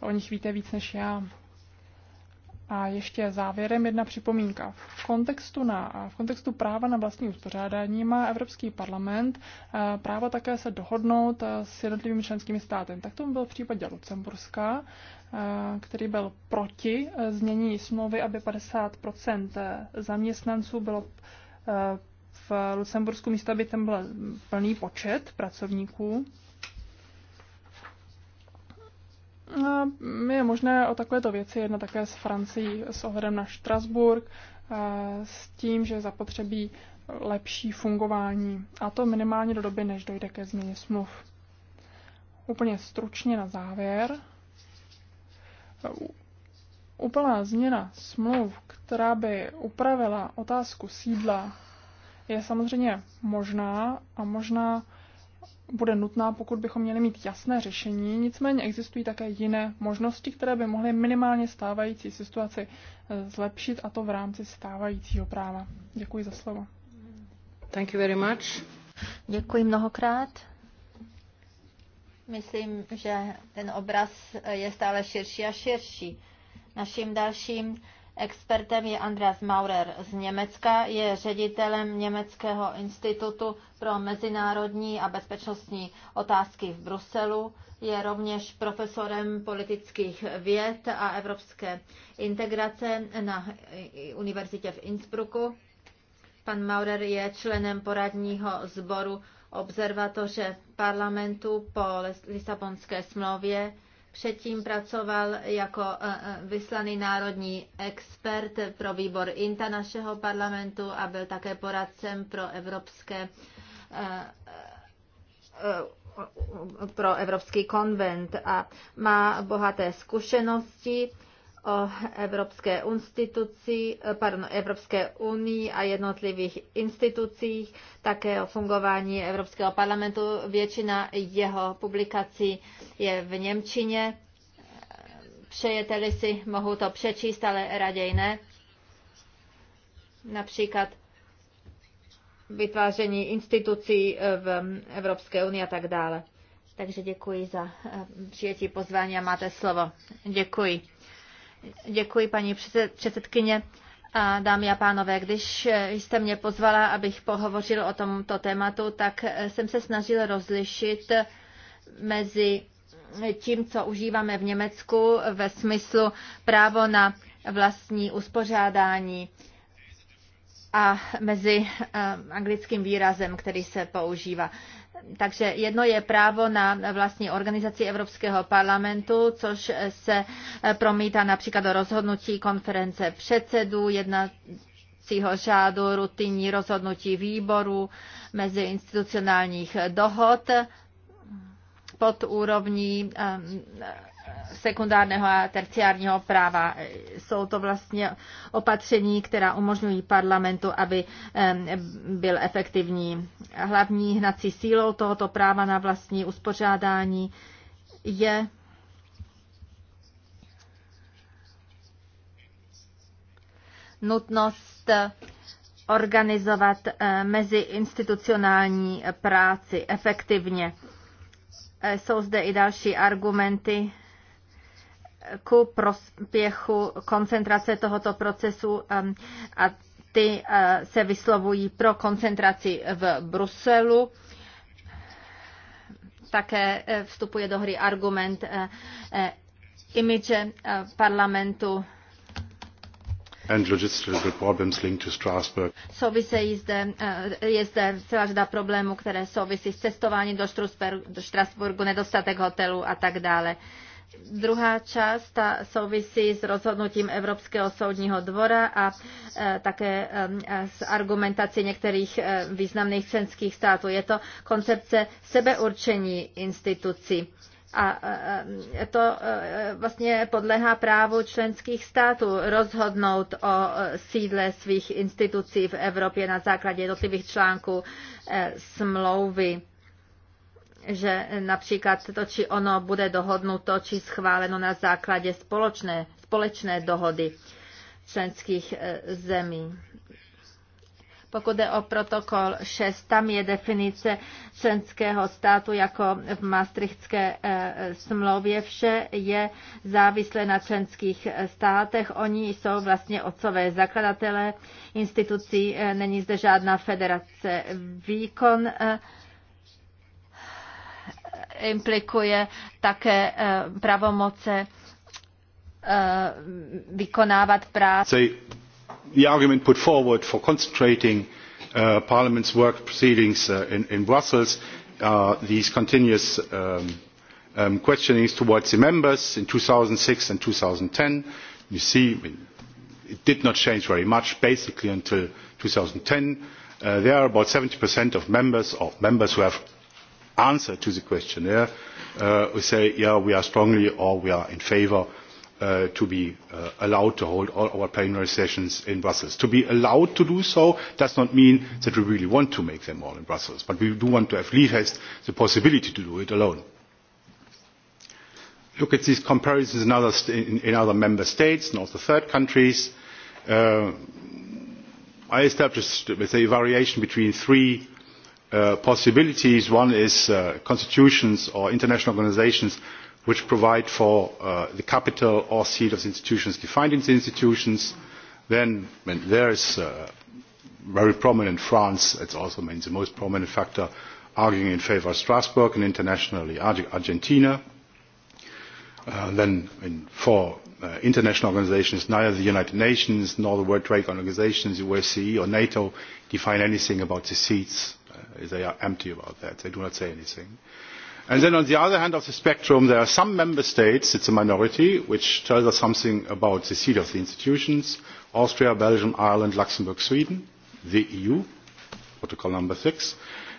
o nich víte víc než já. A ještě závěrem jedna připomínka. V kontextu, na, v kontextu práva na vlastní uspořádání má Evropský parlament eh, právo také se dohodnout eh, s jednotlivými členskými státem. Tak tomu byl v případě Lucemburska, eh, který byl proti změní smlouvy, aby 50 zaměstnanců bylo v Lucembursku místo, aby tam byl plný počet pracovníků. No, je možné o takovéto věci jednat také s Francií s ohledem na Štrasburg, s tím, že zapotřebí lepší fungování, a to minimálně do doby, než dojde ke změně smluv. Úplně stručně na závěr. Úplná změna smluv, která by upravila otázku sídla, je samozřejmě možná a možná bude nutná, pokud bychom měli mít jasné řešení. Nicméně existují také jiné možnosti, které by mohly minimálně stávající situaci e, zlepšit, a to v rámci stávajícího práva. Děkuji za slovo. Thank you very much. Děkuji mnohokrát. Myslím, že ten obraz je stále širší a širší. Naším dalším Expertem je Andreas Maurer z Německa, je ředitelem Německého institutu pro mezinárodní a bezpečnostní otázky v Bruselu, je rovněž profesorem politických věd a evropské integrace na univerzitě v Innsbrucku. Pan Maurer je členem poradního sboru observatoře parlamentu po Lisabonské smlouvě Předtím pracoval jako eh, eh, vyslaný národní expert pro výbor INTA našeho parlamentu a byl také poradcem pro evropské eh, pro Evropský konvent a má bohaté zkušenosti o Evropské, instituci, pardon, Evropské unii a jednotlivých institucích, také o fungování Evropského parlamentu. Většina jeho publikací je v Němčině. Přejete-li si, mohu to přečíst, ale raději ne. Například vytváření institucí v Evropské unii a tak dále. Takže děkuji za přijetí pozvání a máte slovo. Děkuji. Děkuji, paní předsedkyně. dámy a pánové, když jste mě pozvala, abych pohovořil o tomto tématu, tak jsem se snažil rozlišit mezi tím, co užíváme v Německu ve smyslu právo na vlastní uspořádání a mezi eh, anglickým výrazem, který se používá takže jedno je právo na vlastní organizaci Evropského parlamentu, což se promítá například do rozhodnutí konference předsedů, jednacího řádu, rutinní rozhodnutí výboru, meziinstitucionálních dohod pod úrovní eh, sekundárního a terciárního práva. Jsou to vlastně opatření, která umožňují parlamentu, aby byl efektivní. Hlavní hnací sílou tohoto práva na vlastní uspořádání je nutnost organizovat eh, meziinstitucionální práci efektivně. Eh, jsou zde i další argumenty ku prospěchu koncentrace tohoto procesu um, a ty uh, se vyslovují pro koncentraci v Bruselu. Také uh, vstupuje do hry argument uh, imidže parlamentu and logistical problems linked to Strasbourg. Souvisejí zde, je zde celá řada problémů, které souvisí s cestováním do Štrasburgu, nedostatek hotelů a tak dále. Druhá část ta souvisí s rozhodnutím Evropského soudního dvora a e, také e, s argumentací některých e, významných členských států. Je to koncepce sebeurčení institucí. A to vlastně podlehá právu členských států rozhodnout o sídle svých institucí v Evropě na základě jednotlivých článků smlouvy že například to či ono bude dohodnuto či schváleno na základě společné, společné dohody členských e, zemí. Pokud je o protokol 6, tam je definice členského státu jako v Maastrichtské e, smlouvě. Vše je závislé na členských e, státech. Oni jsou vlastně otcové zakladatele institucí. Není zde žádná federace. Výkon implikuje také eh, pravomoce eh, vykonávat práci. The argument put forward for concentrating uh, Parliament's work proceedings uh, in, in Brussels are uh, these continuous um, um, questionings towards the members in 2006 and 2010. You see, it did not change very much basically until 2010. Uh, there are about 70% of members or members who have answer to the questionnaire uh, we say yeah we are strongly or we are in favour uh, to be uh, allowed to hold all our plenary sessions in Brussels. To be allowed to do so does not mean that we really want to make them all in Brussels, but we do want to have at least the possibility to do it alone. Look at these comparisons in other, in, in other member states and also third countries. Uh, I established, a variation between three Uh, possibilities. One is uh, constitutions or international organizations which provide for uh, the capital or seat of the institutions defined in the institutions. Then and there is uh, very prominent France. It's also means the most prominent factor arguing in favor of Strasbourg and internationally Argentina. Uh, then in, for uh, international organizations, neither the United Nations nor the World Trade Organization, the OSCE or NATO define anything about the seats They are empty about that. They do not say anything. And then on the other hand of the spectrum, there are some member states, it's a minority, which tells us something about the seat of the institutions, Austria, Belgium, Ireland, Luxembourg, Sweden, the EU, protocol number six,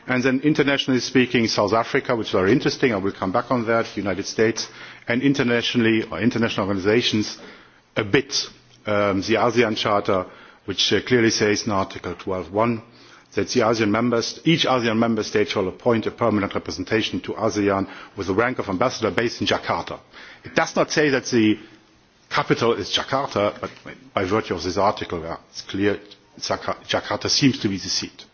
and then internationally speaking, South Africa, which is very interesting, I will come back on that, United States, and internationally, or international organizations, a bit, um, the ASEAN Charter, which uh, clearly says in Article 12.1 that each ASEAN member state shall appoint a permanent representation to ASEAN with the rank of ambassador based in Jakarta. It does not say that the capital is Jakarta, but by virtue of this article, it is clear that Jakarta seems to be the seat.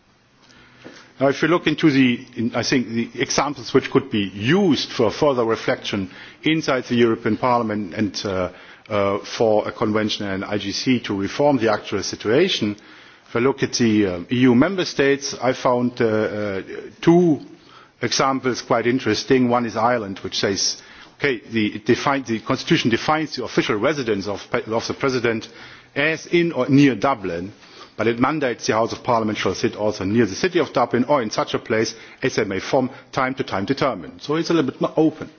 Now, if you look into the, in, I think, the examples which could be used for further reflection inside the European Parliament and uh, uh, for a convention and an IGC to reform the actual situation, if i look at the eu member states i found uh, uh, two examples quite interesting one is ireland which says that the, constitution defines the official residence of, of the president as in or near dublin but it mandates the house of parliament shall sit also near the city of dublin or in such a place as they may from time to time determine so it is a little bit more open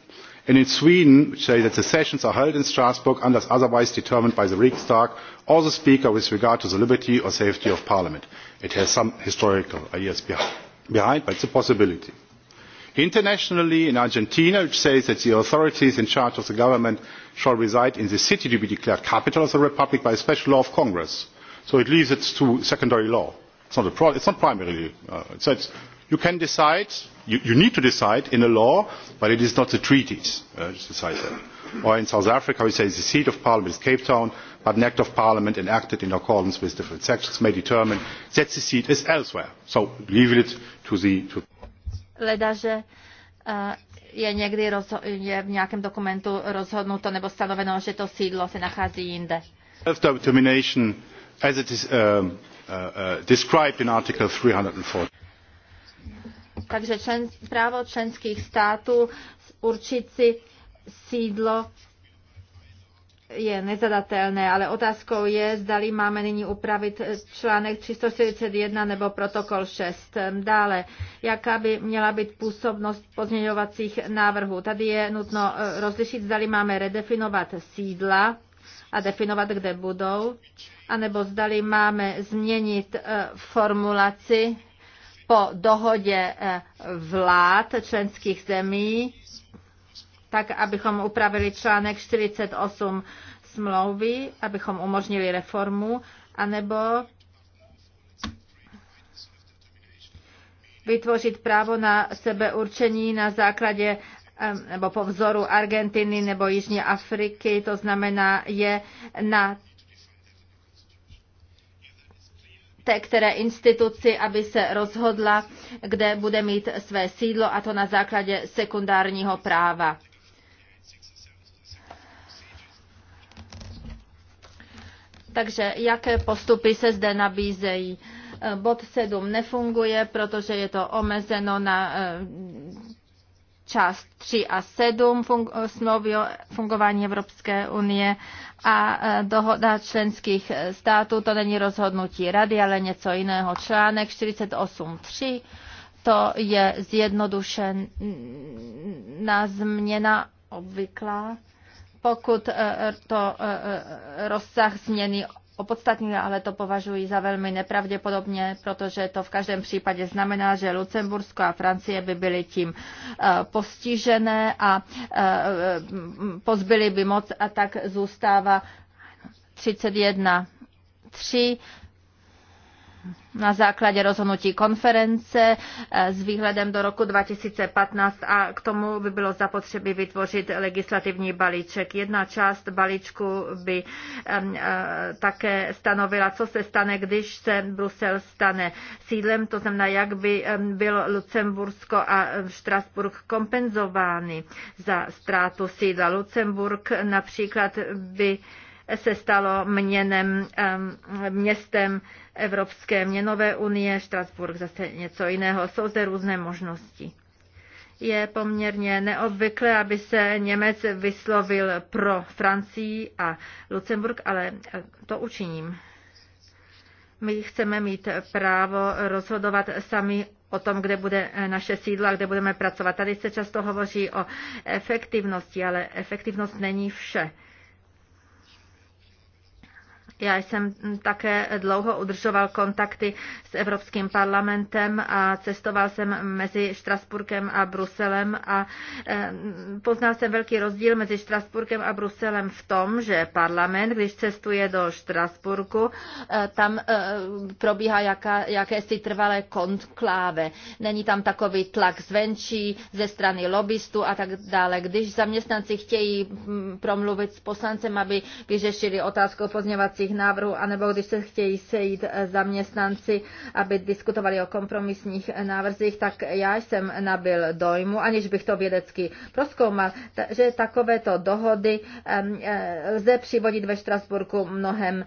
and in sweden which say that the sessions are held in strasbourg unless otherwise determined by the riksdag or the speaker with regard to the liberty or safety of parliament. it has some historical ideas behind it but it is a possibility. internationally in argentina which says that the authorities in charge of the government shall reside in the city to be declared capital of the republic by a special law of congress so it leaves it to secondary law. it is not primary law. Uh, you can decide you, you need to decide in a law but it is not the treaties uh, to decide that. or in south africa we say the seat of parliament is cape town but an act of parliament enacted in accordance with different sections may determine that the seat is elsewhere so leave it to the to Ledaže uh, je někdy rozho- je v nějakém dokumentu rozhodnuto nebo stanoveno, že to sídlo se nachází jinde. Self-determination as it is um, uh, uh, described in Article 340. Takže člen, právo členských států určit si sídlo je nezadatelné, ale otázkou je, zdali máme nyní upravit článek 341 nebo protokol 6. Dále, jaká by měla být působnost pozměňovacích návrhů. Tady je nutno eh, rozlišit, zdali máme redefinovat sídla a definovat, kde budou, anebo zdali máme změnit eh, formulaci po dohodě eh, vlád členských zemí, tak abychom upravili článek 48 smlouvy, abychom umožnili reformu, anebo vytvořit právo na sebeurčení na základě nebo po vzoru Argentiny nebo Jižní Afriky, to znamená je na té které instituci, aby se rozhodla, kde bude mít své sídlo, a to na základě sekundárního práva. Takže jaké postupy se zde nabízejí? Bod 7 nefunguje, protože je to omezeno na eh, část 3 a 7 fun- smlouvy o fungování Evropské unie a e, dohoda členských států, to není rozhodnutí rady, ale něco jiného. Článek 48.3, to je zjednodušená změna obvyklá pokud e, e, to rozsah změny opodstatněné, ale to považuji za velmi nepravděpodobně, protože to v každém případě znamená, že Lucembursko a Francie by byly tím eh, postižené a eh, pozbyly by moc a tak zůstává 31 3 na základě rozhodnutí konference eh, s výhledem do roku 2015 a k tomu by bylo zapotřebí vytvořit legislativní balíček. Jedna část balíčku by eh, také stanovila, co se stane, když se Brusel stane sídlem, to znamená, jak by bylo Lucembursko a Štrasburg kompenzovány za ztrátu sídla. Lucemburg například by se stalo měnem, městem Evropské měnové unie, Štrasburg zase něco jiného. Jsou zde různé možnosti. Je poměrně neobvyklé, aby se Němec vyslovil pro Francii a Lucemburg, ale to učiním. My chceme mít právo rozhodovat sami o tom, kde bude naše sídlo a kde budeme pracovat. Tady se často hovoří o efektivnosti, ale efektivnost není vše já jsem také dlouho udržoval kontakty s Evropským parlamentem a cestoval jsem mezi Štrasburkem a Bruselem a eh, poznal jsem velký rozdíl mezi Štrasburkem a Bruselem v tom, že parlament, když cestuje do Štrasburku, eh, tam eh, probíhá jaká, jakési trvalé konkláve. Není tam takový tlak zvenčí, ze strany lobbystů a tak dále. Když zaměstnanci chtějí mm, promluvit s poslancem, aby vyřešili otázku pozněvacích jejich návrhů, anebo když se chtějí sejít eh, zaměstnanci, aby diskutovali o kompromisních eh, návrzích, tak já jsem nabil dojmu, aniž bych to vědecky proskoumal, že takovéto dohody eh, lze přivodit ve Štrasburku mnohem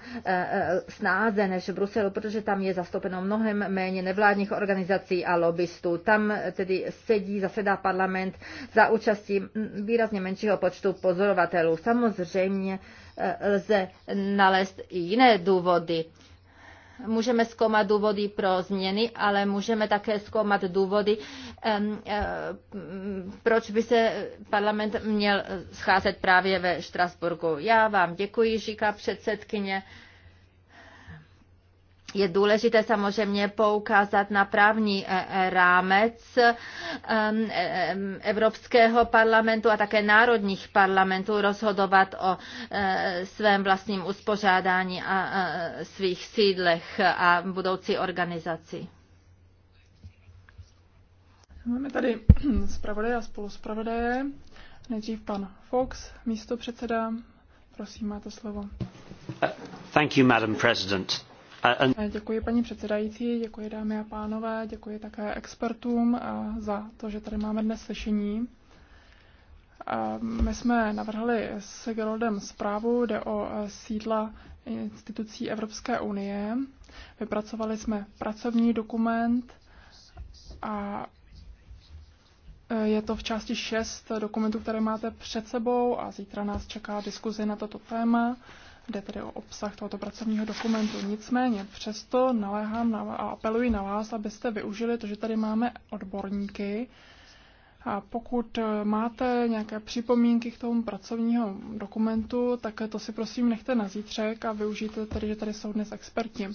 snáze než v Bruselu, protože tam je zastoupeno mnohem méně nevládních organizací a lobbystů. Tam tedy sedí, zasedá parlament za účastí výrazně menšího počtu pozorovatelů. Samozřejmě lze nalézt i jiné důvody. Můžeme zkoumat důvody pro změny, ale můžeme také zkoumat důvody, proč by se parlament měl scházet právě ve Štrasburgu. Já vám děkuji, říká předsedkyně. Je důležité samozřejmě poukázat na právní eh, eh, rámec ehm, ehm, Evropského parlamentu a také národních parlamentů rozhodovat o eh, svém vlastním uspořádání a svých sídlech a budoucí organizaci. Máme tady (clears throat) zpravodaje a spoluzpravodaje. Nejdřív pan Fox, místo předseda. Prosím, máte slovo. Uh, thank you, Madam President. Děkuji paní předsedající, děkuji dámy a pánové, děkuji také expertům za to, že tady máme dnes slyšení. My jsme navrhli s Geraldem zprávu, jde o e, sídla institucí Evropské unie. Vypracovali jsme pracovní dokument a e, je to v části 6 dokumentů, které máte před sebou a zítra nás čeká diskuzi na toto téma. Jde tedy o obsah tohoto pracovního dokumentu. Nicméně přesto naléhám na, a apeluji na vás, abyste využili to, že tady máme odborníky. A pokud eh, máte nějaké připomínky k tomu pracovního dokumentu, tak to si prosím nechte na zítřek a využijte tedy, že tady jsou dnes experti.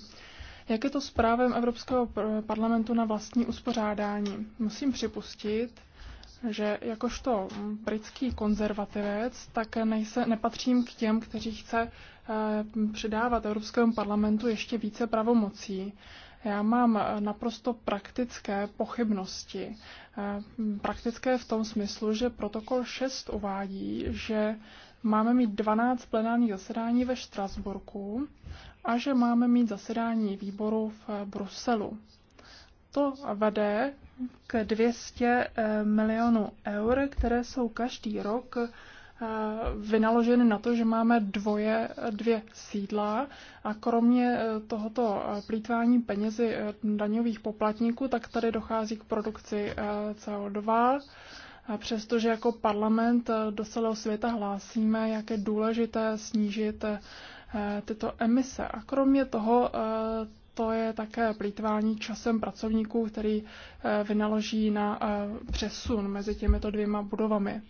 Jak je to s právem Evropského parlamentu na vlastní uspořádání? Musím připustit, že jakožto britský konzervativec, tak nejse, nepatřím k těm, kteří chce eh, přidávat Evropskému parlamentu ještě více pravomocí. Já mám eh, naprosto praktické pochybnosti. Eh, praktické v tom smyslu, že protokol 6 uvádí, že máme mít 12 plenárních zasedání ve Štrasburku a že máme mít zasedání výboru v Bruselu. To vede k 200 eh, milionů eur, které jsou každý rok eh, vynaloženy na to, že máme dvoje, dvě sídla a kromě eh, tohoto plítvání penězi daňových poplatníků, tak tady dochází k produkci CO2, přestože jako parlament do celého světa hlásíme, jak je důležité snížit tyto emise. A kromě toho to je také plýtvání časem pracovníků, který eh, vynaloží na eh, přesun mezi těmito dvěma budovami.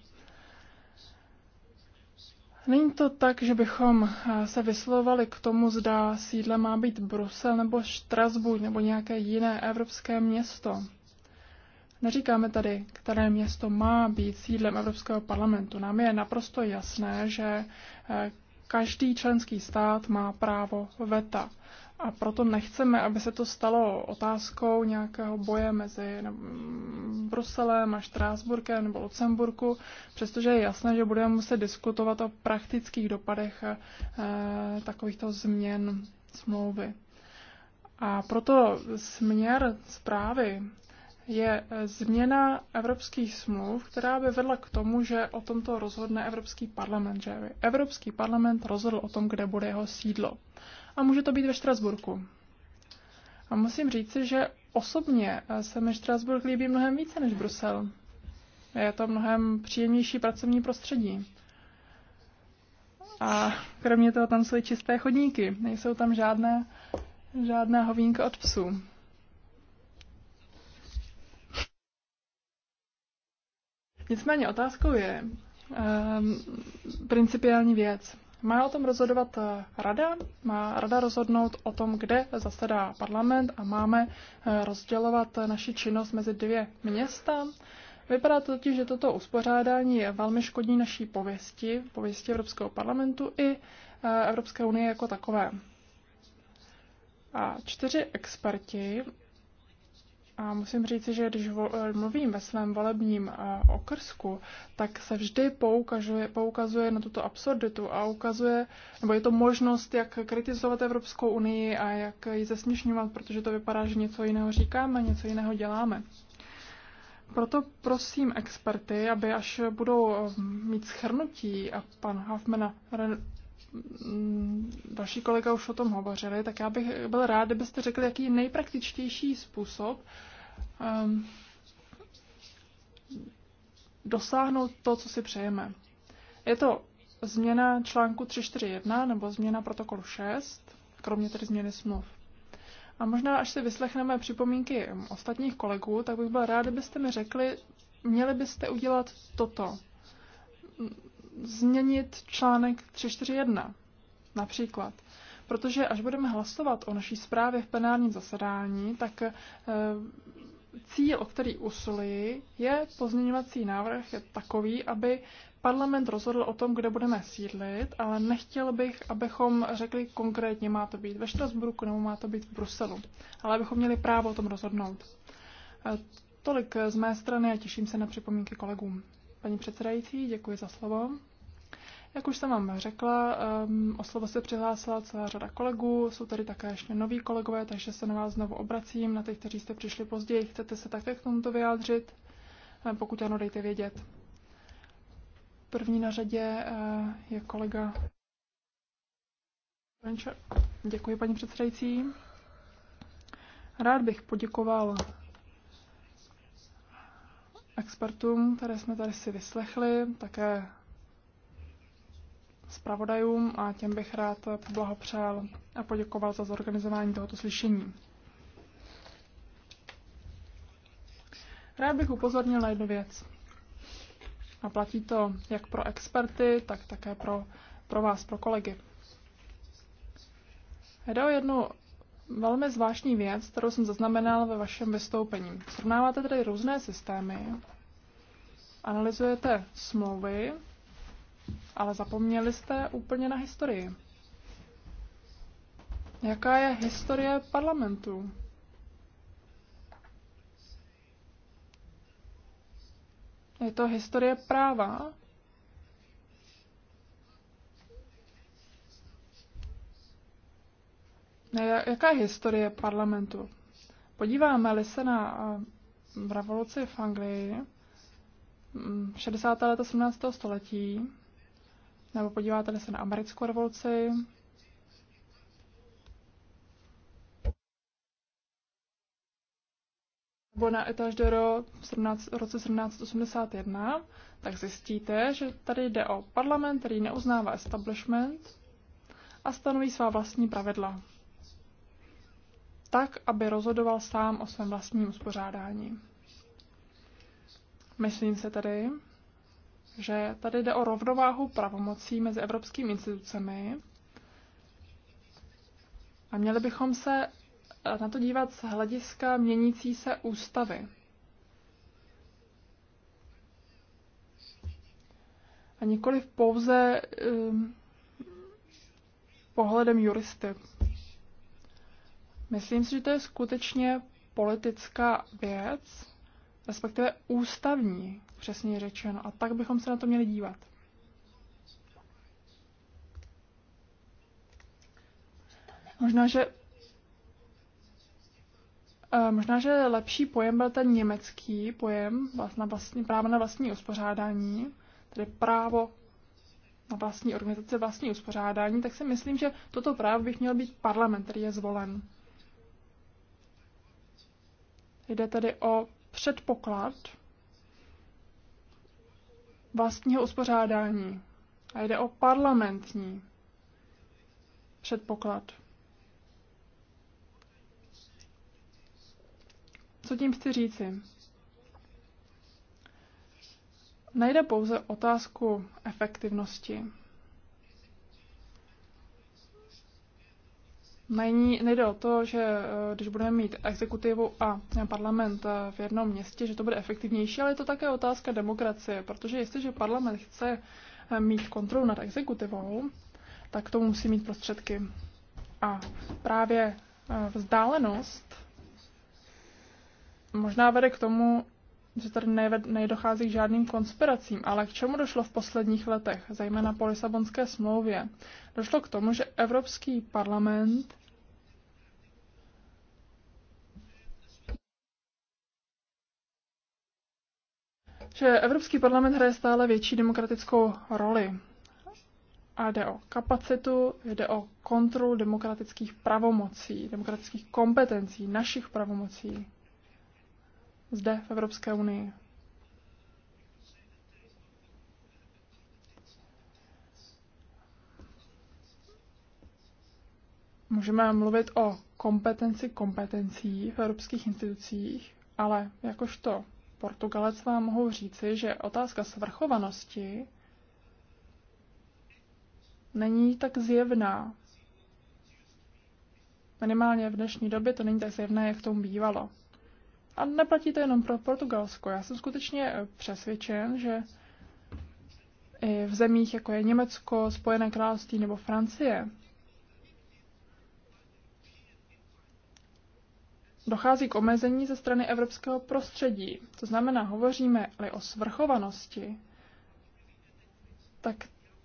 Není to tak, že bychom eh, se vyslovovali k tomu, zda sídle má být Brusel nebo Štrasburg nebo nějaké jiné evropské město. Neříkáme tady, které město má být sídlem Evropského parlamentu. Nám je naprosto jasné, že každý členský stát má právo veta. A proto nechceme, aby se to stalo otázkou nějakého boje mezi Bruselem a Štrásburkem nebo Lucemburku, přestože je jasné, že budeme muset diskutovat o praktických dopadech eh, takovýchto změn smlouvy. A proto směr zprávy je změna evropských smluv, která by vedla k tomu, že o tomto rozhodne Evropský parlament, že Evropský parlament rozhodl o tom, kde bude jeho sídlo a může to být ve Štrasburku. A musím říct, že osobně se mi Štrasburg líbí mnohem více než Brusel. Je to mnohem příjemnější pracovní prostředí. A kromě toho tam jsou čisté chodníky, nejsou tam žádné, žádná hovínka od psů. Nicméně otázkou je um, principiální věc. Má o tom rozhodovat eh, rada, má rada rozhodnout o tom, kde zasedá parlament a máme eh, rozdělovat eh, naši činnost mezi dvě města. Vypadá to totiž, že toto uspořádání je velmi škodní naší pověsti, pověsti Evropského parlamentu i Evropské unie jako takové. A čtyři experti a musím říct, že když eh, mluvím ve svém volebním eh, okrsku, tak se vždy poukazuje, poukazuje na tuto absurditu a ukazuje, nebo je to možnost, jak kritizovat Evropskou unii a jak ji zesměšňovat, protože to vypadá, že něco jiného říkáme, něco jiného děláme. Proto prosím experty, aby až budou eh, mít schrnutí a pan Hafmana mm, další kolega už o tom hovořili, tak já bych byl rád, kdybyste řekli, jaký je nejpraktičtější způsob, Ehm, dosáhnout to, co si přejeme. Je to změna článku 341 nebo změna protokolu 6, kromě tedy změny smluv. A možná, až si vyslechneme připomínky ostatních kolegů, tak bych byl rád, kdybyste mi řekli, měli byste udělat toto. Změnit článek 341 například. Protože až budeme hlasovat o naší zprávě v plenárním zasedání, tak eh, cíl, o který usiluji, je pozměňovací návrh je takový, aby parlament rozhodl o tom, kde budeme sídlit, ale nechtěl bych, abychom řekli konkrétně, má to být ve Štrasburku nebo má to být v Bruselu, ale abychom měli právo o tom rozhodnout. E, tolik z mé strany a těším se na připomínky kolegům. Paní předsedající, děkuji za slovo. Jak už jsem vám řekla, um, o slovo se přihlásila celá řada kolegů, jsou tady také ještě noví kolegové, takže se na vás znovu obracím, na ty, kteří jste přišli později. Chcete se také k tomuto vyjádřit? Ehm, pokud ano, dejte vědět. První na řadě eh, je kolega Děkuji, paní předsedající. Rád bych poděkoval expertům, které jsme tady si vyslechli, také zpravodajům a těm bych rád poblahopřál a poděkoval za zorganizování tohoto slyšení. Rád bych upozornil na jednu věc. A platí to jak pro experty, tak také pro, pro vás, pro kolegy. Jde o jednu velmi zvláštní věc, kterou jsem zaznamenal ve vašem vystoupení. Srovnáváte tedy různé systémy, analyzujete smlouvy, ale zapomněli jste úplně na historii. Jaká je historie parlamentu? Je to historie práva? Jaká je historie parlamentu? Podíváme-li se na revoluci v Anglii, 60. let 18. století, nebo podíváte se na americkou revoluci, nebo na etáž v roce 1781, tak zjistíte, že tady jde o parlament, který neuznává establishment a stanoví svá vlastní pravidla. Tak, aby rozhodoval sám o svém vlastním uspořádání. Myslím se tedy, že tady jde o rovnováhu pravomocí mezi evropskými institucemi a měli bychom se na to dívat z hlediska měnící se ústavy. A nikoli pouze um, pohledem juristy. Myslím si, že to je skutečně politická věc respektive ústavní, přesně řečeno. A tak bychom se na to měli dívat. Možná, že eh, Možná, že lepší pojem byl ten německý pojem na vlastní, právo na vlastní uspořádání, tedy právo na vlastní organizace, vlastní uspořádání, tak si myslím, že toto právo bych měl být parlament, který je zvolen. Jde tedy o předpoklad vlastního uspořádání. A jde o parlamentní předpoklad. Co tím chci říci? Nejde pouze otázku efektivnosti. Není, nejde o to, že eh, když budeme mít exekutivu a parlament eh, v jednom městě, že to bude efektivnější, ale je to také otázka demokracie, protože jestliže parlament chce eh, mít kontrolu nad exekutivou, tak to musí mít prostředky. A právě vzdálenost možná vede k tomu, že tady nedochází k žádným konspiracím, ale k čemu došlo v posledních letech, zejména po Lisabonské smlouvě? Došlo k tomu, že Evropský parlament že Evropský parlament hraje stále větší demokratickou roli. A jde o kapacitu, jde o kontrolu demokratických pravomocí, demokratických kompetencí, našich pravomocí zde v Evropské unii. Můžeme mluvit o kompetenci kompetencí v evropských institucích, ale jakožto Portugalec vám mohou říci, že otázka svrchovanosti není tak zjevná. Minimálně v dnešní době to není tak zjevné, jak tomu bývalo. A neplatí to jenom pro Portugalsko. Já jsem skutečně eh, přesvědčen, že i v zemích, jako je Německo, Spojené království nebo Francie, dochází k omezení ze strany evropského prostředí. To znamená, hovoříme-li o svrchovanosti, tak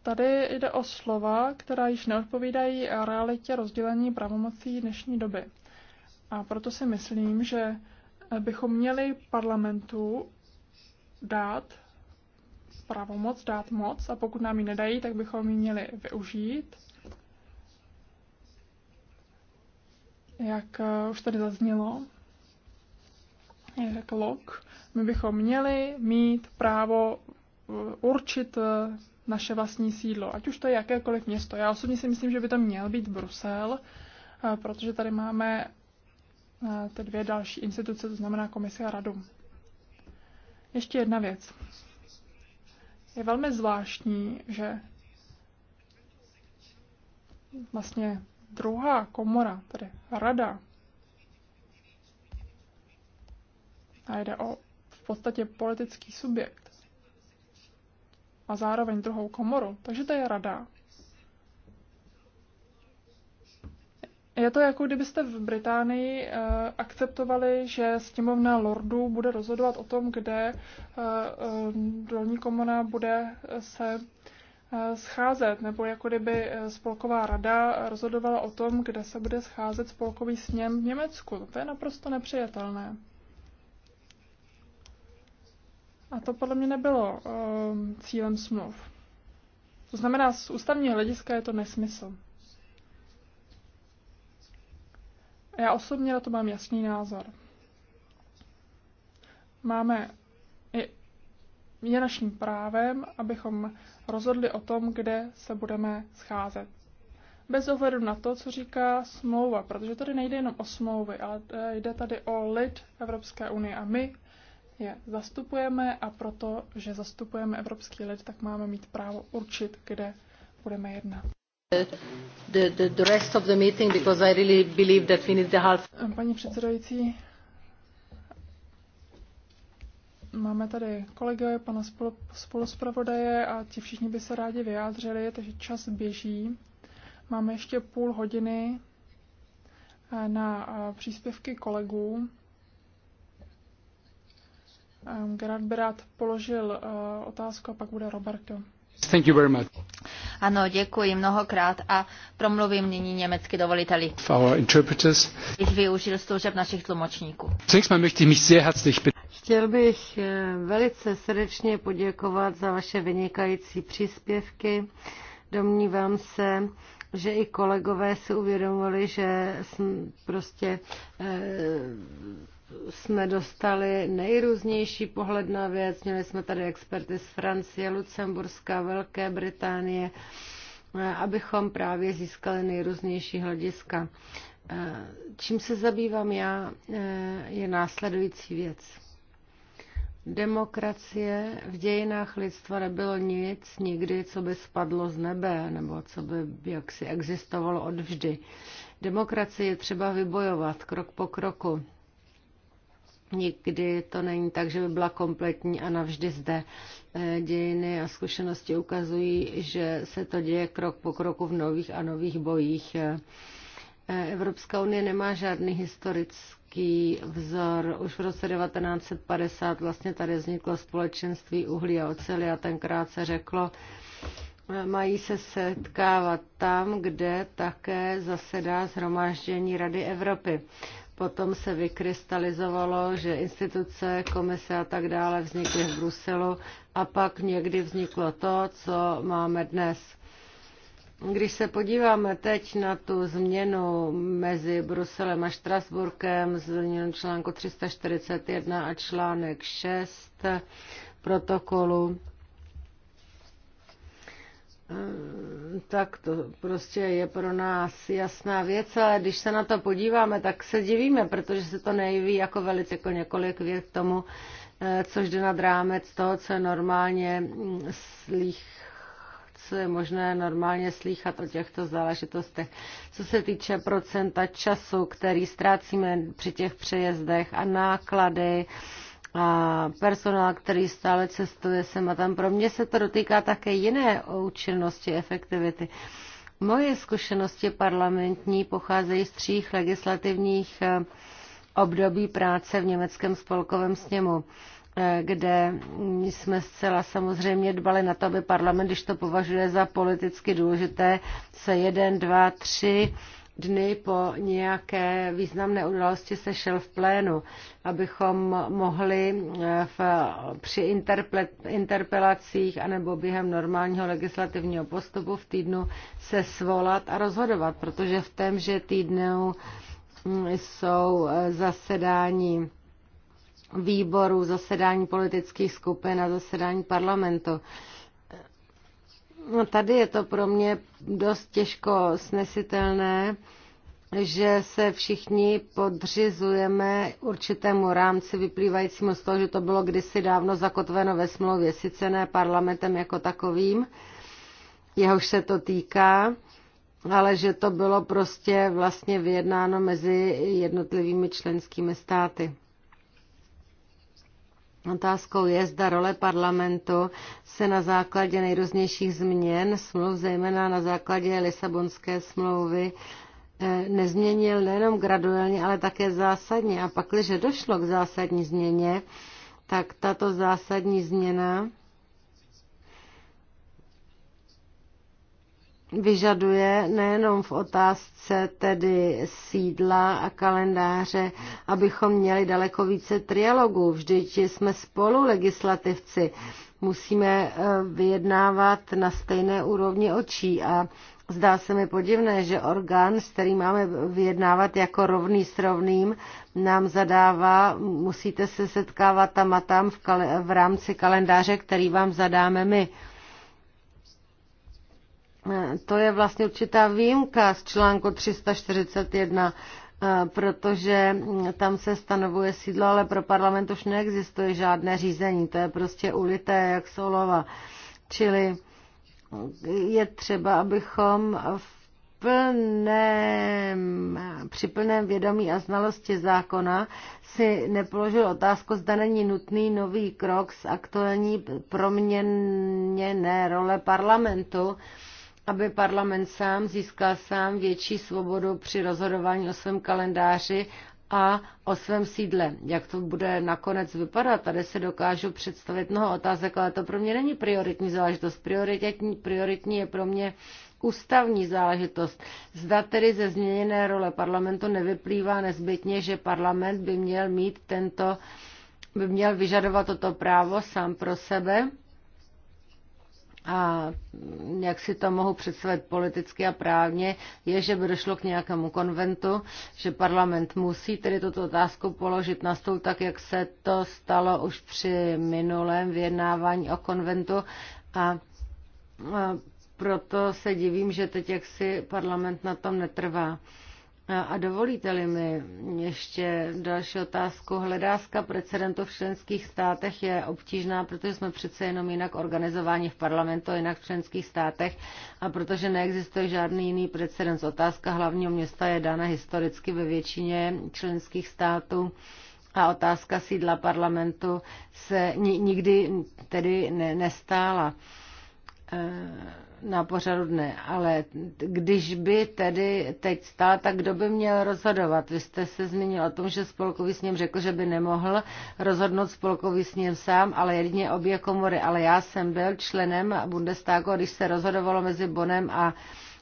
tady jde o slova, která již neodpovídají realitě rozdělení pravomocí dnešní doby. A proto si myslím, že bychom měli parlamentu dát pravomoc, dát moc a pokud nám ji nedají, tak bychom ji měli využít jak eh, už tady zaznělo, jak řekl Lok, my bychom měli mít právo eh, určit eh, naše vlastní sídlo, ať už to je jakékoliv město. Já osobně si myslím, že by to měl být Brusel, protože tady máme ty dvě další instituce, to znamená komisi a radu. Ještě jedna věc. Je velmi zvláštní, že vlastně druhá komora, tedy rada, a jde o v podstatě politický subjekt a zároveň druhou komoru, takže to je rada. Je to jako kdybyste v Británii uh, akceptovali, že sněmovna lordů bude rozhodovat o tom, kde uh, uh, dolní komora bude se Eh, scházet, nebo jako kdyby eh, spolková rada rozhodovala o tom, kde se bude scházet spolkový sněm v Německu. To je naprosto nepřijatelné. A to podle mě nebylo eh, cílem smluv. To znamená, z ústavního hlediska je to nesmysl. Já osobně na to mám jasný názor. Máme je naším právem, abychom rozhodli o tom, kde se budeme scházet. Bez ohledu na to, co říká smlouva, protože tady nejde jenom o smlouvy, ale e, jde tady o lid Evropské unie a my je zastupujeme a proto, že zastupujeme evropský lid, tak máme mít právo určit, kde budeme jednat. The, the, the rest of the meeting, because I really believe that we need the half. Paní předsedající, Máme tady kolegy, pana spolu, spoluspravodaje a ti všichni by se rádi vyjádřili, takže čas běží. Máme ještě půl hodiny eh, na eh, příspěvky kolegů. Eh, Gerard rád položil otázku a pak bude Roberto. Thank you very much. Ano, děkuji mnohokrát a promluvím nyní německy, dovoliteli. Our interpreters. využil služeb našich tlumočníků. Chtěl bych eh, velice srdečně poděkovat za vaše vynikající příspěvky. Domnívám se, že i kolegové si uvědomili, že prostě eh, jsme dostali nejrůznější pohled na věc. Měli jsme tady experty z Francie, Lucemburska, Velké Británie, abychom právě získali nejrůznější hlediska. Čím se zabývám já, je následující věc. Demokracie v dějinách lidstva nebylo nic nikdy, co by spadlo z nebe, nebo co by jaksi existovalo odvždy. Demokracie je třeba vybojovat krok po kroku Nikdy to není tak, že by byla kompletní a navždy zde. Eh, dějiny a zkušenosti ukazují, že se to děje krok po kroku v nových a nových bojích. Eh, Evropská unie nemá žádný historický vzor. Už v roce 1950 vlastně tady vzniklo společenství uhlí a oceli a tenkrát se řeklo, eh, mají se setkávat tam, kde také zasedá zhromáždění Rady Evropy. Potom se vykrystalizovalo, že instituce, komise a tak dále vznikly v Bruselu a pak někdy vzniklo to, co máme dnes. Když se podíváme teď na tu změnu mezi Bruselem a Štrasburkem, změnu článku 341 a článek 6 protokolu, Eh, tak to prostě je pro nás jasná věc, ale když se na to podíváme, tak se divíme, protože se to nejví jako velice jako několik věc k tomu, eh, což jde nad rámec toho, co je normálně mm, slých, co je možné normálně slýchat o těchto záležitostech. Co se týče procenta času, který ztrácíme při těch přejezdech a náklady, a personál, který stále cestuje sem a tam. Pro mě se to dotýká také jiné účinnosti, efektivity. Moje zkušenosti parlamentní pocházejí z tří legislativních eh, období práce v německém spolkovém sněmu eh, kde jsme zcela samozřejmě dbali na to, aby parlament, když to považuje za politicky důležité, se jeden, dva, tři dny po nějaké významné události sešel v plénu, abychom mohli eh, v, při interple, interpelacích anebo během normálního legislativního postupu v týdnu se svolat a rozhodovat, protože v témže týdnu hm, jsou eh, zasedání výborů, zasedání politických skupin a zasedání parlamentu. No, tady je to pro mě dost těžko snesitelné, že se všichni podřizujeme určitému rámci vyplývajícímu z toho, že to bylo kdysi dávno zakotveno ve smlouvě, sice ne parlamentem jako takovým, jehož se to týká, ale že to bylo prostě vlastně vyjednáno mezi jednotlivými členskými státy. Otázkou je, zda role parlamentu se na základě nejrůznějších změn smluv, zejména na základě Lisabonské smlouvy, eh, nezměnil nejenom graduálně, ale také zásadně. A pak, když došlo k zásadní změně, tak tato zásadní změna vyžaduje nejenom v otázce tedy sídla a kalendáře, abychom měli daleko více trialogů. Vždyť jsme spolu legislativci, musíme eh, vyjednávat na stejné úrovni očí a Zdá se mi podivné, že orgán, s kterým máme vyjednávat jako rovný s rovným, nám zadává, musíte se setkávat tam a tam v, kal- v rámci kalendáře, který vám zadáme my to je vlastně určitá výjimka z článku 341, eh, protože tam se stanovuje sídlo, ale pro parlament už neexistuje žádné řízení. To je prostě ulité jak solova. Čili je třeba, abychom v plném, při plném vědomí a znalosti zákona si nepoložil otázku, zda není nutný nový krok z aktuální proměněné role parlamentu, aby parlament sám získal sám větší svobodu při rozhodování o svém kalendáři a o svém sídle. Jak to bude nakonec vypadat? Tady se dokážu představit mnoho otázek, ale to pro mě není prioritní záležitost. Prioritní, prioritní je pro mě ústavní záležitost. Zda tedy ze změněné role parlamentu nevyplývá nezbytně, že parlament by měl mít tento, by měl vyžadovat toto právo sám pro sebe a jak si to mohu představit politicky a právně, je, že by došlo k nějakému konventu, že parlament musí tedy tuto otázku položit na stůl, tak jak se to stalo už při minulém vyjednávání o konventu a, a proto se divím, že teď jaksi parlament na tom netrvá. A dovolíte-li mi ještě další otázku. Hledáska precedentů v členských státech je obtížná, protože jsme přece jenom jinak organizováni v parlamentu, jinak v členských státech a protože neexistuje žádný jiný precedens. Otázka hlavního města je dána historicky ve většině členských států a otázka sídla parlamentu se nikdy tedy nestála. E, na pořadu dne, ale když by tedy teď stál, tak kdo by měl rozhodovat? Vy jste se zmínil o tom, že spolkový sněm řekl, že by nemohl rozhodnout spolkový sněm sám, ale jedině obě komory. Ale já jsem byl členem Bundestagu, když se rozhodovalo mezi Bonem a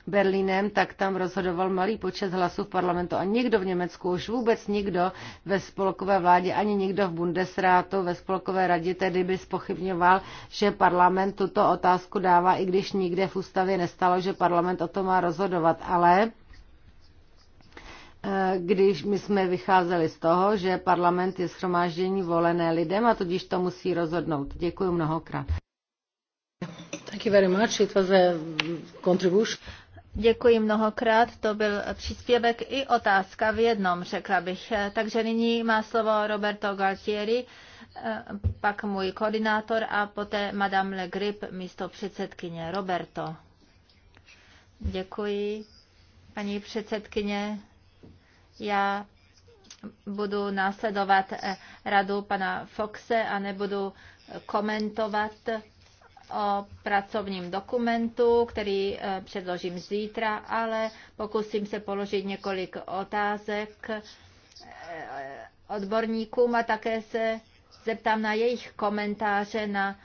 Berlínem, tak tam rozhodoval malý počet hlasů v parlamentu a nikdo v Německu, už vůbec nikdo ve spolkové vládě, ani nikdo v Bundesrátu, ve spolkové radě tedy by spochybňoval, že parlament tuto otázku dává, i když nikde v ústavě nestalo, že parlament o tom má rozhodovat, ale eh, když my jsme vycházeli z toho, že parlament je schromáždění volené lidem a tudíž to musí rozhodnout. Děkuji mnohokrát. Thank you very much. It was a contribution. Děkuji mnohokrát, to byl příspěvek i otázka v jednom, řekla bych. Takže nyní má slovo Roberto Galtieri, pak můj koordinátor a poté Madame Le Grip, místo předsedkyně. Roberto. Děkuji, paní předsedkyně. Já budu následovat radu pana Foxe a nebudu komentovat o pracovním dokumentu, který e, předložím zítra, ale pokusím se položit několik otázek e, odborníkům a také se zeptám na jejich komentáře na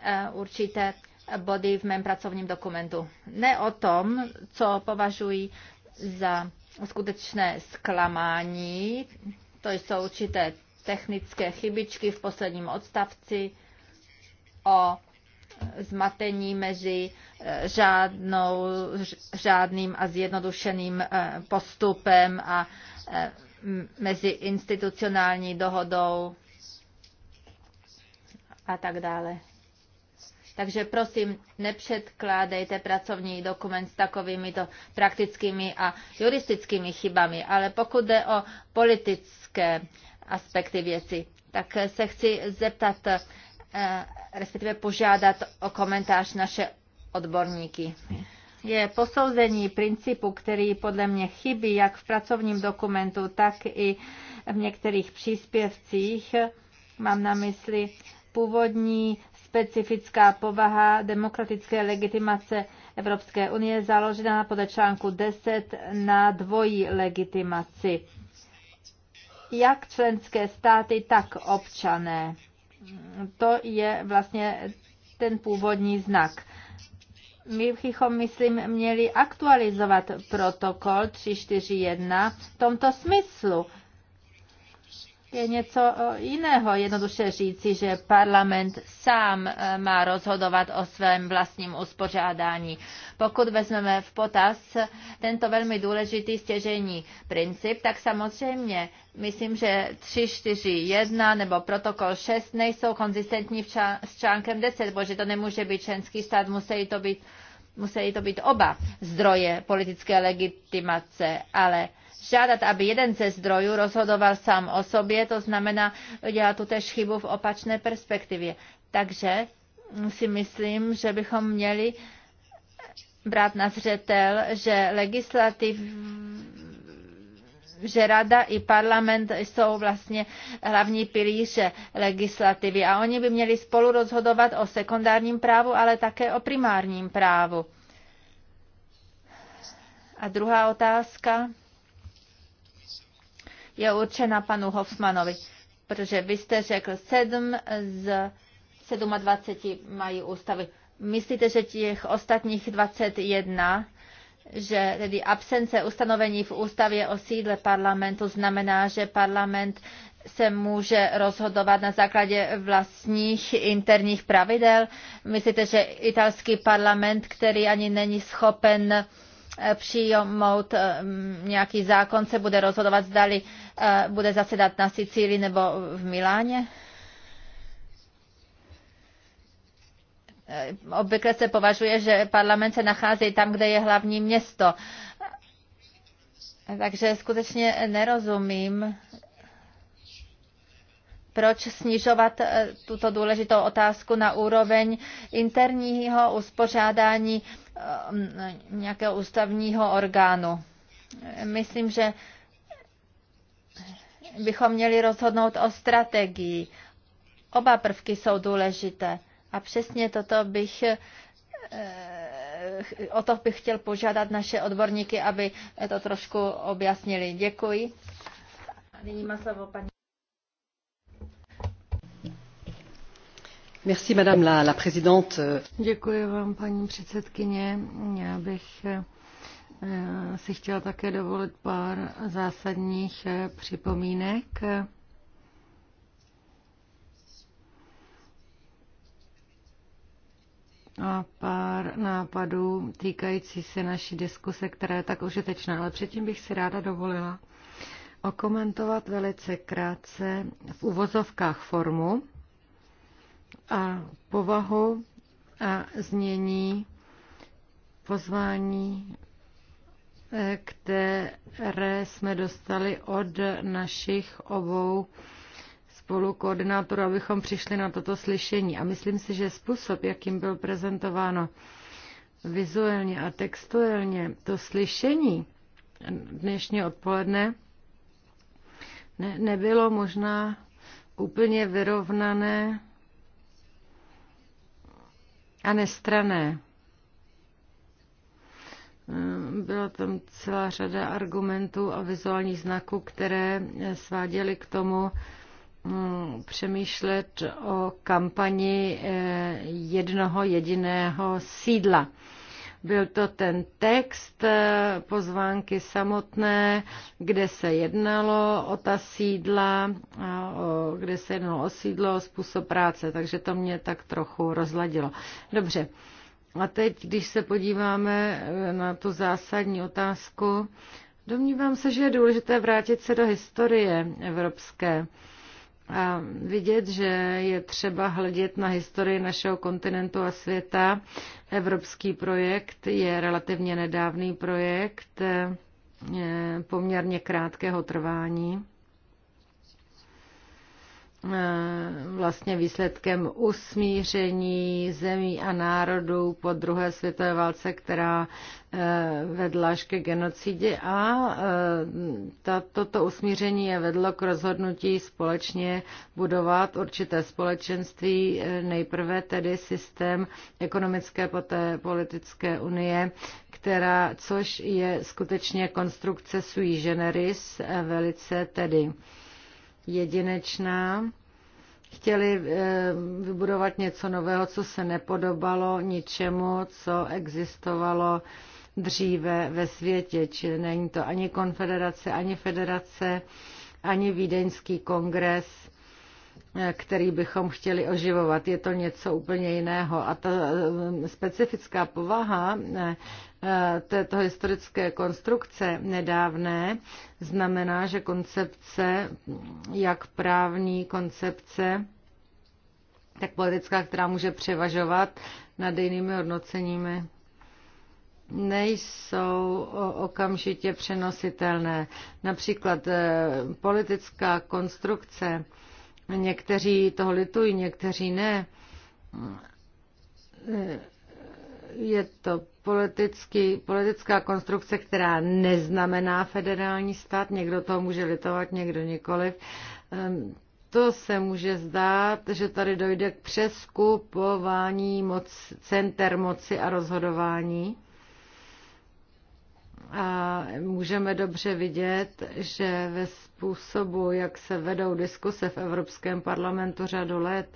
e, určité body v mém pracovním dokumentu. Ne o tom, co považuji za skutečné zklamání, to jsou určité technické chybičky v posledním odstavci o zmatení mezi žádnou, eh, žádným a zjednodušeným eh, postupem a eh, mezi institucionální dohodou a tak dále. Takže prosím, nepředkládejte pracovní dokument s takovými to praktickými a juristickými chybami, ale pokud jde o politické aspekty věci, tak se chci zeptat, Eh, respektive požádat o komentář naše odborníky. Je posouzení principu, který podle mě chybí jak v pracovním dokumentu, tak i v některých příspěvcích. Mám na mysli původní specifická povaha demokratické legitimace Evropské unie založená podle článku 10 na dvojí legitimaci. Jak členské státy, tak občané to je vlastně ten původní znak. My bychom, myslím, měli aktualizovat protokol 341 v tomto smyslu, je něco eh, jiného. Jednoduše říci, že parlament sám eh, má rozhodovat o svém vlastním uspořádání. Pokud vezmeme v potaz tento velmi důležitý stěžení princip, tak samozřejmě myslím, že 3, 4, 1 nebo protokol 6 nejsou konzistentní s článkem 10, protože to nemůže být členský stát, musí to být, musí to být oba zdroje politické legitimace, ale žádat, aby jeden ze zdrojů rozhodoval sám o sobě, to znamená dělat tu tež chybu v opačné perspektivě. Takže si myslím, že bychom měli brát na zřetel, že legislativ že rada i parlament jsou vlastně hlavní pilíře legislativy a oni by měli spolu rozhodovat o sekundárním právu, ale také o primárním právu. A druhá otázka je určena panu Hofmanovi, protože vy jste řekl, 7 z 27 mají ústavy. Myslíte, že těch ostatních 21 že tedy absence ustanovení v ústavě o sídle parlamentu znamená, že parlament se může rozhodovat na základě vlastních interních pravidel. Myslíte, že italský parlament, který ani není schopen Eh, přijmout eh, nějaký zákon, se bude rozhodovat, zdali eh, bude zasedat na Sicílii nebo v Miláně? Obvykle se považuje, že parlament se nachází tam, kde je hlavní město. Takže skutečně nerozumím, proč snižovat tuto důležitou otázku na úroveň interního uspořádání Um, nějakého ústavního orgánu. Myslím, že bychom měli rozhodnout o strategii. Oba prvky jsou důležité a přesně toto bych eh, o to bych chtěl požádat naše odborníky, aby to trošku objasnili. Děkuji. A nyní má slovo paní Děkuji vám, paní předsedkyně. Já bych eh, si chtěla také dovolit pár zásadních eh, připomínek. a pár nápadů týkající se naší diskuse, která je tak užitečná. Ale předtím bych si ráda dovolila okomentovat velice krátce v uvozovkách formu, a povahu a znění pozvání, eh, které jsme dostali od našich obou spolukoordinátorů, abychom přišli na toto slyšení. A myslím si, že způsob, jakým byl prezentováno vizuálně a textuálně to slyšení dnešní odpoledne, ne, nebylo možná úplně vyrovnané a nestrané. Ehm, byla tam celá řada argumentů a vizuálních znaků, které eh, sváděly k tomu mm, přemýšlet o kampani eh, jednoho jediného sídla byl to ten text eh, pozvánky samotné, kde se jednalo o ta sídla, kde se jednalo o sídlo, o způsob práce, takže to mě tak trochu rozladilo. Dobře. A teď, když se podíváme eh, na tu zásadní otázku, domnívám se, že je důležité vrátit se do historie evropské a vidět, že je třeba hledět na historii našeho kontinentu a světa. Evropský projekt je relativně nedávný projekt poměrně krátkého trvání. Eh, vlastně výsledkem usmíření zemí a národů po druhé světové válce, která eh, vedla až ke genocidě a eh, toto usmíření je vedlo k rozhodnutí společně budovat určité společenství, nejprve tedy systém ekonomické, poté politické unie, která, což je skutečně konstrukce sui generis, velice tedy jedinečná. Chtěli eh, vybudovat něco nového, co se nepodobalo ničemu, co existovalo dříve ve světě, čili není to ani konfederace, ani federace, ani vídeňský kongres, eh, který bychom chtěli oživovat. Je to něco úplně jiného. A ta eh, specifická povaha Eh, této historické konstrukce nedávné znamená, že koncepce, jak právní koncepce, tak politická, která může převažovat nad jinými hodnoceními, nejsou okamžitě přenositelné. Například eh, politická konstrukce, někteří toho litují, někteří ne, eh, je to politický, politická konstrukce, která neznamená federální stát. Někdo to může litovat, někdo nikoliv. Ehm, to se může zdát, že tady dojde k přeskupování moc, center moci a rozhodování. A můžeme dobře vidět, že ve způsobu, jak se vedou diskuse v Evropském parlamentu řadu let,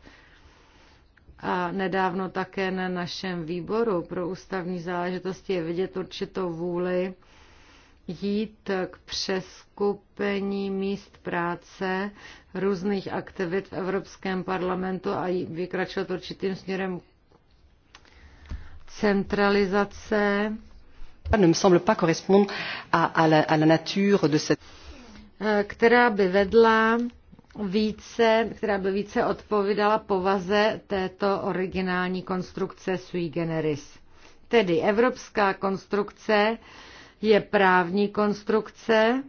a nedávno také na našem výboru pro ústavní záležitosti je vidět určitou vůli jít k přeskupení míst práce různých aktivit v Evropském parlamentu a vykračovat určitým směrem centralizace. Ne me semble pas correspondre à, à, la, à la nature de cette eh, která by vedla více, která by více odpovídala povaze této originální konstrukce sui generis. Tedy evropská konstrukce je právní konstrukce,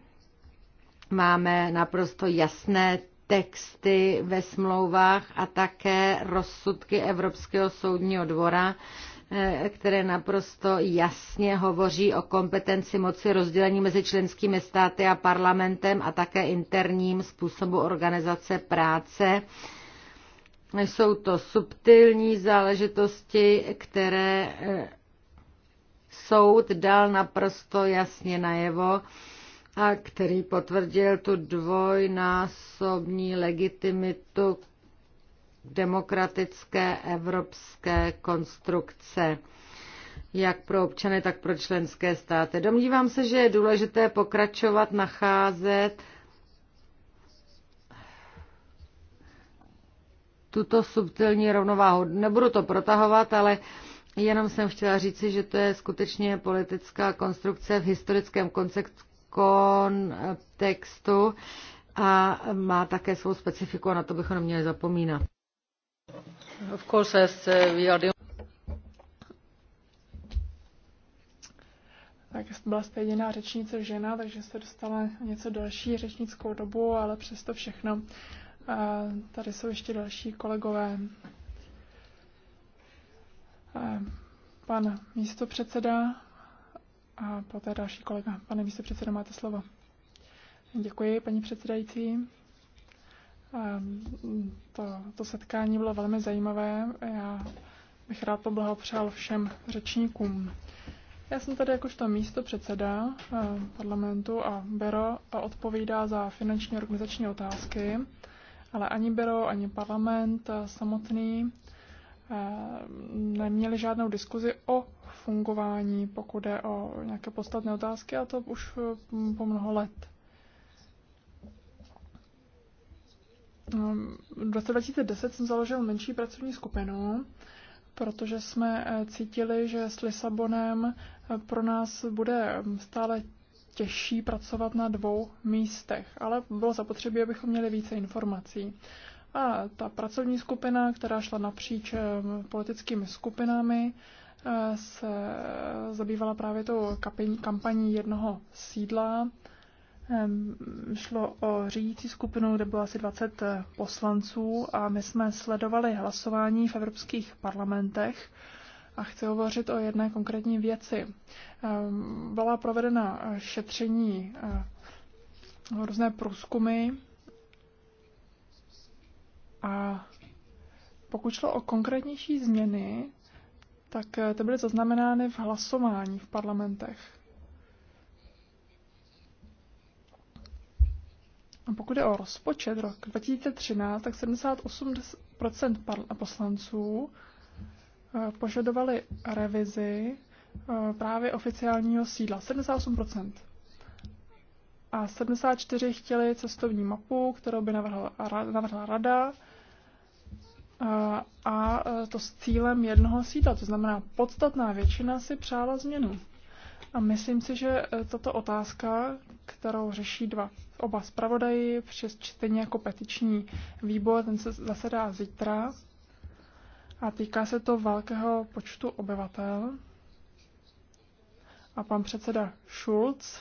máme naprosto jasné texty ve smlouvách a také rozsudky Evropského soudního dvora, Eh, které naprosto jasně hovoří o kompetenci moci rozdělení mezi členskými státy a parlamentem a také interním způsobu organizace práce. Jsou to subtilní záležitosti, které eh, soud dal naprosto jasně najevo a který potvrdil tu dvojnásobní legitimitu demokratické evropské konstrukce jak pro občany, tak pro členské státy. Domnívám se, že je důležité pokračovat, nacházet tuto subtilní rovnováhu. Nebudu to protahovat, ale jenom jsem chtěla říci, že to je skutečně politická konstrukce v historickém kontextu a má také svou specifiku a na to bychom neměli zapomínat. Of uh, Tak byla jste jediná řečnice žena, takže se dostala něco další řečnickou dobu, ale přesto všechno. Tady jsou ještě další kolegové. Pan místopředseda a poté další kolega. Pane místopředsedo, máte slovo. Děkuji, paní předsedající. Ehm, to, to setkání bylo velmi zajímavé. Já bych rád poblahopřál všem řečníkům. Já jsem tady jakožto místo předseda ehm, parlamentu a Bero odpovídá za finanční organizační otázky, ale ani Bero, ani parlament eh, samotný ehm, neměli žádnou diskuzi o fungování, pokud je o nějaké podstatné otázky, a to už eh, po mnoho let. v roce 2010 jsem založil menší pracovní skupinu, protože jsme eh, cítili, že s Lisabonem eh, pro nás bude mm, stále těžší pracovat na dvou místech, ale bylo zapotřebí, abychom měli více informací. A ta pracovní skupina, která šla napříč eh, politickými skupinami, se zabývala právě tou kampaní jednoho sídla Šlo o řídící skupinu, kde bylo asi 20 eh, poslanců a my jsme sledovali hlasování v evropských parlamentech a chci hovořit o jedné konkrétní věci. Byla provedena eh, šetření eh, různé průzkumy a pokud šlo o konkrétnější změny, tak to byly zaznamenány v hlasování v parlamentech. A pokud je o rozpočet rok 2013, tak 78 poslanců eh, požadovali revizi eh, právě oficiálního sídla. 78%. A 74 chtěli cestovní mapu, kterou by navrhla, navrhla rada eh, a to s cílem jednoho sídla. To znamená, podstatná většina si přála změnu. A myslím si, že tato otázka, kterou řeší dva oba zpravodaji, přes stejně jako petiční výbor, ten se zasedá zítra a týká se to velkého počtu obyvatel. A pan předseda Schulz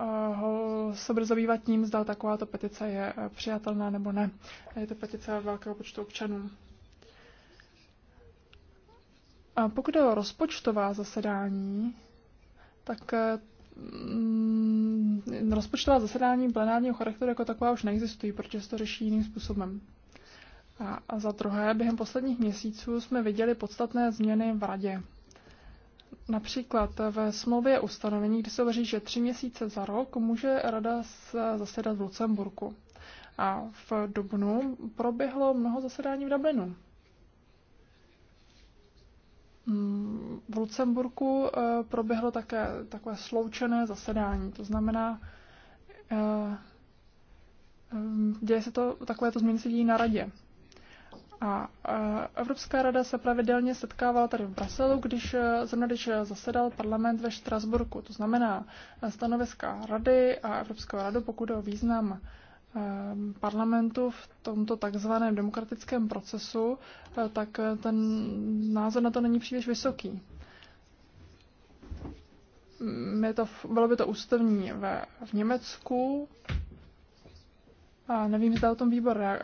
eh, ho se bude zabývat tím, zda takováto petice je eh, přijatelná nebo ne. Je to petice velkého počtu občanů. A pokud je o rozpočtová zasedání, tak eh, Mm, rozpočtová zasedání plenárního charakteru jako taková už neexistují, protože se to řeší jiným způsobem. A za druhé, během posledních měsíců jsme viděli podstatné změny v radě. Například ve smlouvě ustanovení, kdy se hovoří, že tři měsíce za rok může rada zasedat v Lucemburku. A v Dubnu proběhlo mnoho zasedání v Dublinu. V Lucemburku eh, proběhlo také takové sloučené zasedání, to znamená, eh, eh, děje se to, takovéto změny se dějí na radě. A Evropská rada se pravidelně setkávala tady v Bruselu, když zrovna když zasedal parlament ve Štrasburku. To znamená stanoviska rady a Evropského radu, pokud je o význam Ehm, parlamentu v tomto takzvaném demokratickém procesu, eh, tak eh, ten názor na to není příliš vysoký. Mm, to, bylo by to ústavní ve, v Německu. A nevím, zda o tom výbor e,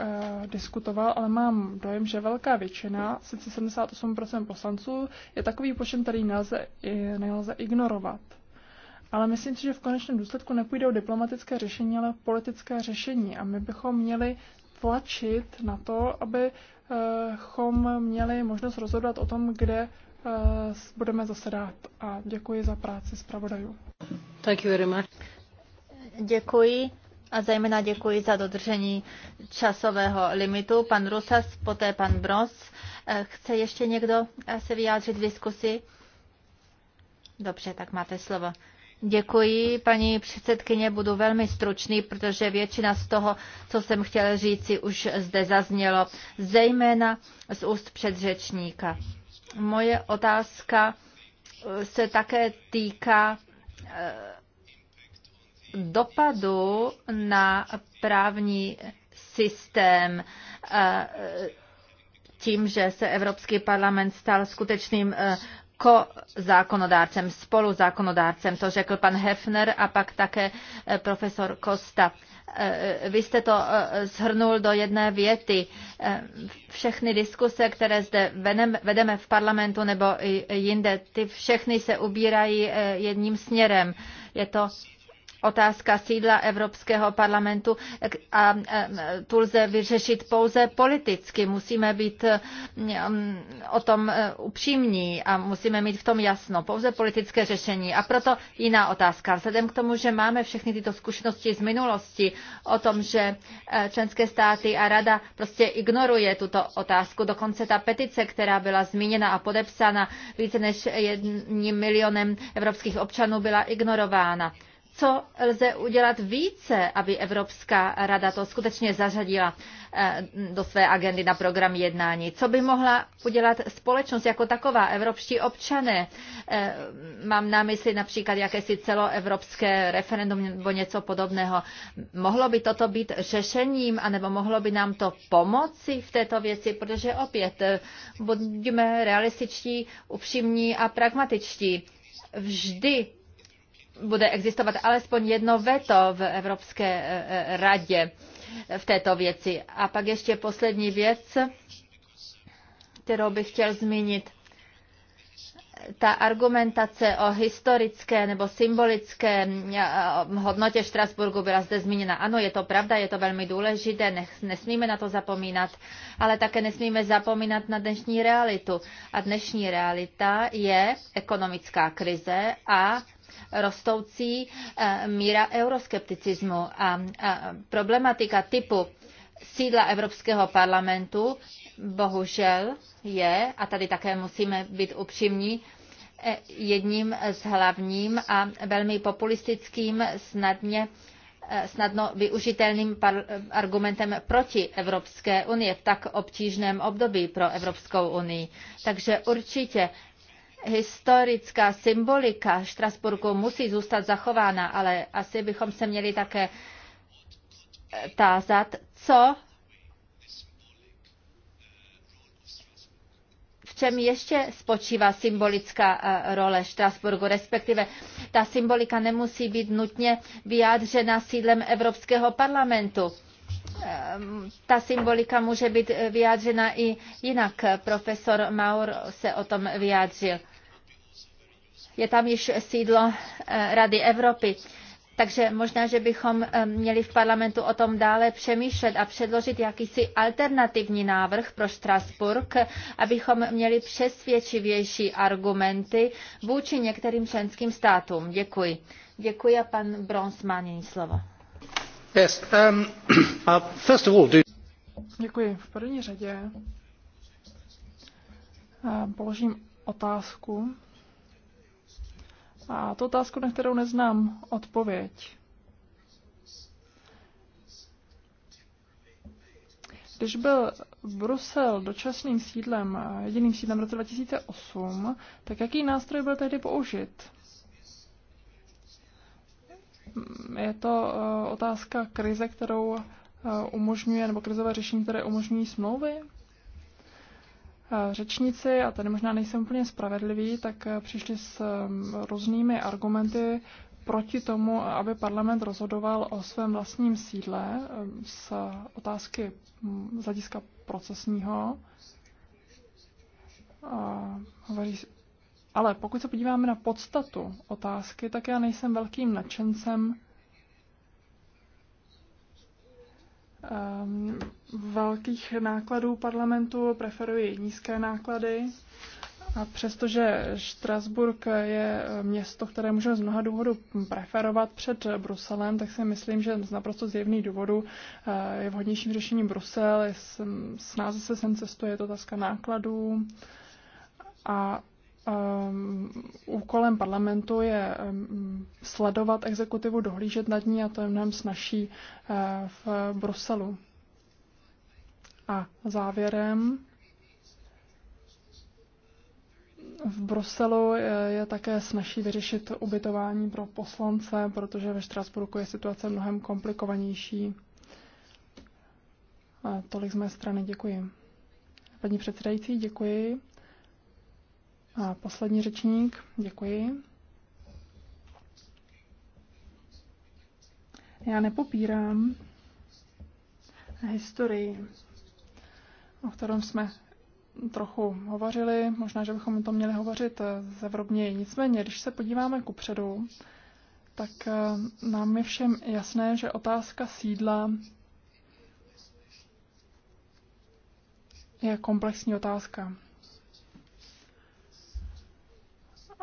diskutoval, ale mám dojem, že velká většina, sice 78% poslanců, je takový počet, který nelze, nelze ignorovat. Ale myslím si, že v konečném důsledku nepůjde o diplomatické řešení, ale o politické řešení. A my bychom měli tlačit na to, abychom měli možnost rozhodovat o tom, kde eh, budeme zasedat. A děkuji za práci zpravodajů. Thank you very much. Děkuji a zejména děkuji za dodržení časového limitu. Pan Rusas, poté pan Bros. Eh, chce ještě někdo eh, se vyjádřit v diskusi? Dobře, tak máte slovo. Děkuji, paní předsedkyně, budu velmi stručný, protože většina z toho, co jsem chtěl říci, už zde zaznělo, zejména z úst předřečníka. Moje otázka eh, se také týká eh, dopadu na právní systém eh, tím, že se Evropský parlament stal skutečným ko-zákonodárcem, spoluzákonodárcem, to řekl pan Hefner a pak také eh, profesor Kosta. Eh, vy jste to eh, shrnul do jedné věty. Všechny diskuse, které zde vedeme v parlamentu nebo jinde, ty všechny se ubírají jedním směrem. Je to otázka sídla Evropského parlamentu a tu lze vyřešit pouze politicky. Musíme být mm, o tom e, upřímní a musíme mít v tom jasno. Pouze politické řešení. A proto jiná otázka. Vzhledem k tomu, že máme všechny tyto zkušenosti z minulosti o tom, že e, členské státy a rada prostě ignoruje tuto otázku. Dokonce ta petice, která byla zmíněna a podepsána více než jedním milionem evropských občanů, byla ignorována co lze udělat více, aby Evropská rada to skutečně zařadila eh, do své agendy na program jednání. Co by mohla udělat společnost jako taková, evropští občané? Eh, mám na mysli například jakési celoevropské referendum nebo něco podobného. Mohlo by toto být řešením, anebo mohlo by nám to pomoci v této věci, protože opět eh, buďme realističtí, upřímní a pragmatičtí. Vždy bude existovat alespoň jedno veto v Evropské e, e, radě v této věci. A pak ještě poslední věc, kterou bych chtěl zmínit. Ta argumentace o historické nebo symbolické e, hodnotě Štrasburgu byla zde zmíněna. Ano, je to pravda, je to velmi důležité, nesmíme na to zapomínat, ale také nesmíme zapomínat na dnešní realitu. A dnešní realita je ekonomická krize a rostoucí eh, míra euroskepticismu a problematika typu sídla Evropského parlamentu bohužel je, a tady také musíme být upřímní, eh, jedním z hlavním a velmi populistickým, snadně, eh, snadno využitelným argumentem proti Evropské unie v tak obtížném období pro Evropskou unii. Takže určitě historická symbolika Štrasburku musí zůstat zachována, ale asi bychom se měli také tázat, co v čem ještě spočívá symbolická eh, role Štrasburgu, respektive ta symbolika nemusí být nutně vyjádřena sídlem Evropského parlamentu. Ehm, ta symbolika může být eh, vyjádřena i jinak. Profesor Maur se o tom vyjádřil. Je tam již sídlo eh, Rady Evropy. Takže možná, že bychom ehm, měli v parlamentu o tom dále přemýšlet a předložit jakýsi alternativní návrh pro Strasburg, abychom měli přesvědčivější argumenty vůči některým členským státům. Děkuji. Děkuji a pan Bronsman má slovo. Um, (clears throat) uh, Děkuji. V první řadě eh, položím otázku. A to otázku, na kterou neznám odpověď. Když byl Brusel dočasným sídlem, eh, jediným sídlem v roce 2008, tak jaký nástroj byl tehdy použit? je to eh, otázka krize, kterou eh, umožňuje, nebo krizové řešení, které umožňují smlouvy. Eh, řečníci, a tady možná nejsem úplně spravedlivý, tak přišli s mm, různými argumenty proti tomu, aby parlament rozhodoval o svém vlastním sídle z otázky mm, z hlediska procesního. Hovoří ale pokud se podíváme na podstatu otázky, tak já nejsem velkým nadšencem um, velkých nákladů parlamentu, preferuji nízké náklady. A přestože Štrasburg je město, které můžeme z mnoha důvodů preferovat před Bruselem, tak si myslím, že z naprosto zjevných důvodů eh, je vhodnějším řešením Brusel. Je, snáze se sem cestuje, je to otázka nákladů a um, úkolem parlamentu je um, sledovat exekutivu, dohlížet nad ní a to je mnohem snažší uh, v Bruselu. A závěrem v Bruselu je, eh, je také snaží vyřešit ubytování pro poslance, protože ve Štrasburku je situace mnohem komplikovanější. A tolik z mé strany, děkuji. Paní předsedající, děkuji. A poslední řečník, děkuji. Já nepopírám historii, o kterém jsme trochu hovořili, možná, že bychom to měli hovořit zevrobněji. Nicméně, když se podíváme kupředu, tak eh, nám je všem jasné, že otázka sídla je komplexní otázka.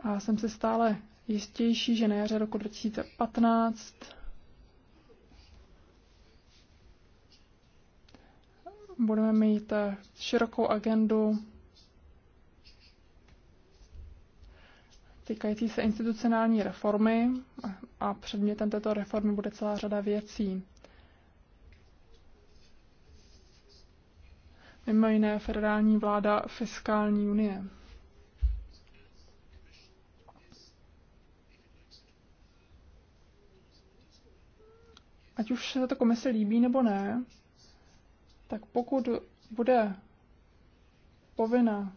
A jsem se stále jistější, že na jaře roku 2015 budeme mít eh, širokou agendu týkající se institucionální reformy a předmětem této reformy bude celá řada věcí. Mimo jiné federální vláda fiskální unie. ať už se to komise líbí nebo ne, tak pokud bude povinna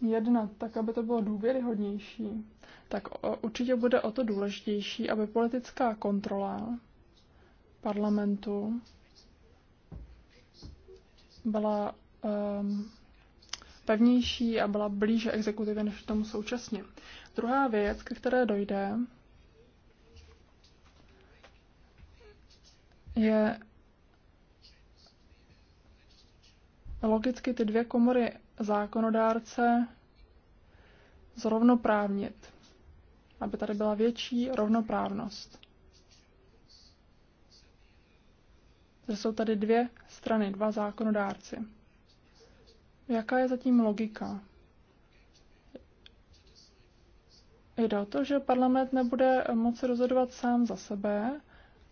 jednat tak, aby to bylo důvěryhodnější, tak určitě bude o to důležitější, aby politická kontrola parlamentu byla um, pevnější a byla blíže exekutivě než tomu současně. Druhá věc, ke které dojde, je logicky ty dvě komory zákonodárce zrovnoprávnit, aby tady byla větší rovnoprávnost. Že jsou tady dvě strany, dva zákonodárci. Jaká je zatím logika? Jde o to, že parlament nebude moci rozhodovat sám za sebe,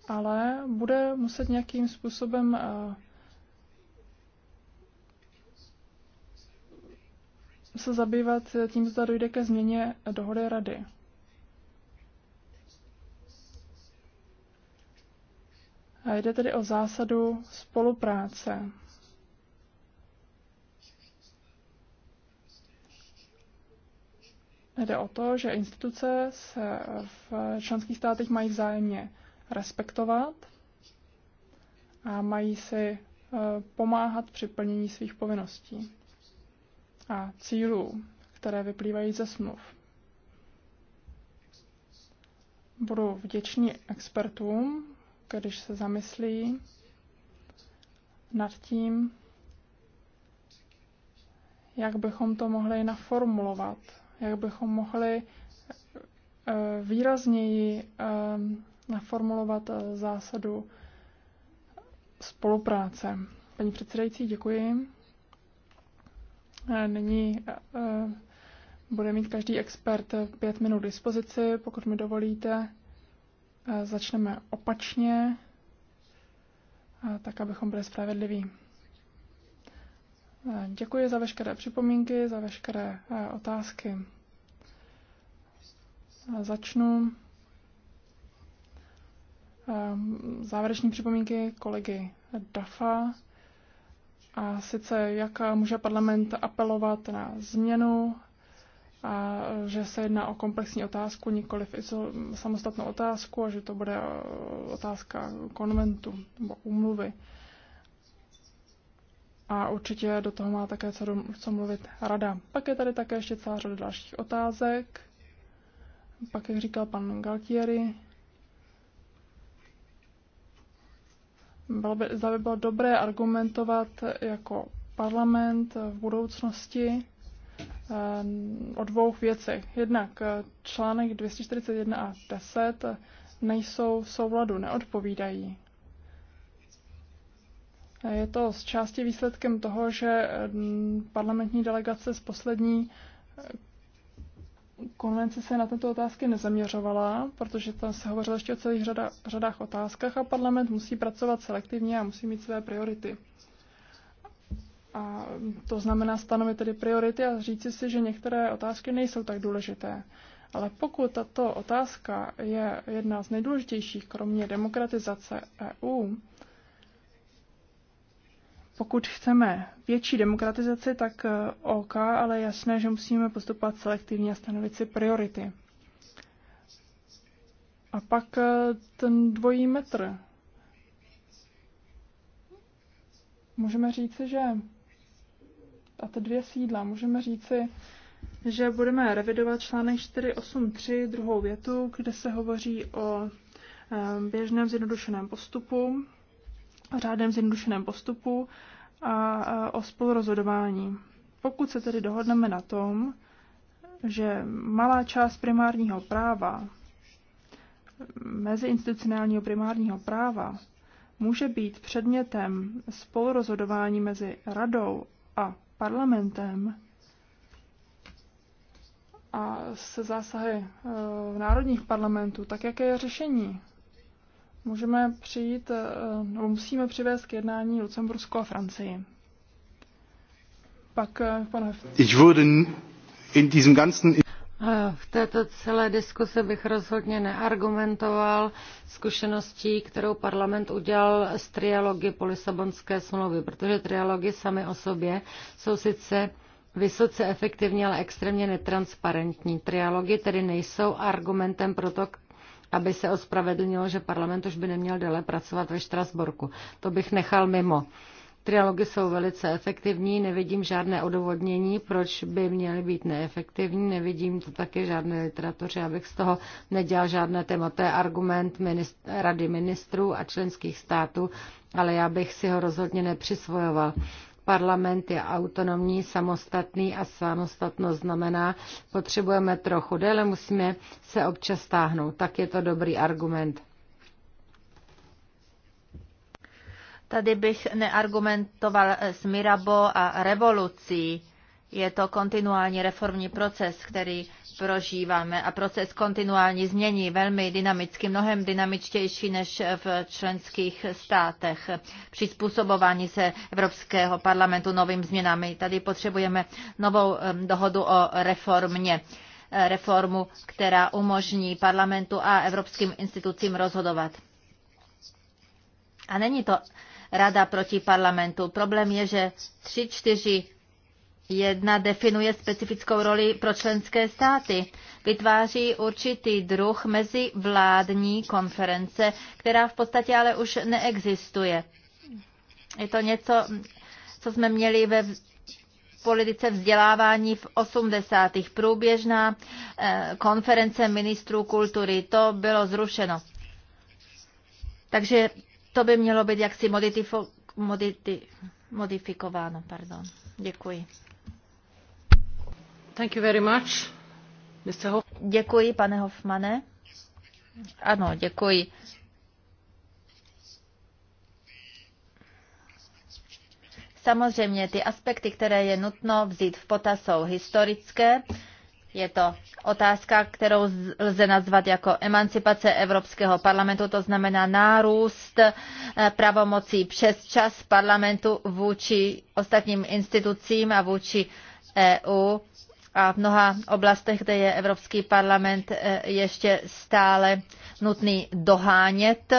ale bude muset nějakým způsobem eh, se zabývat tím, zda dojde ke změně dohody rady. A jde tedy o zásadu spolupráce. Jde o to, že instituce se v členských státech mají vzájemně respektovat a mají si eh, pomáhat při plnění svých povinností a cílů, které vyplývají ze smluv. Budu vděčný expertům, když se zamyslí nad tím, jak bychom to mohli naformulovat, jak bychom mohli eh, výrazněji eh, naformulovat eh, zásadu spolupráce. Paní předsedající, děkuji. Eh, nyní eh, bude mít každý expert pět minut dispozici, pokud mi dovolíte. Začneme opačně, tak abychom byli spravedliví. Děkuji za veškeré připomínky, za veškeré otázky. Začnu. Ehm, závěreční připomínky kolegy Dafa. A sice, jak může parlament apelovat na změnu a že se jedná o komplexní otázku, nikoli nikoliv samostatnou otázku a že to bude eh, otázka konventu nebo úmluvy. A určitě do toho má také co, co mluvit rada. Pak je tady také ještě celá řada dalších otázek. Pak, jak říkal pan Galtieri, bylo by, zda by bylo dobré argumentovat jako parlament v budoucnosti eh, o dvou věcech. Jednak eh, článek 241 a 10 nejsou v souladu, neodpovídají. Eh, je to z části výsledkem toho, že parlamentní delegace z poslední konvence se na tento otázky nezaměřovala, protože tam se hovořilo ještě o celých řada, řadách otázkách a parlament musí pracovat selektivně a musí mít své priority. A to znamená stanovit tedy priority a říci si, že některé otázky nejsou tak důležité. Ale pokud tato otázka je jedna z nejdůležitějších, kromě demokratizace EU, pokud chceme větší demokratizaci, tak eh, OK, ale jasné, že musíme postupovat selektivně a stanovit si priority. A pak eh, ten dvojí metr. Můžeme říci, že a to dvě sídla, můžeme říci, že budeme revidovat článek 483, druhou větu, kde se hovoří o eh, běžném zjednodušeném postupu řádném zjednodušeném postupu a o spolurozhodování. Pokud se tedy dohodneme na tom, že malá část primárního práva, meziinstitucionálního primárního práva, může být předmětem spolurozhodování mezi radou a parlamentem a se zásahy e, národních parlamentů, tak jaké je řešení? můžeme přijít, eh, nebo musíme přivést k jednání Lucembursko a Francii. Pak eh, pan Ich würde in diesem ganzen eh, v této celé diskuse bych rozhodně neargumentoval zkušeností, kterou parlament udělal z trialogy po Lisabonské smlouvy, protože trialogy samy o sobě jsou sice vysoce efektivní, ale extrémně netransparentní. Trialogy tedy nejsou argumentem pro to, aby se ospravedlnilo, že parlament už by neměl déle pracovat ve Štrasborku. To bych nechal mimo. Trialogy jsou velice efektivní, nevidím žádné odůvodnění, proč by měly být neefektivní, nevidím to také žádné literatuře, abych z toho nedělal žádné téma. To je argument minist- Rady ministrů a členských států, ale já bych si ho rozhodně nepřisvojoval. Parlament je autonomní, samostatný a samostatnost znamená, potřebujeme trochu déle, musíme se občas stáhnout. Tak je to dobrý argument. Tady bych neargumentoval s Mirabo a revolucí. Je to kontinuální reformní proces, který prožíváme a proces kontinuální změní velmi dynamicky, mnohem dynamičtější než v členských státech. Přizpůsobování se Evropského parlamentu novým změnami. Tady potřebujeme novou dohodu o reformě e, reformu, která umožní parlamentu a evropským institucím rozhodovat. A není to rada proti parlamentu. Problém je, že tři, čtyři Jedna definuje specifickou roli pro členské státy. Vytváří určitý druh mezi vládní konference, která v podstatě ale už neexistuje. Je to něco, co jsme měli ve politice vzdělávání v 80. průběžná eh, konference ministrů kultury. To bylo zrušeno. Takže to by mělo být jaksi modifikováno. Pardon. Děkuji. Děkuji, pane Hofmane. Ano, děkuji. Samozřejmě ty aspekty, které je nutno vzít v potaz, jsou historické. Je to otázka, kterou lze nazvat jako emancipace Evropského parlamentu, to znamená nárůst eh, pravomocí přes čas parlamentu vůči ostatním institucím a vůči EU a v mnoha oblastech, kde je Evropský parlament eh, ještě stále nutný dohánět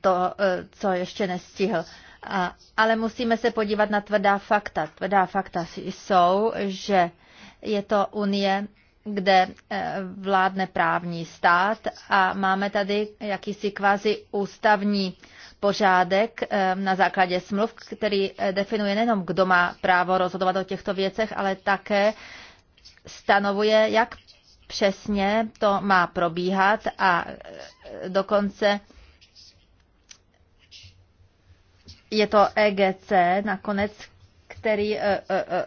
to, eh, co ještě nestihl. Ale musíme se podívat na tvrdá fakta. Tvrdá fakta jsou, že je to Unie, kde eh, vládne právní stát a máme tady jakýsi kvazi ústavní pořádek ehm, na základě smluv, který eh, definuje nejenom, kdo má právo rozhodovat o těchto věcech, ale také stanovuje, jak přesně to má probíhat a eh, dokonce je to EGC nakonec, který eh,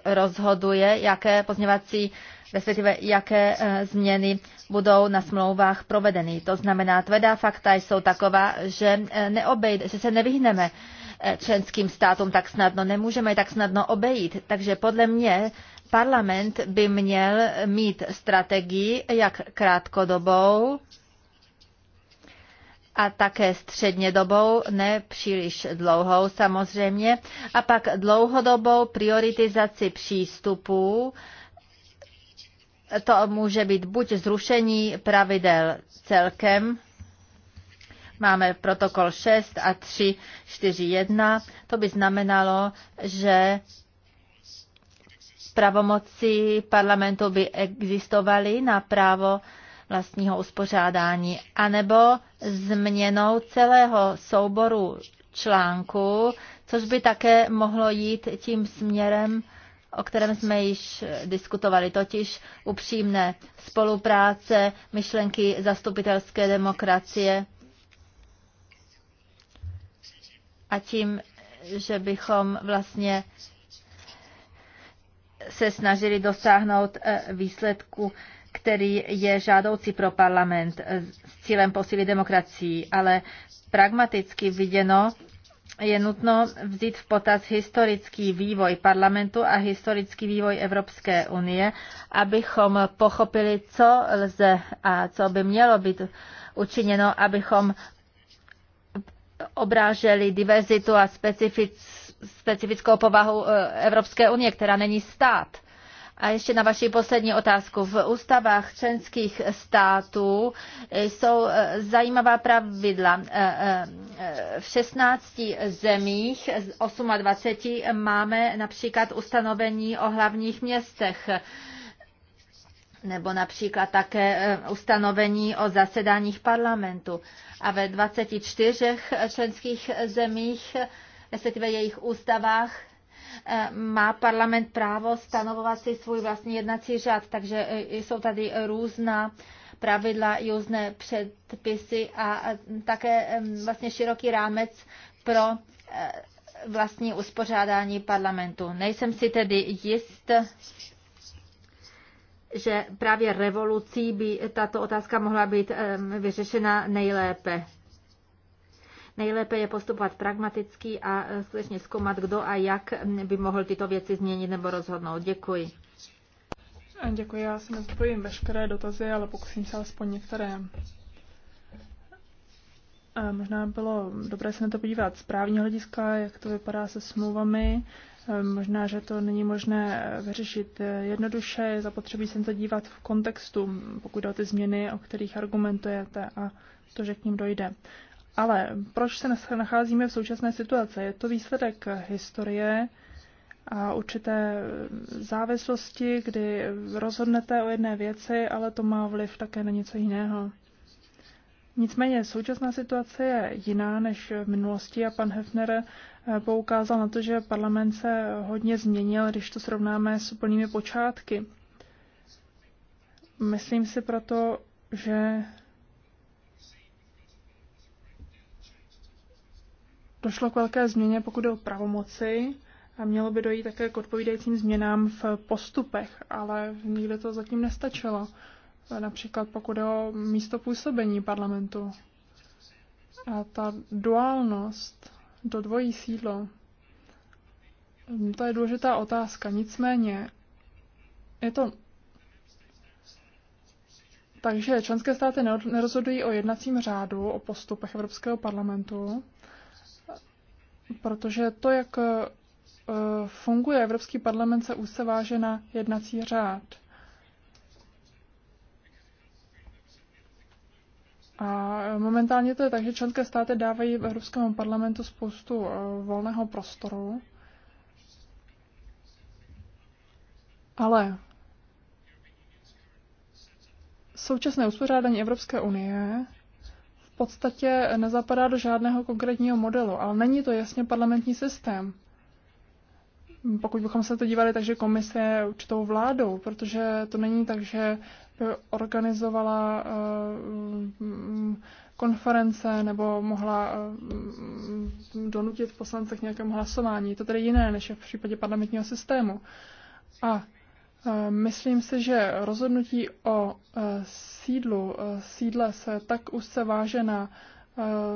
rozhoduje, jaké pozměvací respektive jaké eh, změny budou na smlouvách provedeny. To znamená, tvrdá fakta jsou taková, že, eh, neobejde, že se nevyhneme eh, členským státům tak snadno, nemůžeme je tak snadno obejít. Takže podle mě parlament by měl mít strategii, jak krátkodobou, a také střednědobou, ne příliš dlouhou samozřejmě, a pak dlouhodobou prioritizaci přístupů, to může být buď zrušení pravidel celkem, máme protokol 6 a 3, 4, 1, to by znamenalo, že pravomoci parlamentu by existovaly na právo vlastního uspořádání, anebo změnou celého souboru článku, což by také mohlo jít tím směrem, o kterém jsme již eh, diskutovali, totiž upřímné spolupráce, myšlenky zastupitelské demokracie a tím, že bychom vlastně se snažili dosáhnout eh, výsledku, který je žádoucí pro parlament eh, s cílem posílit demokracii, ale pragmaticky viděno je nutno vzít v potaz historický vývoj parlamentu a historický vývoj Evropské unie, abychom pochopili, co lze a co by mělo být učiněno, abychom obráželi diverzitu a specifickou povahu eh, Evropské unie, která není stát. A ještě na vaši poslední otázku. V ústavách členských států jsou eh, zajímavá pravidla. Eh, eh, v 16 zemích z 28 máme například ustanovení o hlavních městech nebo například také ustanovení o zasedáních parlamentu. A ve 24 členských zemích, respektive jejich ústavách, Eh, má parlament právo stanovovat si svůj vlastní jednací řád, takže eh, jsou tady různá pravidla, různé předpisy a také vlastně široký rámec pro eh, vlastní uspořádání parlamentu. Nejsem si tedy jist, že právě revolucí by tato otázka mohla být vyřešena nejlépe. Nejlépe je postupovat pragmaticky a e, skutečně zkoumat, kdo a jak by mohl tyto věci změnit nebo rozhodnout. Děkuji. Děkuji, já se nezodpovím veškeré dotazy, ale pokusím se alespoň některé. E, možná bylo dobré se na to podívat z právního hlediska, jak to vypadá se smlouvami. E, možná, že to není možné vyřešit jednoduše, zapotřebí se to dívat v kontextu, pokud jde o ty změny, o kterých argumentujete a to, že k ním dojde. Ale proč se nacházíme v současné situaci? Je to výsledek historie a určité závislosti, kdy rozhodnete o jedné věci, ale to má vliv také na něco jiného. Nicméně současná situace je jiná než v minulosti a pan Hefner eh, poukázal na to, že parlament se hodně změnil, když to srovnáme s úplnými počátky. Myslím si proto, že Došlo k velké změně, pokud jde o pravomoci, a mělo by dojít také k odpovídajícím změnám v postupech, ale nikde to zatím nestačilo. Například pokud jde o místo působení parlamentu. A ta duálnost, do dvojí sídlo, to je důležitá otázka. Nicméně je to takže členské státy nerozhodují o jednacím řádu, o postupech Evropského parlamentu, protože to, jak eh, funguje Evropský parlament, se úzce váže na jednací řád. A momentálně to je tak, že členské státy dávají v Evropskému parlamentu spoustu eh, volného prostoru. Ale současné uspořádání Evropské unie podstatě nezapadá do žádného konkrétního modelu, ale není to jasně parlamentní systém. Pokud bychom se to dívali tak, že komise je určitou vládou, protože to není tak, že by organizovala eh, konference nebo mohla eh, donutit poslance k nějakému hlasování. to tedy jiné, než je v případě parlamentního systému. A Eh, myslím si, že rozhodnutí o eh, sídlu, eh, sídle se tak úzce váže na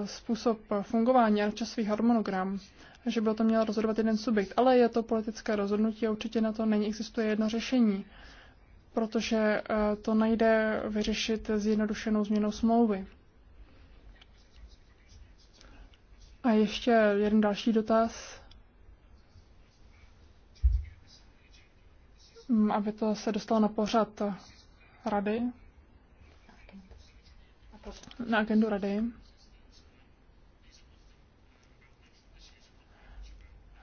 způsob fungování a časový harmonogram, že by o tom měl rozhodovat jeden subjekt. Ale je to politické rozhodnutí a určitě na to není existuje jedno řešení, protože to najde vyřešit zjednodušenou změnou smlouvy. A ještě jeden další dotaz. Mm, aby to se dostalo na pořad rady, na agendu rady.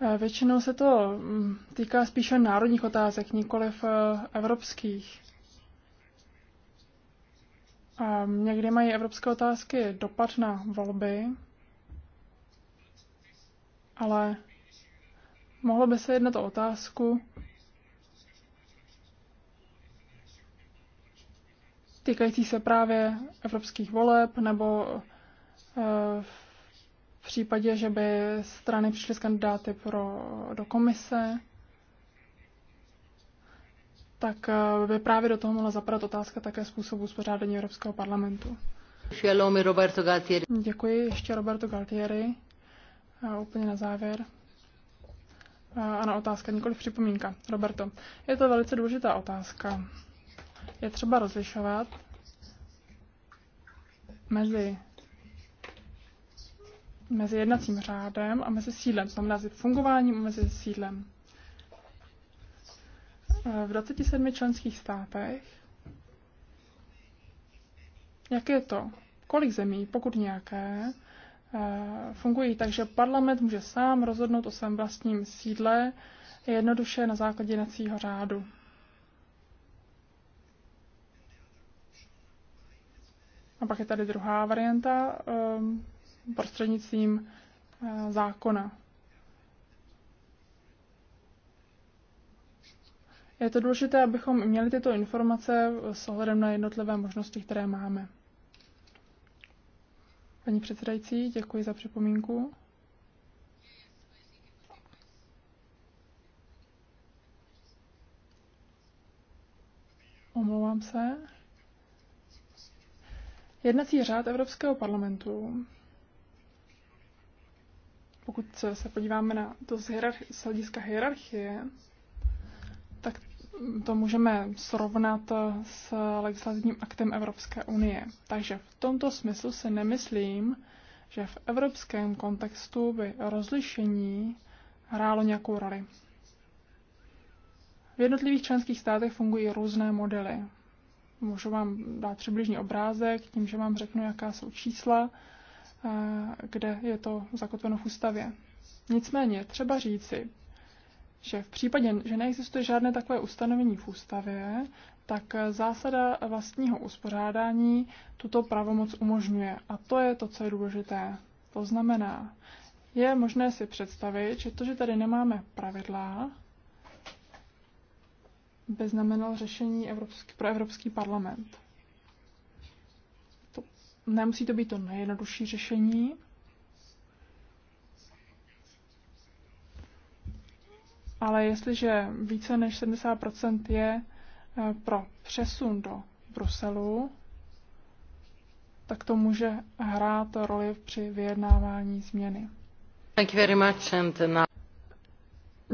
Eh, většinou se to mm, týká spíše národních otázek, nikoliv eh, evropských. A někdy mají evropské otázky dopad na volby, ale mohlo by se jednat o otázku, týkající se právě evropských voleb nebo eh, v případě, že by strany přišly s kandidáty pro, do komise, tak eh, by právě do toho mohla zapadat otázka také způsobu uspořádání Evropského parlamentu. Roberto Galtieri. Děkuji ještě Roberto Galtieri. A úplně na závěr. na otázka, nikoli připomínka. Roberto, je to velice důležitá otázka je třeba rozlišovat mezi mezi jednacím řádem a mezi sídlem, to znamená mezi fungováním a mezi sídlem. V 27 členských státech, jak je to? Kolik zemí, pokud nějaké, eh, fungují tak, že parlament může sám rozhodnout o svém vlastním sídle jednoduše na základě jednacího řádu. A pak je tady druhá varianta ehm, prostřednictvím eh, zákona. Je to důležité, abychom měli tyto informace eh, s ohledem na jednotlivé možnosti, které máme. Paní předsedající, děkuji za připomínku. Omlouvám se. Jednací řád Evropského parlamentu, pokud se podíváme na to z, hierarchi- z hlediska hierarchie, tak to můžeme srovnat s legislativním aktem Evropské unie. Takže v tomto smyslu se nemyslím, že v evropském kontextu by rozlišení hrálo nějakou roli. V jednotlivých členských státech fungují různé modely. Můžu vám dát přibližný obrázek tím, že vám řeknu, jaká jsou čísla, kde je to zakotveno v ústavě. Nicméně třeba říci, že v případě, že neexistuje žádné takové ustanovení v ústavě, tak zásada vlastního uspořádání tuto pravomoc umožňuje. A to je to, co je důležité. To znamená, je možné si představit, že to, že tady nemáme pravidla, by znamenalo řešení evropský, pro Evropský parlament. To, nemusí to být to nejjednodušší řešení, ale jestliže více než 70 je eh, pro přesun do Bruselu, tak to může hrát roli při vyjednávání změny. Thank you very much and now... Uh,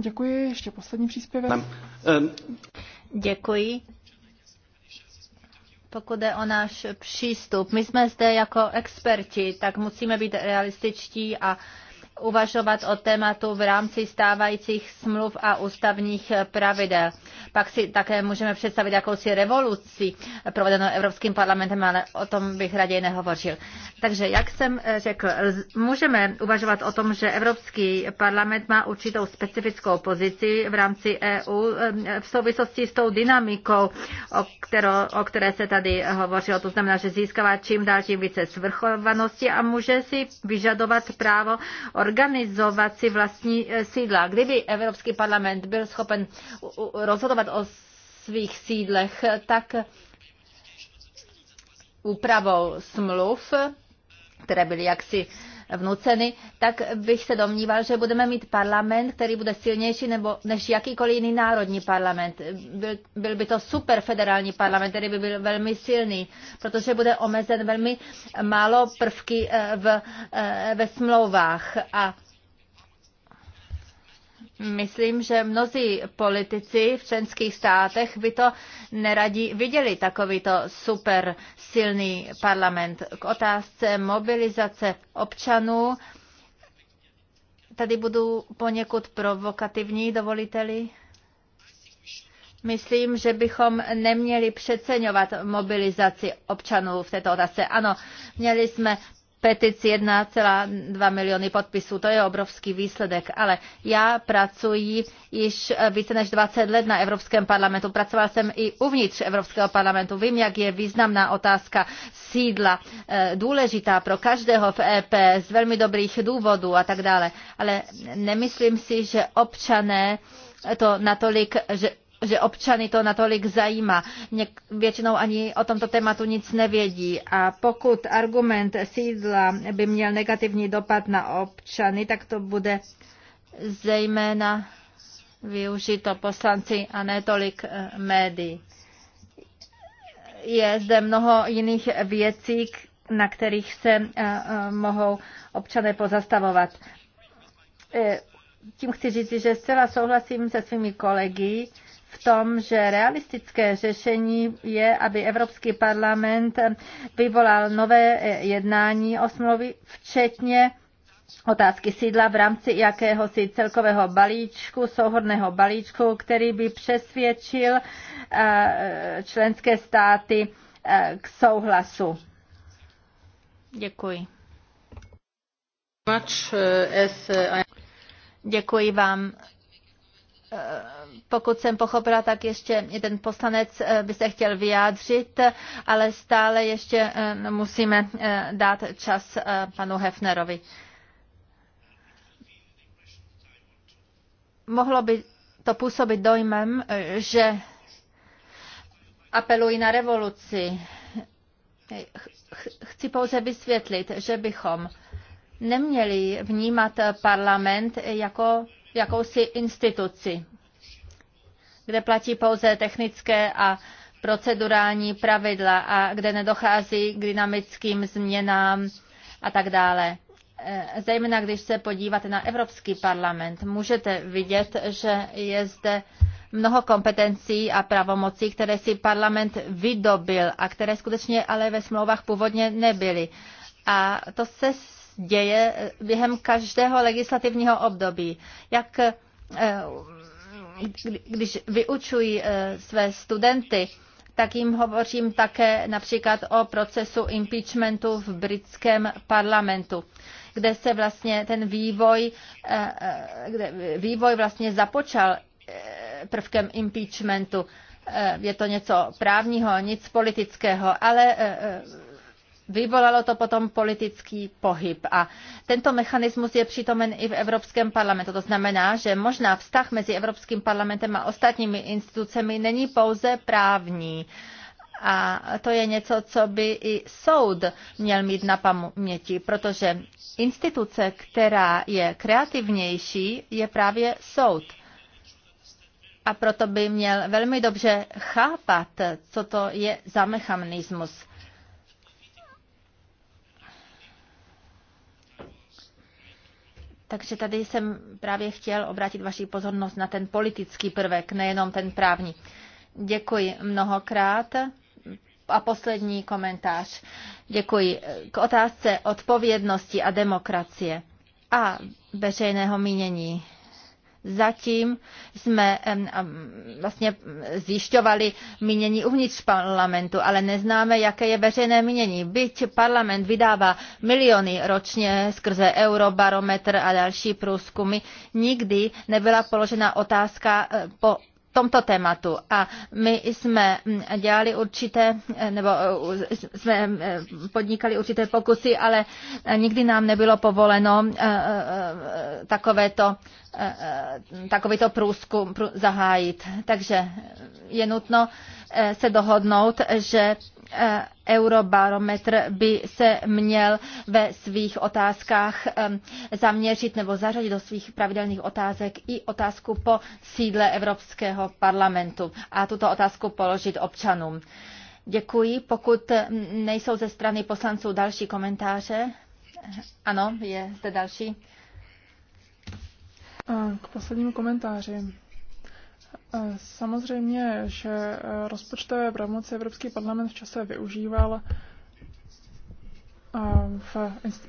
Děkuji, ještě poslední příspěvek. Děkuji. Pokud je o náš přístup, my jsme zde jako experti, tak musíme být realističtí a uvažovat o tématu v rámci stávajících smluv a ústavních pravidel. Pak si také můžeme představit jakousi revoluci provedenou Evropským parlamentem, ale o tom bych raději nehovořil. Takže, jak jsem eh, řekl, můžeme uvažovat o tom, že Evropský parlament má určitou specifickou pozici v rámci EU eh, v souvislosti s tou dynamikou, o, kterou, o které se tady hovořilo. To znamená, že získává čím dál tím více svrchovanosti a může si vyžadovat právo organizovat si vlastní eh, sídla. Kdyby Evropský parlament byl schopen rozhodovat o svých sídlech, tak úpravou smluv, které byly jaksi uh, vnuceny, tak bych se domníval, že budeme mít parlament, který bude silnější nebo než jakýkoliv jiný národní parlament. Byl, byl by to super federální parlament, který by byl velmi silný, protože bude omezen velmi málo prvky eh, v, eh, ve smlouvách a Myslím, že mnozí politici v členských státech by to neradí viděli, takovýto super silný parlament. K otázce mobilizace občanů, tady budu poněkud provokativní, dovoliteli. Myslím, že bychom neměli přeceňovat mobilizaci občanů v této otázce. Ano, měli jsme petici 1,2 miliony podpisů. To je obrovský výsledek, ale já pracuji již eh, více než 20 let na Evropském parlamentu. Pracoval jsem i uvnitř Evropského parlamentu. Vím, jak je významná otázka sídla, eh, důležitá pro každého v EP z velmi dobrých důvodů a tak dále. Ale nemyslím si, že občané to natolik, že že občany to natolik zajímá. Něk, většinou ani o tomto tématu nic nevědí. A pokud argument sídla by měl negativní dopad na občany, tak to bude zejména využito poslanci a ne tolik eh, médií. Je zde mnoho jiných věcí, na kterých se eh, eh, mohou občané pozastavovat. Tím chci říct, že zcela souhlasím se svými kolegy, v tom, že realistické řešení je, aby Evropský parlament vyvolal nové eh, jednání o smlouvy, včetně otázky sídla v rámci jakéhosi celkového balíčku, souhodného balíčku, který by přesvědčil eh, členské státy eh, k souhlasu. Děkuji. Děkuji vám pokud jsem pochopila, tak ještě jeden poslanec eh, by se chtěl vyjádřit, ale stále ještě eh, musíme eh, dát čas panu Hefnerovi. Mohlo by to působit dojmem, že apelují na revoluci. Chci pouze vysvětlit, že bychom neměli vnímat parlament jako jakousi instituci, kde platí pouze technické a procedurální pravidla a kde nedochází k dynamickým změnám a tak dále. E, zejména když se podíváte na Evropský parlament, můžete vidět, že je zde mnoho kompetencí a pravomocí, které si parlament vydobil a které skutečně ale ve smlouvách původně nebyly. A to se děje eh, během každého legislativního období. Jak eh, když vyučuji eh, své studenty, tak jim hovořím také například o procesu impeachmentu v britském parlamentu, kde se vlastně ten vývoj, kde vývoj vlastně započal prvkem impeachmentu. Je to něco právního, nic politického, ale Vyvolalo to potom politický pohyb a tento mechanismus je přítomen i v Evropském parlamentu. To znamená, že možná vztah mezi Evropským parlamentem a ostatními institucemi není pouze právní. A to je něco, co by i soud měl mít na paměti, protože instituce, která je kreativnější, je právě soud. A proto by měl velmi dobře chápat, co to je za mechanismus. Takže tady jsem právě chtěl obrátit vaši pozornost na ten politický prvek, nejenom ten právní. Děkuji mnohokrát. A poslední komentář. Děkuji. K otázce odpovědnosti a demokracie a veřejného mínění. Zatím jsme vlastně zjišťovali mínění uvnitř parlamentu, ale neznáme, jaké je veřejné mínění. Byť parlament vydává miliony ročně skrze eurobarometr a další průzkumy, nikdy nebyla položena otázka eh, po tomto tématu. A my jsme dělali určité, nebo jsme podnikali určité pokusy, ale nikdy nám nebylo povoleno eh, eh, takovéto, eh, takovýto průzkum zahájit. Takže je nutno se dohodnout, že Eh, Eurobarometr by se měl ve svých otázkách zaměřit nebo zařadit do svých pravidelných otázek i otázku po sídle Evropského parlamentu a tuto otázku položit občanům. Děkuji. Pokud nejsou ze strany poslanců další komentáře. Ano, je zde další. K poslednímu komentáři. Eh, samozřejmě, že eh, rozpočtové pravomoci Evropský parlament v čase využíval eh, v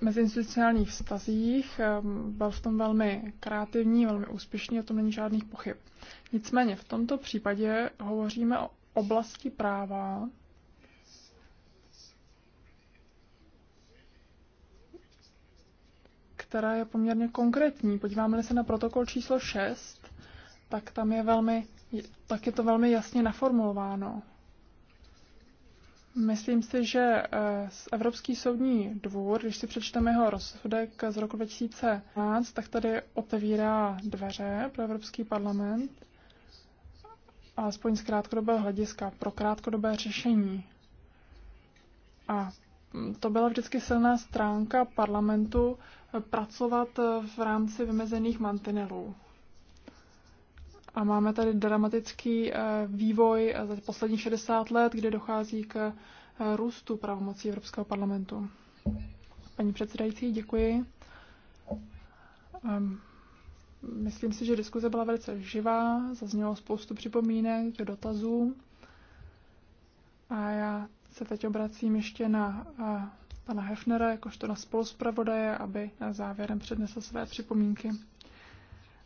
meziinstitucionálních vztazích. Byl v tom velmi kreativní, velmi úspěšný, o tom není žádných pochyb. Nicméně v tomto případě hovoříme o oblasti práva, která je poměrně konkrétní. Podíváme-li se na protokol číslo 6, tak tam je velmi, tak je to velmi jasně naformulováno. Myslím si, že eh, Evropský soudní dvůr, když si přečteme jeho rozsudek z roku 2015, tak tady otevírá dveře pro Evropský parlament, alespoň z krátkodobého hlediska, pro krátkodobé řešení. A hm, to byla vždycky silná stránka parlamentu eh, pracovat eh, v rámci vymezených mantinelů. A máme tady dramatický eh, vývoj za posledních 60 let, kde dochází k eh, růstu pravomocí Evropského parlamentu. Paní předsedající, děkuji. Ehm, myslím si, že diskuze byla velice živá, zaznělo spoustu připomínek, dotazů. A já se teď obracím ještě na eh, pana Hefnera, jakožto na spoluspravodaje, aby závěrem přednesl své připomínky.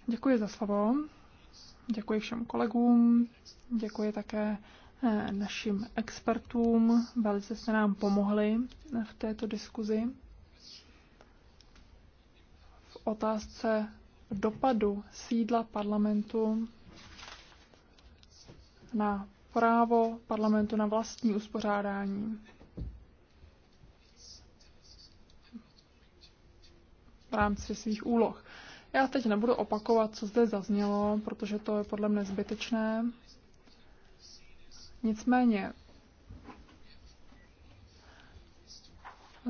Děkuji za slovo. Děkuji všem kolegům, děkuji také eh, našim expertům, velice se nám pomohli eh, v této diskuzi. V otázce dopadu sídla parlamentu na právo parlamentu na vlastní uspořádání. v rámci svých úloh. Já teď nebudu opakovat, co zde zaznělo, protože to je podle mne zbytečné. Nicméně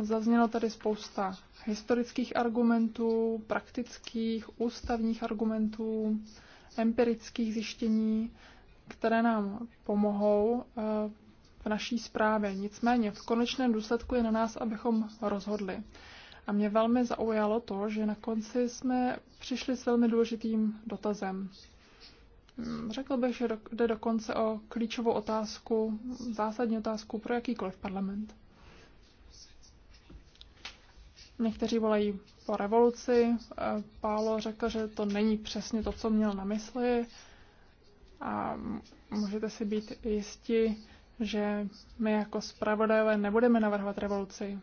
zaznělo tady spousta historických argumentů, praktických, ústavních argumentů, empirických zjištění, které nám pomohou eh, v naší zprávě. Nicméně v konečném důsledku je na nás, abychom rozhodli. A mě velmi zaujalo to, že na konci jsme přišli s velmi důležitým dotazem. Hmm, řekl bych, že jde dokonce o klíčovou otázku, zásadní otázku pro jakýkoliv parlament. Někteří volají po revoluci. Eh, Pálo řekl, že to není přesně to, co měl na mysli. A můžete si být jisti, že my jako spravodajové nebudeme navrhovat revoluci.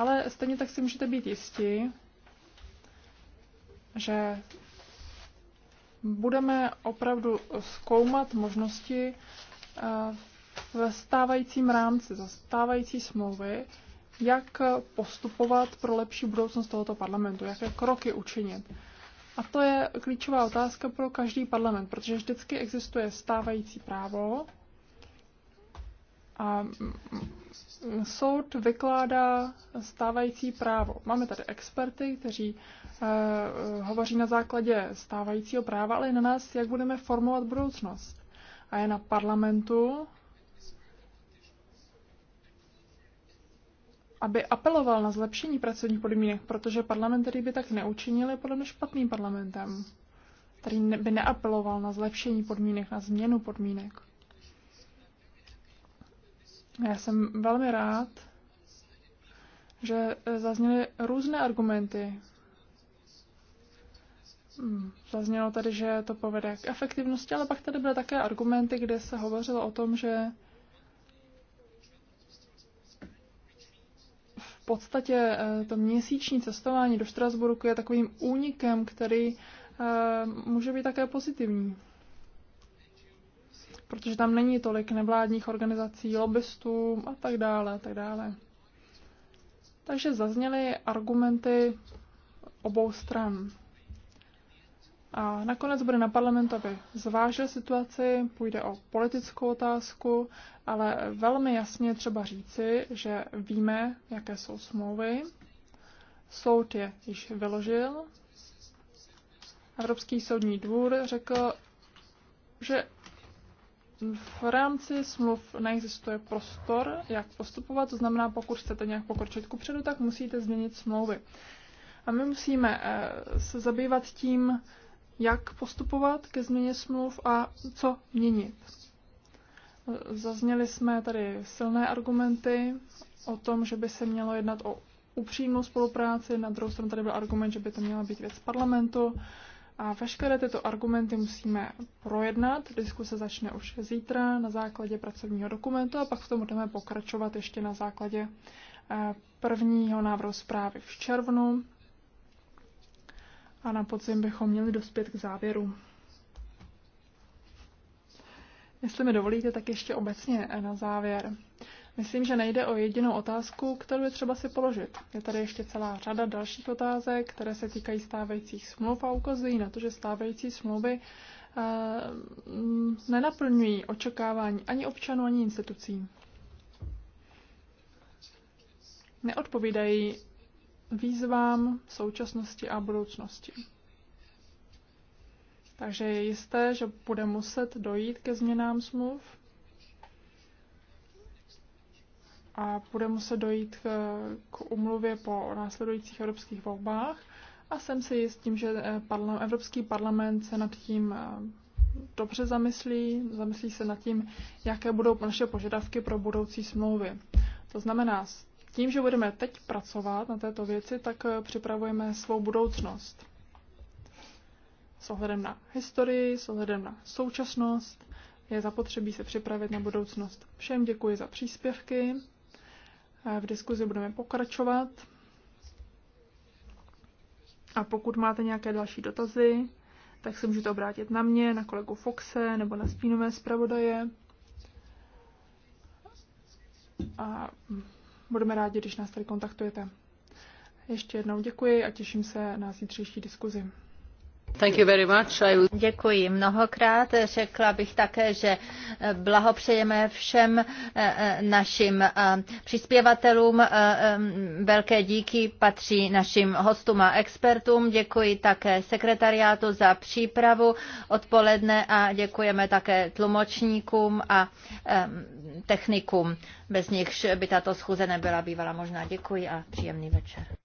Ale stejně tak si můžete být jistí, že budeme opravdu zkoumat možnosti eh, ve stávajícím rámci, za stávající smlouvy, jak postupovat pro lepší budoucnost tohoto parlamentu, jaké kroky učinit. A to je klíčová otázka pro každý parlament, protože vždycky existuje stávající právo, a soud vykládá stávající právo. Máme tady experty, kteří uh, hovoří na základě stávajícího práva, ale i na nás, jak budeme formovat budoucnost. A je na parlamentu, aby apeloval na zlepšení pracovních podmínek, protože parlament, který by tak neučinil, je podle mě špatným parlamentem, který by neapeloval na zlepšení podmínek, na změnu podmínek. Já jsem velmi rád, že eh, zazněly různé argumenty. Hmm, zaznělo tady, že to povede k efektivnosti, ale pak tady byly také argumenty, kde se hovořilo o tom, že v podstatě eh, to měsíční cestování do Štrasburku je takovým únikem, který eh, může být také pozitivní protože tam není tolik nevládních organizací, lobbystů a tak dále, a tak dále. Takže zazněly argumenty obou stran. A nakonec bude na parlamentu, aby zvážil situaci, půjde o politickou otázku, ale velmi jasně třeba říci, že víme, jaké jsou smlouvy. Soud je již vyložil. Evropský soudní dvůr řekl, že v rámci smluv neexistuje prostor, jak postupovat, to znamená, pokud chcete nějak pokročit kupředu, tak musíte změnit smlouvy. A my musíme eh, se zabývat tím, jak postupovat ke změně smluv a co měnit. Zazněli jsme tady silné argumenty o tom, že by se mělo jednat o upřímnou spolupráci, na druhou stranu tady byl argument, že by to měla být věc parlamentu, a veškeré tyto argumenty musíme projednat. Diskuse začne už zítra na základě pracovního dokumentu a pak v tom budeme pokračovat ještě na základě eh, prvního návrhu zprávy v červnu. A na podzim bychom měli dospět k závěru. Jestli mi dovolíte, tak ještě obecně eh, na závěr. Myslím, že nejde o jedinou otázku, kterou je třeba si položit. Je tady ještě celá řada dalších otázek, které se týkají stávajících smluv a ukazují na to, že stávající smlouvy eh, nenaplňují očekávání ani občanů, ani institucí. Neodpovídají výzvám současnosti a budoucnosti. Takže je jisté, že bude muset dojít ke změnám smluv, a bude muset dojít k, k umluvě po následujících evropských volbách. A jsem si jist tím, že eh, Evropský parlament se nad tím eh, dobře zamyslí, zamyslí se nad tím, jaké budou naše požadavky pro budoucí smlouvy. To znamená, tím, že budeme teď pracovat na této věci, tak eh, připravujeme svou budoucnost. S ohledem na historii, s ohledem na současnost, je zapotřebí se připravit na budoucnost. Všem děkuji za příspěvky. V diskuzi budeme pokračovat. A pokud máte nějaké další dotazy, tak se můžete obrátit na mě, na kolegu Foxe nebo na spínové zpravodaje. A budeme rádi, když nás tady kontaktujete. Ještě jednou děkuji a těším se na zítřejší diskuzi. Děkuji mnohokrát. Řekla bych také, že blahopřejeme všem eh, eh, našim eh, přispěvatelům. Velké díky patří našim hostům a expertům. Děkuji také sekretariátu za přípravu odpoledne a děkujeme také tlumočníkům a technikům. Bez nichž by tato schůze nebyla bývala možná. Děkuji a příjemný večer.